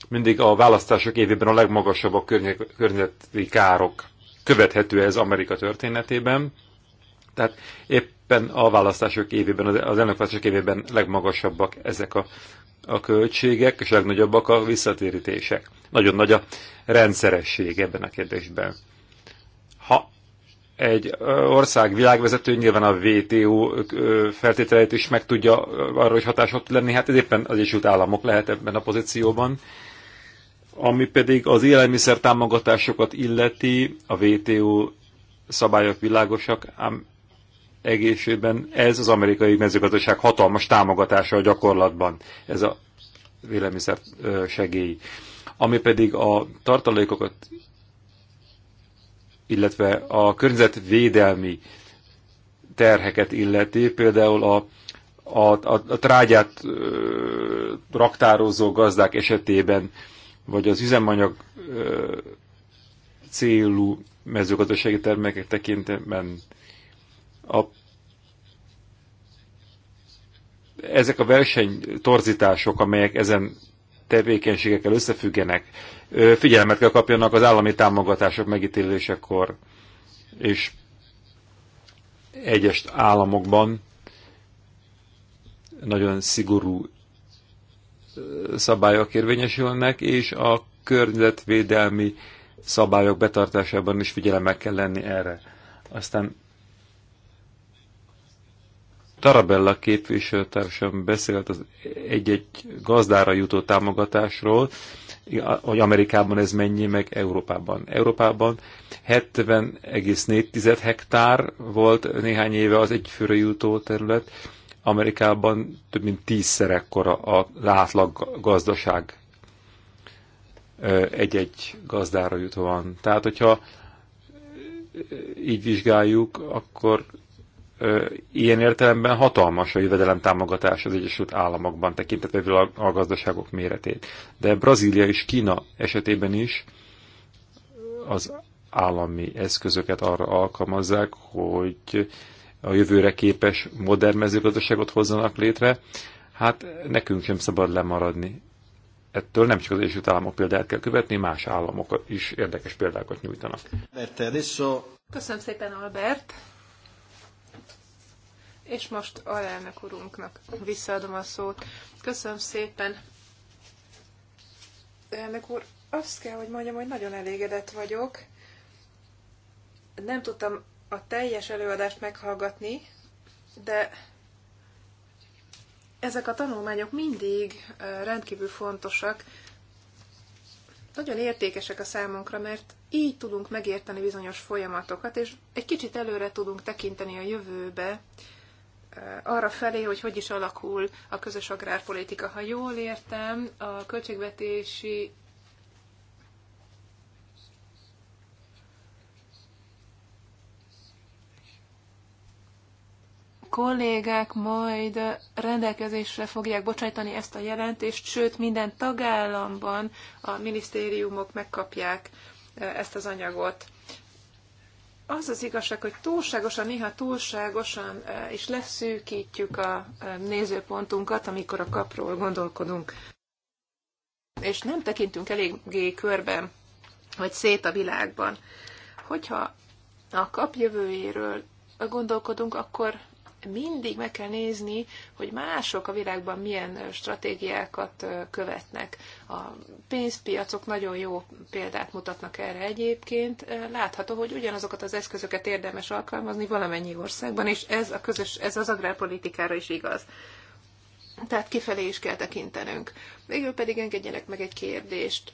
mindig a választások évében a legmagasabb a környezeti károk. Követhető ez Amerika történetében, tehát éppen a választások évében, az elnökválasztások évében legmagasabbak ezek a, a költségek, és legnagyobbak a visszatérítések. Nagyon nagy a rendszeresség ebben a kérdésben. Ha egy ország világvezető nyilván a WTO feltételeit is meg tudja arra, hogy hatásot lenni, hát ez éppen az Egyesült Államok lehet ebben a pozícióban. Ami pedig az élelmiszer támogatásokat illeti, a WTO szabályok világosak, ám egészében ez az amerikai mezőgazdaság hatalmas támogatása a gyakorlatban, ez a élelmiszer segély. Ami pedig a tartalékokat illetve a környezetvédelmi terheket illeti, például a, a, a, a trágyát ö, raktározó gazdák esetében, vagy az üzemanyag ö, célú mezőgazdasági termékek tekintetben a, ezek a versenytorzítások, amelyek ezen tevékenységekkel összefüggenek, figyelmet kell kapjanak az állami támogatások megítélésekor, és egyes államokban nagyon szigorú szabályok érvényesülnek, és a környezetvédelmi szabályok betartásában is figyelemmel kell lenni erre. Aztán Tarabella képviselőtársam beszélt az egy-egy gazdára jutó támogatásról, hogy Amerikában ez mennyi, meg Európában. Európában 70,4 hektár volt néhány éve az főre jutó terület, Amerikában több mint ekkora a látlag gazdaság egy-egy gazdára van. Tehát, hogyha így vizsgáljuk, akkor ilyen értelemben hatalmas a jövedelem támogatás az Egyesült Államokban tekintetve a gazdaságok méretét. De Brazília és Kína esetében is az állami eszközöket arra alkalmazzák, hogy a jövőre képes modern mezőgazdaságot hozzanak létre. Hát nekünk sem szabad lemaradni. Ettől nem csak az Egyesült Államok példáját kell követni, más államok is érdekes példákat nyújtanak. Köszönöm szépen, Albert! És most alelnök urunknak visszaadom a szót. Köszönöm szépen. Elnök úr, azt kell, hogy mondjam, hogy nagyon elégedett vagyok. Nem tudtam a teljes előadást meghallgatni, de ezek a tanulmányok mindig rendkívül fontosak, nagyon értékesek a számunkra, mert így tudunk megérteni bizonyos folyamatokat, és egy kicsit előre tudunk tekinteni a jövőbe, arra felé, hogy hogy is alakul a közös agrárpolitika. Ha jól értem, a költségvetési kollégák majd rendelkezésre fogják bocsájtani ezt a jelentést, sőt minden tagállamban a minisztériumok megkapják eh, ezt az anyagot az az igazság, hogy túlságosan, néha túlságosan eh, is leszűkítjük a eh, nézőpontunkat, amikor a kapról gondolkodunk. És nem tekintünk eléggé körben, vagy szét a világban. Hogyha a kap jövőjéről gondolkodunk, akkor mindig meg kell nézni, hogy mások a világban milyen stratégiákat követnek. A pénzpiacok nagyon jó példát mutatnak erre egyébként. Látható, hogy ugyanazokat az eszközöket érdemes alkalmazni valamennyi országban, és ez, a közös, ez az agrárpolitikára is igaz. Tehát kifelé is kell tekintenünk. Végül pedig engedjenek meg egy kérdést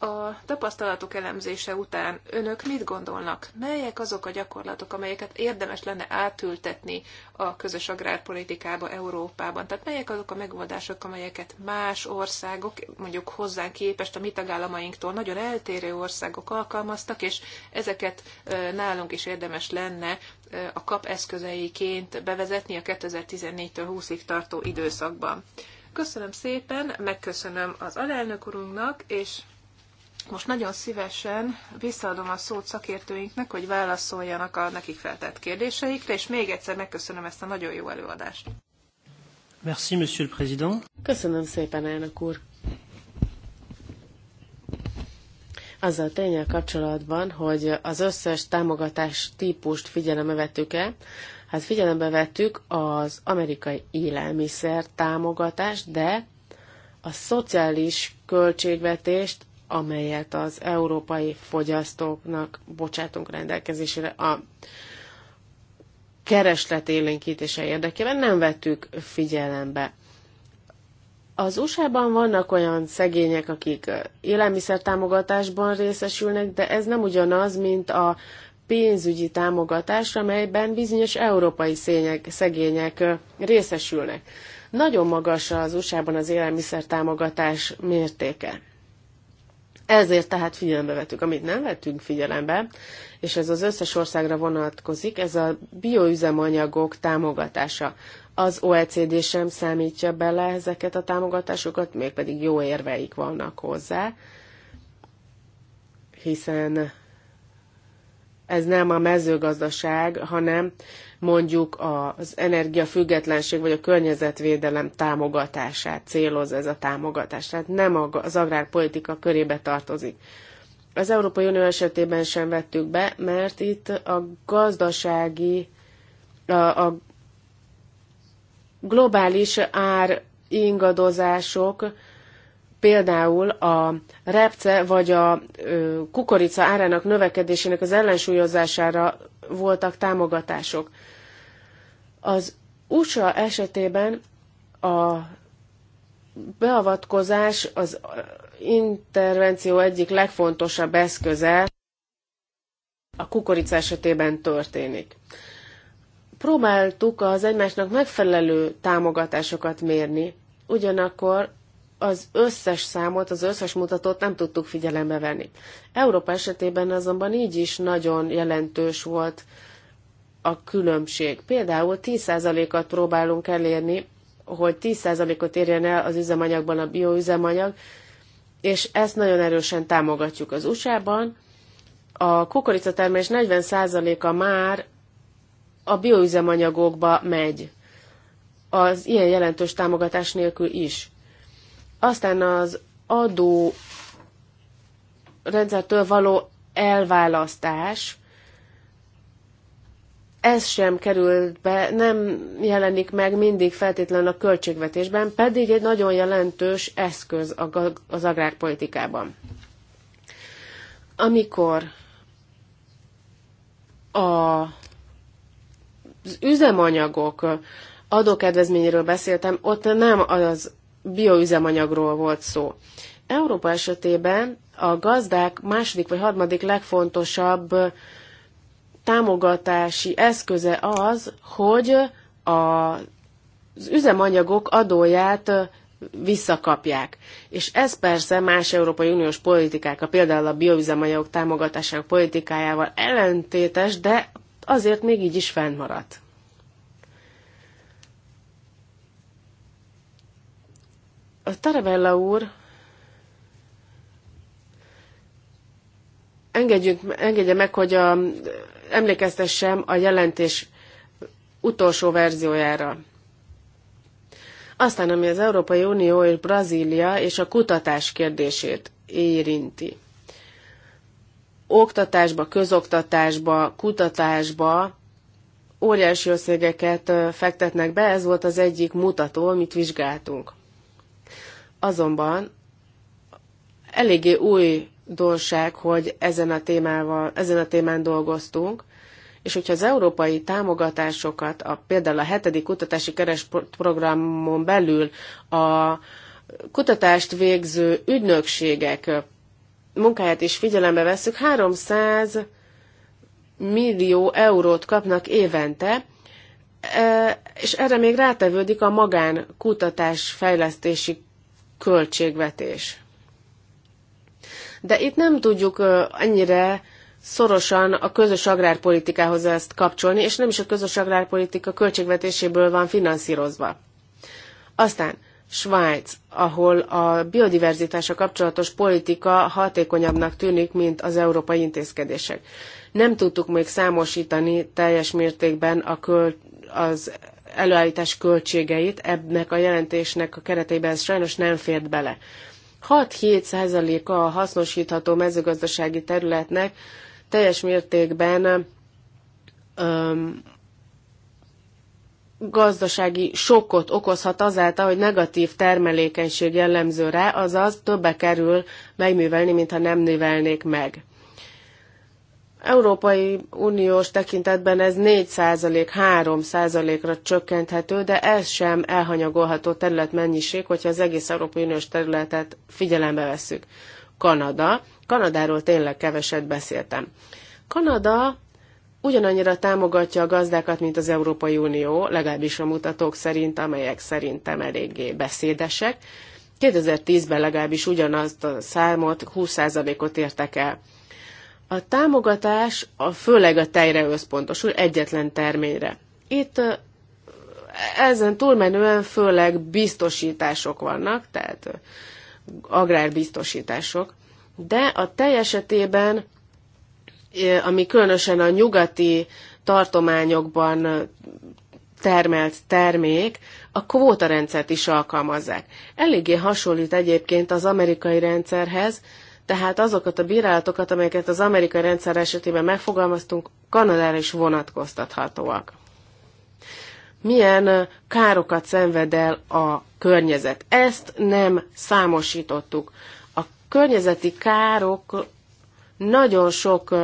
a tapasztalatok elemzése után önök mit gondolnak? Melyek azok a gyakorlatok, amelyeket érdemes lenne átültetni a közös agrárpolitikába Európában? Tehát melyek azok a megoldások, amelyeket más országok, mondjuk hozzánk képest a mi tagállamainktól nagyon eltérő országok alkalmaztak, és ezeket nálunk is érdemes lenne a kap eszközeiként bevezetni a 2014-től 20-ig tartó időszakban. Köszönöm szépen, megköszönöm az alelnök urunknak, és most nagyon szívesen visszaadom a szót szakértőinknek, hogy válaszoljanak a nekik feltett kérdéseikre, és még egyszer megköszönöm ezt a nagyon jó előadást. Merci, Monsieur le Président. Köszönöm szépen, elnök úr. Azzal a tényel kapcsolatban, hogy az összes támogatás típust figyelembe vettük-e, hát figyelembe vettük az amerikai élelmiszer támogatást, de a szociális költségvetést amelyet az európai fogyasztóknak bocsátunk rendelkezésére a kereslet élénkítése érdekében nem vettük figyelembe. Az USA-ban vannak olyan szegények, akik élelmiszertámogatásban részesülnek, de ez nem ugyanaz, mint a pénzügyi támogatás, amelyben bizonyos európai szények, szegények részesülnek. Nagyon magas az USA-ban az élelmiszertámogatás támogatás mértéke. Ezért tehát figyelembe vettük, amit nem vettünk figyelembe, és ez az összes országra vonatkozik, ez a bioüzemanyagok támogatása. Az OECD sem számítja bele ezeket a támogatásokat, mégpedig jó érveik vannak hozzá, hiszen ez nem a mezőgazdaság, hanem mondjuk az energiafüggetlenség vagy a környezetvédelem támogatását céloz ez a támogatás. Tehát nem az agrárpolitika körébe tartozik. Az Európai Unió esetében sem vettük be, mert itt a gazdasági, a, a globális ár ingadozások például a repce vagy a kukorica árának növekedésének az ellensúlyozására voltak támogatások. Az USA esetében a beavatkozás az intervenció egyik legfontosabb eszköze a kukorica esetében történik. Próbáltuk az egymásnak megfelelő támogatásokat mérni, ugyanakkor az összes számot, az összes mutatót nem tudtuk figyelembe venni. Európa esetében azonban így is nagyon jelentős volt a különbség. Például 10%-at próbálunk elérni, hogy 10%-ot érjen el az üzemanyagban a bioüzemanyag, és ezt nagyon erősen támogatjuk az USA-ban. A kukoricatermés 40%-a már a bioüzemanyagokba megy, az ilyen jelentős támogatás nélkül is. Aztán az adó rendszertől való elválasztás, ez sem került be, nem jelenik meg mindig feltétlen a költségvetésben, pedig egy nagyon jelentős eszköz az agrárpolitikában. Amikor a, az üzemanyagok adókedvezményéről beszéltem, ott nem az bioüzemanyagról volt szó. Európa esetében a gazdák második vagy harmadik legfontosabb támogatási eszköze az, hogy a, az üzemanyagok adóját visszakapják. És ez persze más Európai Uniós politikák, például a bioüzemanyagok támogatásának politikájával ellentétes, de azért még így is fennmaradt. A Tarabella úr engedjünk, engedje meg, hogy a, emlékeztessem a jelentés utolsó verziójára. Aztán, ami az Európai Unió és Brazília és a kutatás kérdését érinti. Oktatásba, közoktatásba, kutatásba óriási összegeket fektetnek be, ez volt az egyik mutató, amit vizsgáltunk. Azonban eléggé új dolság, hogy ezen a, témával, ezen a témán dolgoztunk, és hogyha az európai támogatásokat, a, például a hetedik kutatási keresprogramon belül a kutatást végző ügynökségek munkáját is figyelembe vesszük, 300 millió eurót kapnak évente, e, és erre még rátevődik a magánkutatás fejlesztési költségvetés. De itt nem tudjuk ennyire szorosan a közös agrárpolitikához ezt kapcsolni, és nem is a közös agrárpolitika költségvetéséből van finanszírozva. Aztán Svájc, ahol a biodiverzitása kapcsolatos politika hatékonyabbnak tűnik, mint az európai intézkedések. Nem tudtuk még számosítani teljes mértékben a köl, az előállítás költségeit ebnek a jelentésnek a keretében ez sajnos nem fért bele. 6-7 százaléka a hasznosítható mezőgazdasági területnek teljes mértékben öm, gazdasági sokkot okozhat azáltal, hogy negatív termelékenység jellemző rá, azaz többe kerül megművelni, mintha nem növelnék meg. Európai Uniós tekintetben ez 4%-3%-ra csökkenthető, de ez sem elhanyagolható területmennyiség, hogyha az egész Európai Uniós területet figyelembe vesszük. Kanada. Kanadáról tényleg keveset beszéltem. Kanada ugyanannyira támogatja a gazdákat, mint az Európai Unió, legalábbis a mutatók szerint, amelyek szerintem eléggé beszédesek. 2010-ben legalábbis ugyanazt a számot, 20%-ot értek el. A támogatás a, főleg a tejre összpontosul, egyetlen terményre. Itt ezen túlmenően főleg biztosítások vannak, tehát agrárbiztosítások, de a tej esetében, ami különösen a nyugati tartományokban termelt termék, a kvótarendszert is alkalmazzák. Eléggé hasonlít egyébként az amerikai rendszerhez, tehát azokat a bírálatokat, amelyeket az amerikai rendszer esetében megfogalmaztunk, Kanadára is vonatkoztathatóak. Milyen károkat szenved el a környezet? Ezt nem számosítottuk. A környezeti károk nagyon sok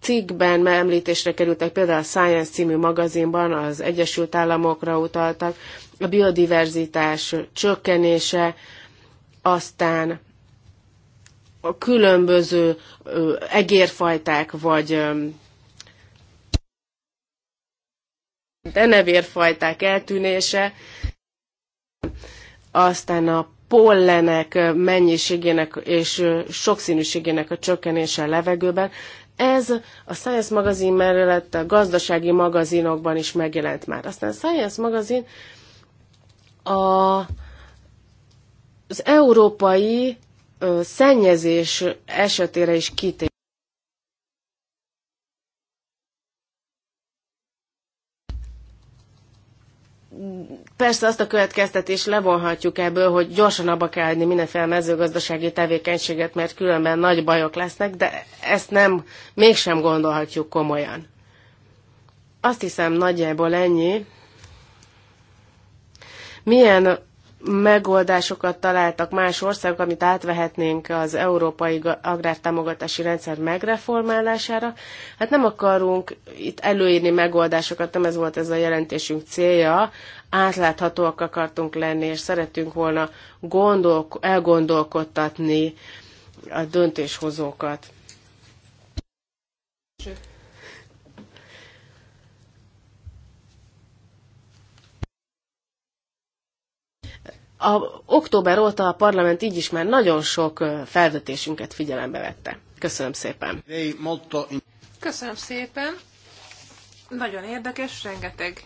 cikkben említésre kerültek, például a Science című magazinban az Egyesült Államokra utaltak, a biodiverzitás csökkenése, aztán a különböző egérfajták, vagy denevérfajták eltűnése, aztán a pollenek mennyiségének és sokszínűségének a csökkenése a levegőben. Ez a Science magazin mellett a gazdasági magazinokban is megjelent már. Aztán a Science magazin a, az európai szennyezés esetére is kitér. Persze azt a következtetés levonhatjuk ebből, hogy gyorsan abba kell adni mindenféle mezőgazdasági tevékenységet, mert különben nagy bajok lesznek, de ezt nem, mégsem gondolhatjuk komolyan. Azt hiszem nagyjából ennyi. Milyen megoldásokat találtak más országok, amit átvehetnénk az európai agrártámogatási rendszer megreformálására. Hát nem akarunk itt előírni megoldásokat, nem ez volt ez a jelentésünk célja. Átláthatóak akartunk lenni, és szerettünk volna gondolk- elgondolkodtatni a döntéshozókat. a, október óta a parlament így is már nagyon sok felvetésünket figyelembe vette. Köszönöm szépen. Köszönöm szépen. Nagyon érdekes, rengeteg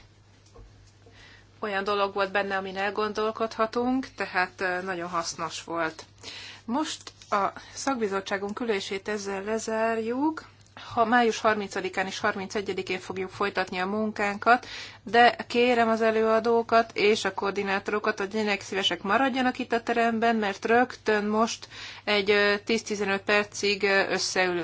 olyan dolog volt benne, amin elgondolkodhatunk, tehát nagyon hasznos volt. Most a szakbizottságunk ülését ezzel lezárjuk ha május 30-án és 31-én fogjuk folytatni a munkánkat, de kérem az előadókat és a koordinátorokat, hogy gyerek szívesek maradjanak itt a teremben, mert rögtön most egy 10-15 percig összeülünk.